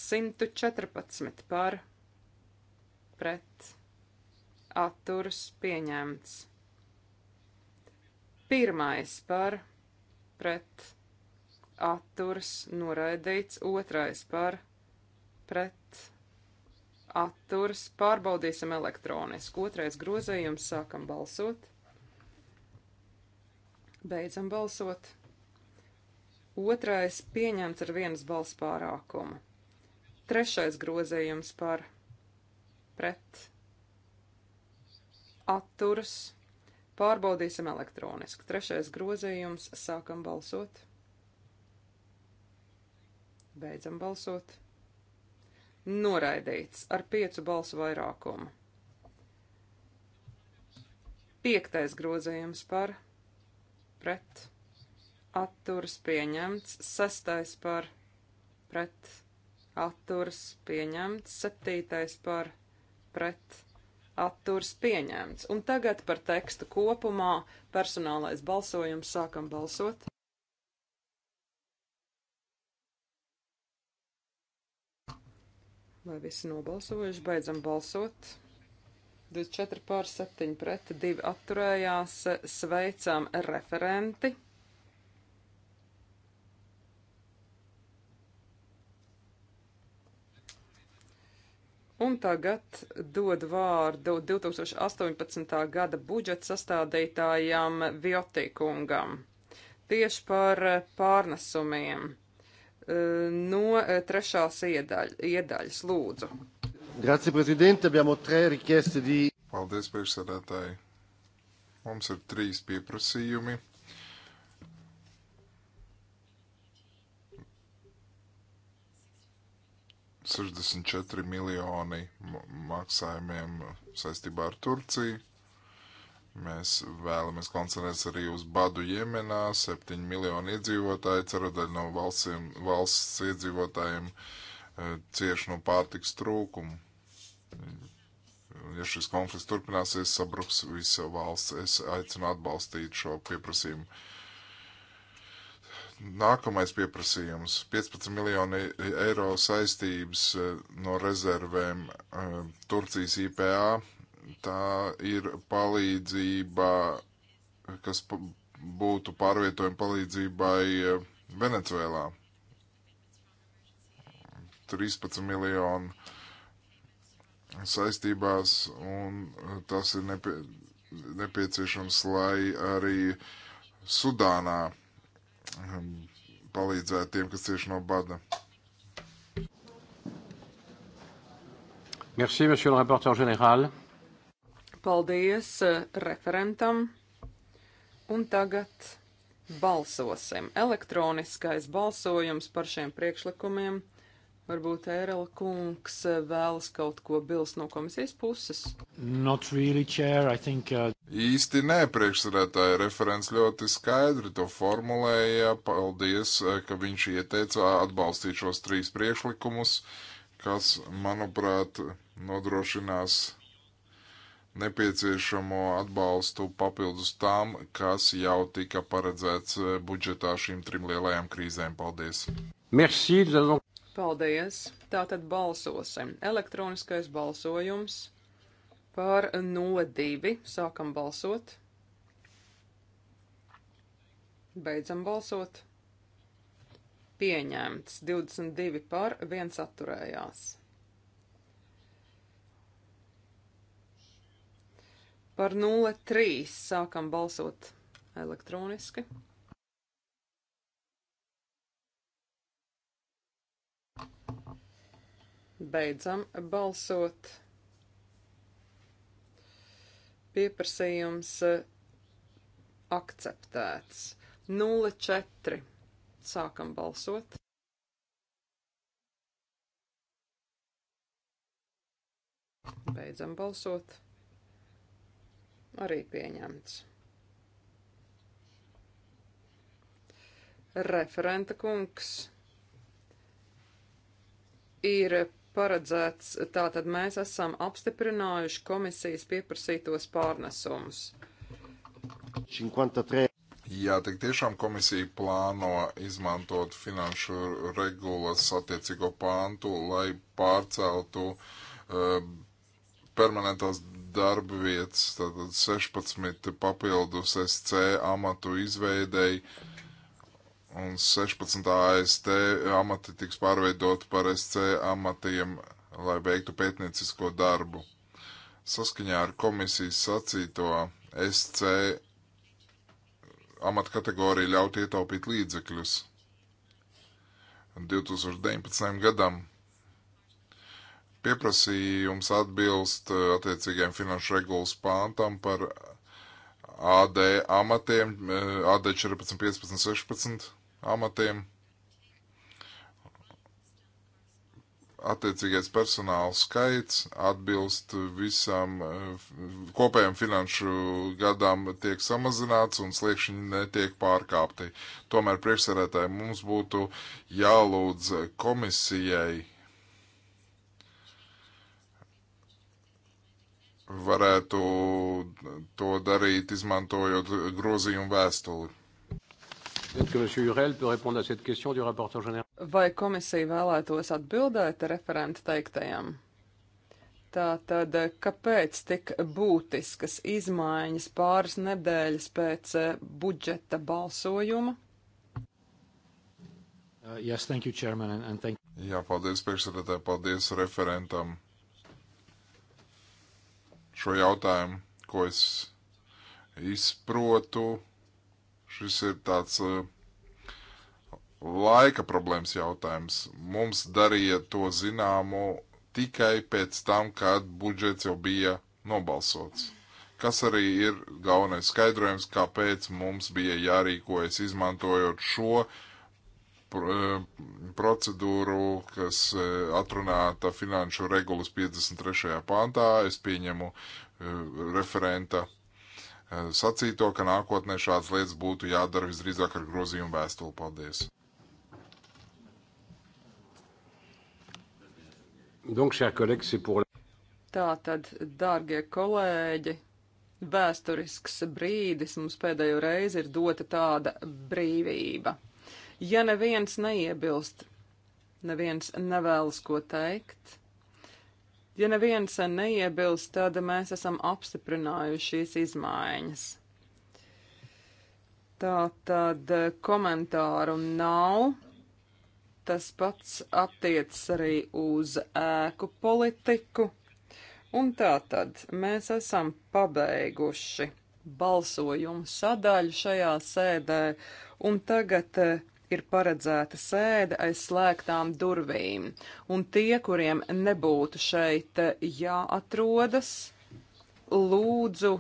114 par pret atturas pieņemts. Pirmais par pret atturas noraidīts, otrais par pret pret atturs pārbaudīsim elektroniski. Otrais grozējums sākam balsot. Beidzam balsot. Otrais pieņemts ar vienas balss pārākumu. Trešais grozējums par pret atturs. Pārbaudīsim elektroniski. Trešais grozējums sākam balsot. Beidzam balsot. Noraidīts ar piecu balsu vairākumu. Piektais grozījums par pret atturas pieņemts, sestais par pret atturas pieņemts, septītais par pret atturas pieņemts. Un tagad par tekstu kopumā personālais balsojums sākam balsot. Vai visi nobalsojuši? Beidzam balsot. 24 pār 7 pret 2 atturējās. Sveicām referenti. Un tagad dod vārdu 2018. gada budžeta sastādītājām Viotikungam tieši par pārnesumiem no eh, trešās iedaļ, iedaļas. Lūdzu. Grazie, prezidente. Abbiamo tre richieste di. Paldies, priekšsēdētāji. Mums ir trīs pieprasījumi. Sešdesmit četri miljoni maksājumiem saistībā ar Turciju. Mēs vēlamies koncentrēties arī uz badu Jemenā, 7 miljonu iedzīvotāju, ceradaļ no valstiem, valsts iedzīvotājiem e, cieš no pārtiks trūkumu. Ja šis konflikts turpināsies, sabruks visa valsts. Es aicinu atbalstīt šo pieprasījumu. Nākamais pieprasījums - 15 miljoni eiro saistības e, no rezervēm e, Turcijas IPA tā ir palīdzība, kas būtu pārvietojuma palīdzībai eh, Venecuēlā. 13 miljonu saistībās, un eh, tas ir nepie, nepieciešams, lai arī Sudānā ehm, palīdzētu tiem, kas cieši no bada. Merci, monsieur le rapporteur général. Paldies eh, referentam. Un tagad balsosim. Elektroniskais balsojums par šiem priekšlikumiem. Varbūt Ērela kungs eh, vēlas kaut ko bilst no komisijas puses? Not really, chair, I think. Uh... Īsti nē, priekšsēdētāja referents ļoti skaidri to formulēja. Paldies, eh, ka viņš ieteica atbalstīt šos trīs priekšlikumus, kas, manuprāt, nodrošinās nepieciešamo atbalstu papildus tām, kas jau tika paredzēts eh, budžetā šīm trim lielajām krīzēm. Paldies! Merci, Paldies! Tātad balsosim. Elektroniskais balsojums par 02. Sākam balsot. Beidzam balsot. Pieņemts 22 par 1 atturējās. Par 03 sākam balsot elektroniski. Beidzam balsot. Pieprasījums eh, akceptēts. 04. Sākam balsot. Beidzam balsot arī pieņemts. Referenta kungs ir paredzēts, tātad mēs esam apstiprinājuši komisijas pieprasītos pārnesumus. 53. Jā, tik tiešām komisija plāno izmantot finanšu regulas attiecīgo pāntu, lai pārceltu uh, permanentās darba vietas, tātad 16 papildus SC amatu izveidēji un 16 AST amati tiks pārveidot par SC amatiem, lai veiktu pētniecisko darbu. Saskaņā ar komisijas sacīto SC amatkategorija ļaut ietaupīt līdzekļus 2019. gadam Pieprasījums atbilst eh, attiecīgajiem finanšu regulas pāntam par eh, AD amatiem, AD 14, 15, 16 amatiem. Attiecīgais personāla skaits atbilst visam eh, kopējam finanšu gadam tiek samazināts un sliekšņi netiek pārkāpti. Tomēr priekšsarētāji mums būtu jālūdz komisijai varētu to darīt, izmantojot grozījumu vēstuli. Vai komisija vēlētos atbildēt referenta teiktajam? Tātad, kāpēc tik būtiskas izmaiņas pāris nedēļas pēc eh, budžeta balsojuma? Uh, yes, thank you, Chairman, and, and thank you. Jā, paldies priekšsēdētāji, paldies referentam šo jautājumu, ko es izprotu. Šis ir tāds uh, laika problēmas jautājums. Mums darīja to zināmu tikai pēc tam, kad budžets jau bija nobalsots. Kas arī ir galvenais skaidrojums, kāpēc mums bija jārīkojas izmantojot šo uh, Eh, procedūru, kas eh, atrunāta finanšu regulas 53. pāntā. Es pieņemu eh, referenta sacīto, ka nākotnē šādas lietas būtu jādara visdrīzāk ar grozījumu vēstuli. Paldies! Tā tad, dārgie kolēģi, vēsturisks brīdis mums pēdējo reizi ir dota tāda brīvība. Ja neviens neiebilst, neviens nevēlas ko teikt, ja neviens neiebilst, tad mēs esam apstiprinājuši šīs izmaiņas. Tā tad komentāru nav. Tas pats attiecas arī uz ēku politiku. Un tā tad mēs esam pabeiguši balsojumu sadaļu šajā sēdē, un tagad eh, ir paredzēta sēde aiz slēgtām durvīm, un tie, kuriem nebūtu šeit eh, jāatrodas, lūdzu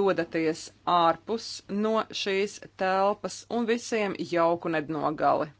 dodaties ārpus no šīs telpas un visiem jauku nednogali.